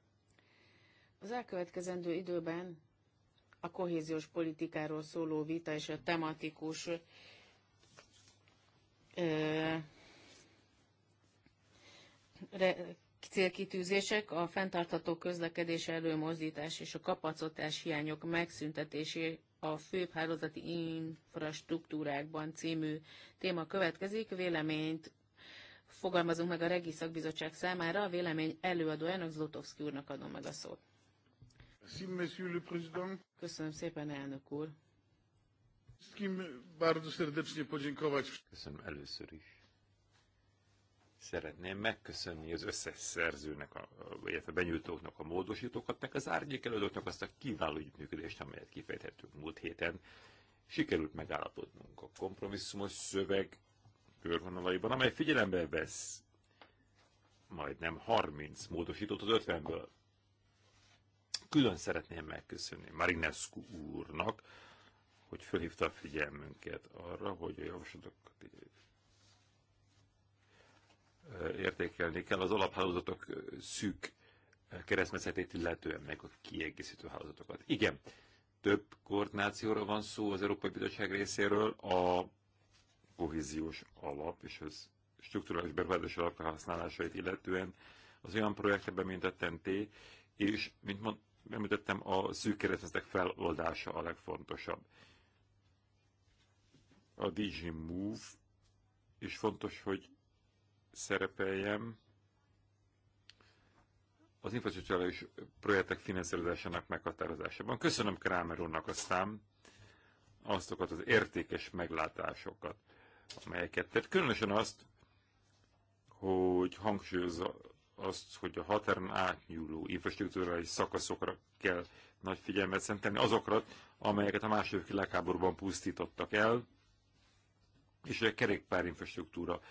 Az elkövetkezendő időben a kohéziós politikáról szóló vita és a tematikus ö, célkitűzések a fenntartható közlekedés előmozdítás és a kapacitás hiányok megszüntetésé a főbb hálózati infrastruktúrákban című téma következik. Véleményt fogalmazunk meg a Regi Szakbizottság számára. A vélemény előadójának Zlotowski úrnak adom meg a szót. Köszönöm szépen, elnök úr. Köszönöm először is Szeretném megköszönni az összes szerzőnek, a, illetve benyújtóknak a módosítókat, meg az árnyékelődőknek azt a kiváló működést, amelyet kifejthettünk múlt héten. Sikerült megállapodnunk a kompromisszumos szöveg körvonalaiban, amely figyelembe vesz majdnem 30 módosítót az 50-ből. Külön szeretném megköszönni Marinescu úrnak, hogy felhívta a figyelmünket arra, hogy a javaslatokat értékelni kell az alaphálózatok szűk keresztmetszetét illetően, meg a kiegészítő hálózatokat. Igen, több koordinációra van szó az Európai Bizottság részéről a kohéziós alap és az strukturális beruházás alap használásait illetően az olyan projektekben, mint a TNT, és, mint mond, említettem, a szűk keresztmetszetek feloldása a legfontosabb. A DG Move, és fontos, hogy szerepeljem az infrastruktúrális projektek finanszírozásának meghatározásában. Köszönöm Krámer úrnak aztán aztokat az értékes meglátásokat, amelyeket tett. Különösen azt, hogy hangsúlyozza azt, hogy a határon átnyúló infrastruktúrális szakaszokra kell nagy figyelmet szentelni, azokra, amelyeket a második világháborúban pusztítottak el, és a kerékpár infrastruktúra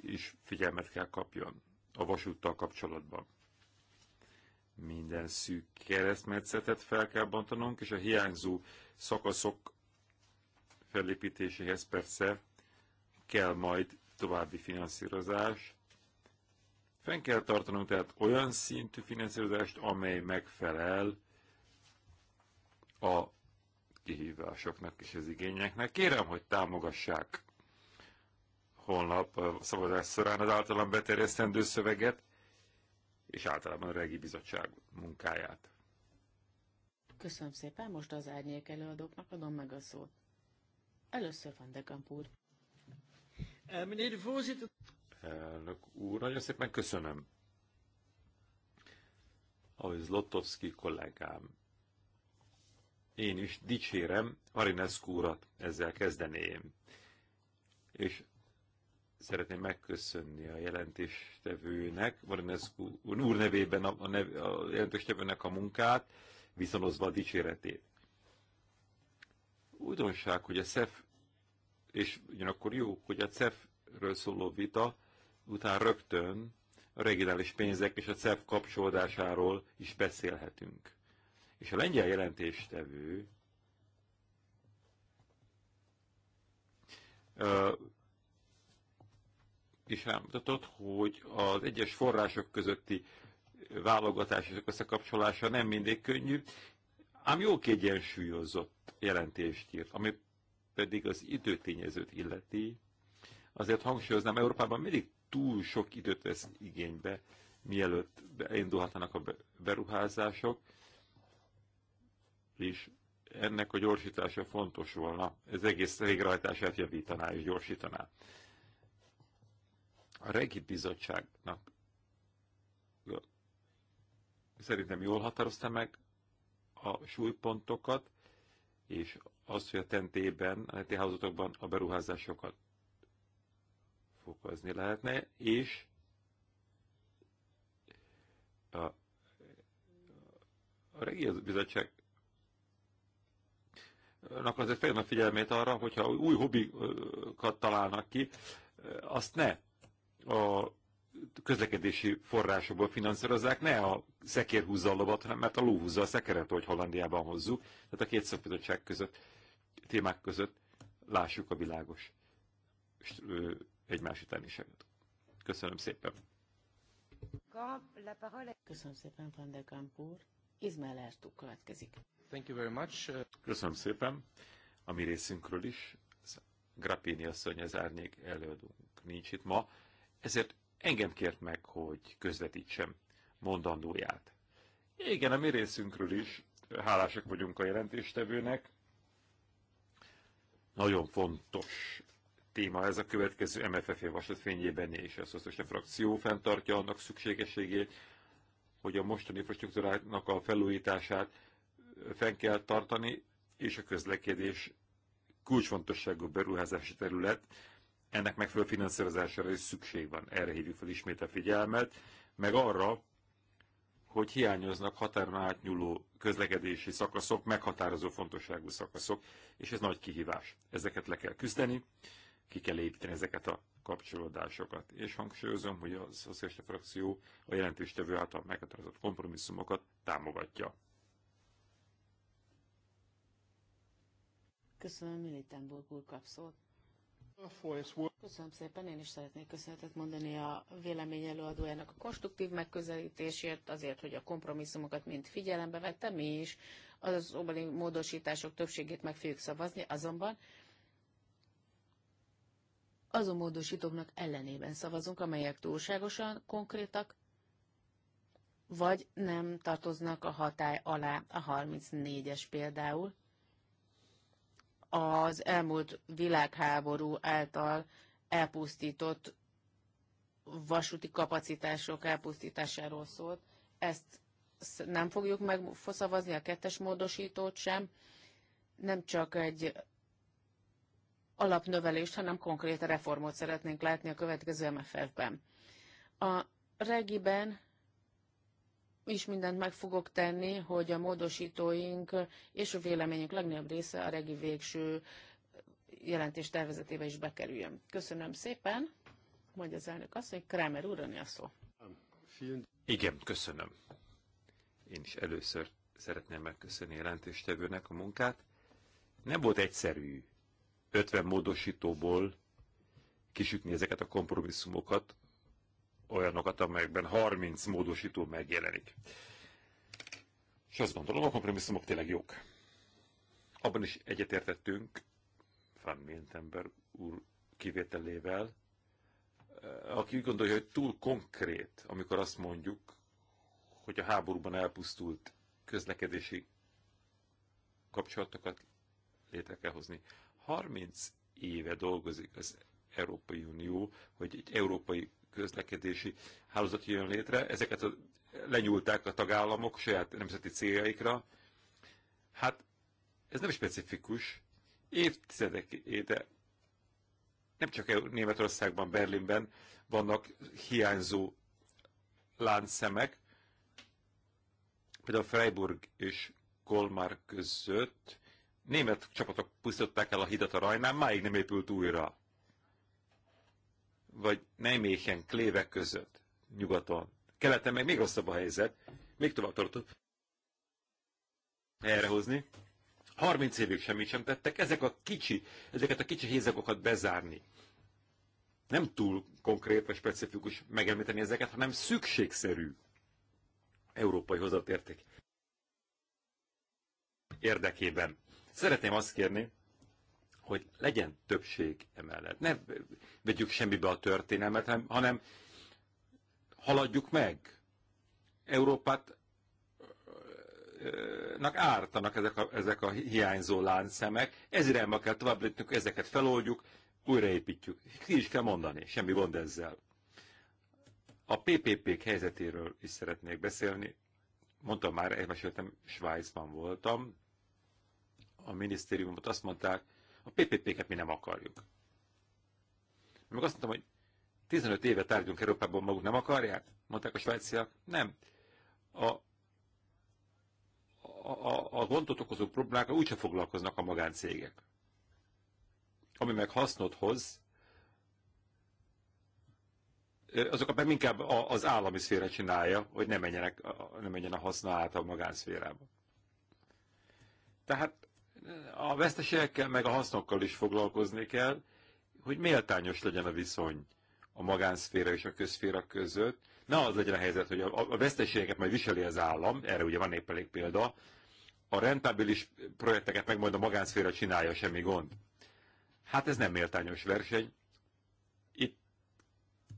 is figyelmet kell kapjon a vasúttal kapcsolatban. Minden szűk keresztmetszetet fel kell bontanunk, és a hiányzó szakaszok felépítéséhez persze kell majd további finanszírozás. Fenn kell tartanunk tehát olyan szintű finanszírozást, amely megfelel a kihívásoknak és az igényeknek. Kérem, hogy támogassák holnap a szavazás során az általam beterjesztendő szöveget, és általában a regi bizottság munkáját. Köszönöm szépen, most az árnyék előadóknak adom meg a szót. Először Van de Kampur. úr. Eh, Elnök úr, nagyon szépen köszönöm. Ahogy Zlotowski kollégám, én is dicsérem Marinescu urat, ezzel kezdeném. És szeretném megköszönni a jelentéstevőnek, Marinescu úr nevében a, a, nev, a jelentéstevőnek a munkát, viszonozva a dicséretét. Újdonság, hogy a CEF, és ugyanakkor jó, hogy a CEF-ről szóló vita után rögtön a regionális pénzek és a CEF kapcsolódásáról is beszélhetünk. És a lengyel jelentéstevő is rámutatott, hogy az egyes források közötti válogatás és összekapcsolása nem mindig könnyű, ám jó kiegyensúlyozott jelentést írt, ami pedig az időtényezőt illeti. Azért hangsúlyoznám, Európában mindig túl sok időt vesz igénybe, mielőtt beindulhatnak a beruházások, és ennek a gyorsítása fontos volna, ez egész végrehajtását javítaná és gyorsítaná a regi bizottságnak szerintem jól határozta meg a súlypontokat, és azt, hogy a tentében, a házatokban a beruházásokat fokozni lehetne, és a, a regi bizottság azért felhívom a figyelmét arra, hogyha új hobbikat találnak ki, azt ne a közlekedési forrásokból finanszírozzák, ne a szekér húzza a lovat, hanem mert a ló húzza a szekeret, hogy Hollandiában hozzuk. Tehát a két szakbizottság között, témák között lássuk a világos egymás utániságot. Köszönöm szépen. Köszönöm szépen, Van de Kampur. Izmael Ertug következik. Thank you very much. Köszönöm szépen a mi részünkről is. Grappini asszony az árnyék előadónk nincs itt ma ezért engem kért meg, hogy közvetítsem mondandóját. Igen, a mi részünkről is hálásak vagyunk a jelentéstevőnek. Nagyon fontos téma ez a következő MFF javaslat fényében, és az hogy a frakció fenntartja annak szükségességét, hogy a mostani infrastruktúrának a felújítását fenn kell tartani, és a közlekedés kulcsfontosságú beruházási terület, ennek megfelelő finanszírozására is szükség van. Erre hívjuk fel ismét a figyelmet, meg arra, hogy hiányoznak határon átnyúló közlekedési szakaszok, meghatározó fontosságú szakaszok, és ez nagy kihívás. Ezeket le kell küzdeni, ki kell építeni ezeket a kapcsolódásokat. És hangsúlyozom, hogy a szocialista frakció a tevő által meghatározott kompromisszumokat támogatja. Köszönöm, Militán Borgul kapszót. Köszönöm szépen, én is szeretnék köszönetet mondani a vélemény előadójának a konstruktív megközelítésért, azért, hogy a kompromisszumokat mind figyelembe vette, mi is az obali módosítások többségét meg fogjuk szavazni, azonban azon módosítóknak ellenében szavazunk, amelyek túlságosan konkrétak, vagy nem tartoznak a hatály alá a 34-es például, az elmúlt világháború által elpusztított vasúti kapacitások elpusztításáról szólt. Ezt nem fogjuk megszavazni, a kettes módosítót sem. Nem csak egy alapnövelést, hanem konkrét reformot szeretnénk látni a következő MFF-ben. A regiben is mindent meg fogok tenni, hogy a módosítóink és a véleményünk legnagyobb része a regi végső jelentés tervezetébe is bekerüljön. Köszönöm szépen, mondja az elnök azt, hogy Kramer úr, a szó. Igen, köszönöm. Én is először szeretném megköszönni a jelentéstevőnek a munkát. Nem volt egyszerű 50 módosítóból kisütni ezeket a kompromisszumokat, olyanokat, amelyekben 30 módosító megjelenik. És azt gondolom, a kompromisszumok tényleg jók. Abban is egyetértettünk, Van ember úr kivételével, aki úgy gondolja, hogy túl konkrét, amikor azt mondjuk, hogy a háborúban elpusztult közlekedési kapcsolatokat létre kell hozni. 30 éve dolgozik az Európai Unió, hogy egy európai közlekedési hálózat jön létre. Ezeket a, lenyúlták a tagállamok saját nemzeti céljaikra. Hát ez nem specifikus. Évtizedek éte nem csak e Németországban, Berlinben vannak hiányzó láncszemek, például Freiburg és Kolmár között német csapatok pusztították el a hidat a Rajnán, máig nem épült újra vagy Nijmegen, Klévek között, nyugaton. Keleten meg még rosszabb a helyzet, még tovább tartott helyre hozni. 30 évig semmit sem tettek, ezek a kicsi, ezeket a kicsi hézagokat bezárni. Nem túl konkrét vagy specifikus megemlíteni ezeket, hanem szükségszerű európai hozatérték érdekében. Szeretném azt kérni, hogy legyen többség emellett. Ne vegyük semmibe a történelmet, hanem haladjuk meg. Európát nak ártanak ezek a, ezek a hiányzó láncszemek, ezért ma kell tovább lépnünk, ezeket feloldjuk, újraépítjük. Ki is kell mondani, semmi gond ezzel. A PPP-k helyzetéről is szeretnék beszélni. Mondtam már, elmeséltem, Svájcban voltam. A minisztériumot azt mondták, a PPP-ket mi nem akarjuk. Meg azt mondtam, hogy 15 éve tárgyunk Európában, maguk nem akarják? Mondták a svájciak. Nem. A, a, a gondot okozó problémákkal úgyse foglalkoznak a magáncégek. Ami meg hasznot hoz, azokat meg inkább az állami szféra csinálja, hogy ne menjenek, ne menjen a haszna át a magánszférába. Tehát a veszteségekkel meg a hasznokkal is foglalkozni kell, hogy méltányos legyen a viszony a magánszféra és a közszféra között. Ne az legyen a helyzet, hogy a veszteségeket majd viseli az állam, erre ugye van épp elég példa, a rentábilis projekteket meg majd a magánszféra csinálja, semmi gond. Hát ez nem méltányos verseny. Itt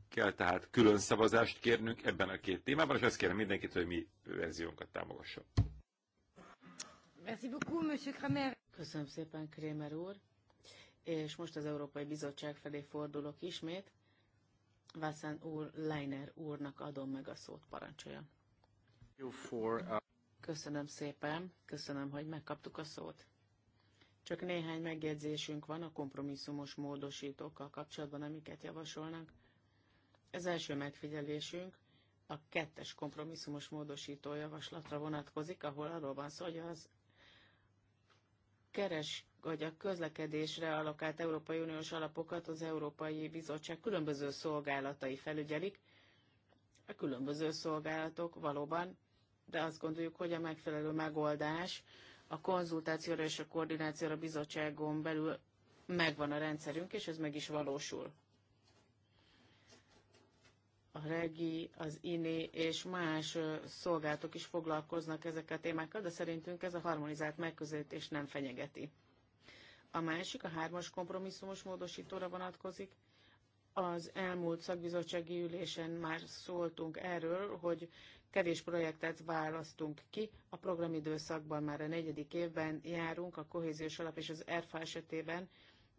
kell tehát külön szavazást kérnünk ebben a két témában, és azt kérem mindenkit, hogy mi verziónkat támogassa. Köszönöm szépen, Kramer úr. És most az Európai Bizottság felé fordulok ismét. Vászán úr, Leiner úrnak adom meg a szót, parancsoljon. Köszönöm szépen, köszönöm, hogy megkaptuk a szót. Csak néhány megjegyzésünk van a kompromisszumos módosítókkal kapcsolatban, amiket javasolnak. Az első megfigyelésünk a kettes kompromisszumos módosító javaslatra vonatkozik, ahol arról van szó, hogy az keres vagy a közlekedésre alokált Európai Uniós alapokat az Európai Bizottság különböző szolgálatai felügyelik. A különböző szolgálatok valóban, de azt gondoljuk, hogy a megfelelő megoldás a konzultációra és a koordinációra bizottságon belül megvan a rendszerünk, és ez meg is valósul a regi, az iné és más szolgálatok is foglalkoznak ezekkel a témákkal, de szerintünk ez a harmonizált megközelítés nem fenyegeti. A másik, a hármas kompromisszumos módosítóra vonatkozik. Az elmúlt szakbizottsági ülésen már szóltunk erről, hogy kevés projektet választunk ki. A programidőszakban már a negyedik évben járunk, a kohéziós alap és az ERFA esetében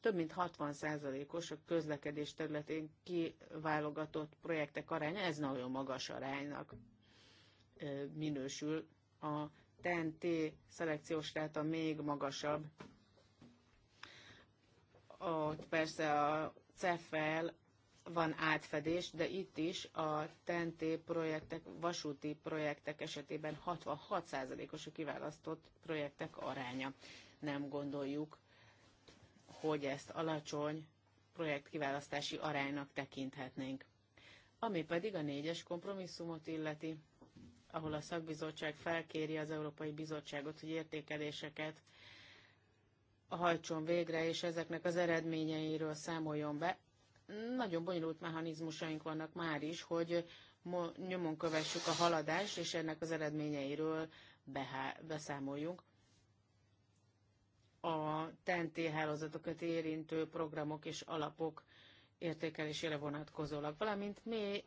több mint 60%-os a közlekedés területén kiválogatott projektek aránya, ez nagyon magas aránynak minősül. A TNT szelekciós ráta még magasabb. Ott persze a cef van átfedés, de itt is a TNT projektek, vasúti projektek esetében 66%-os a kiválasztott projektek aránya. Nem gondoljuk, hogy ezt alacsony projektkiválasztási aránynak tekinthetnénk. Ami pedig a négyes kompromisszumot illeti, ahol a szakbizottság felkéri az Európai Bizottságot, hogy értékeléseket hajtson végre, és ezeknek az eredményeiről számoljon be. Nagyon bonyolult mechanizmusaink vannak már is, hogy nyomon kövessük a haladást, és ennek az eredményeiről beszámoljunk a TNT hálózatokat érintő programok és alapok értékelésére vonatkozólag, valamint mi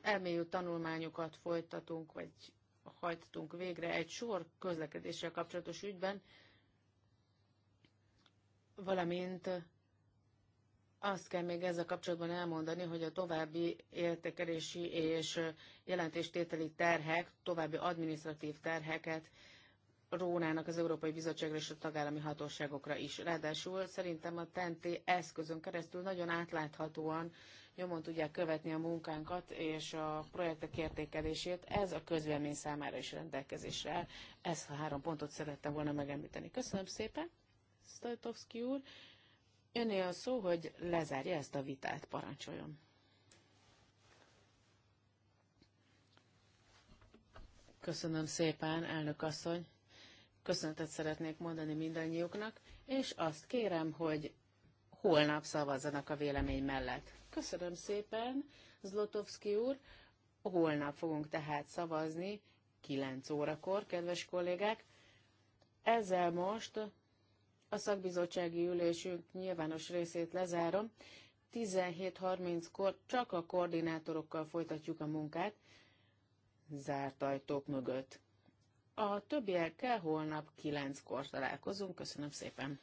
elmélyű tanulmányokat folytatunk, vagy hajtatunk végre egy sor közlekedéssel kapcsolatos ügyben, valamint azt kell még ezzel kapcsolatban elmondani, hogy a további értékelési és jelentéstételi terhek, további adminisztratív terheket rónának az Európai Bizottságra és a tagállami hatóságokra is. Ráadásul szerintem a TNT eszközön keresztül nagyon átláthatóan nyomon tudják követni a munkánkat és a projektek értékelését. Ez a közvélemény számára is rendelkezésre Ezt a három pontot szerettem volna megemlíteni. Köszönöm szépen, Stajtovszki úr. Jönné a szó, hogy lezárja ezt a vitát, parancsoljon. Köszönöm szépen, elnök asszony. Köszöntet szeretnék mondani mindannyiuknak, és azt kérem, hogy holnap szavazzanak a vélemény mellett. Köszönöm szépen, Zlotowski úr. Holnap fogunk tehát szavazni, 9 órakor, kedves kollégák. Ezzel most a szakbizottsági ülésünk nyilvános részét lezárom. 17.30-kor csak a koordinátorokkal folytatjuk a munkát, zárt ajtók mögött. A többiekkel holnap kilenckor találkozunk. Köszönöm szépen!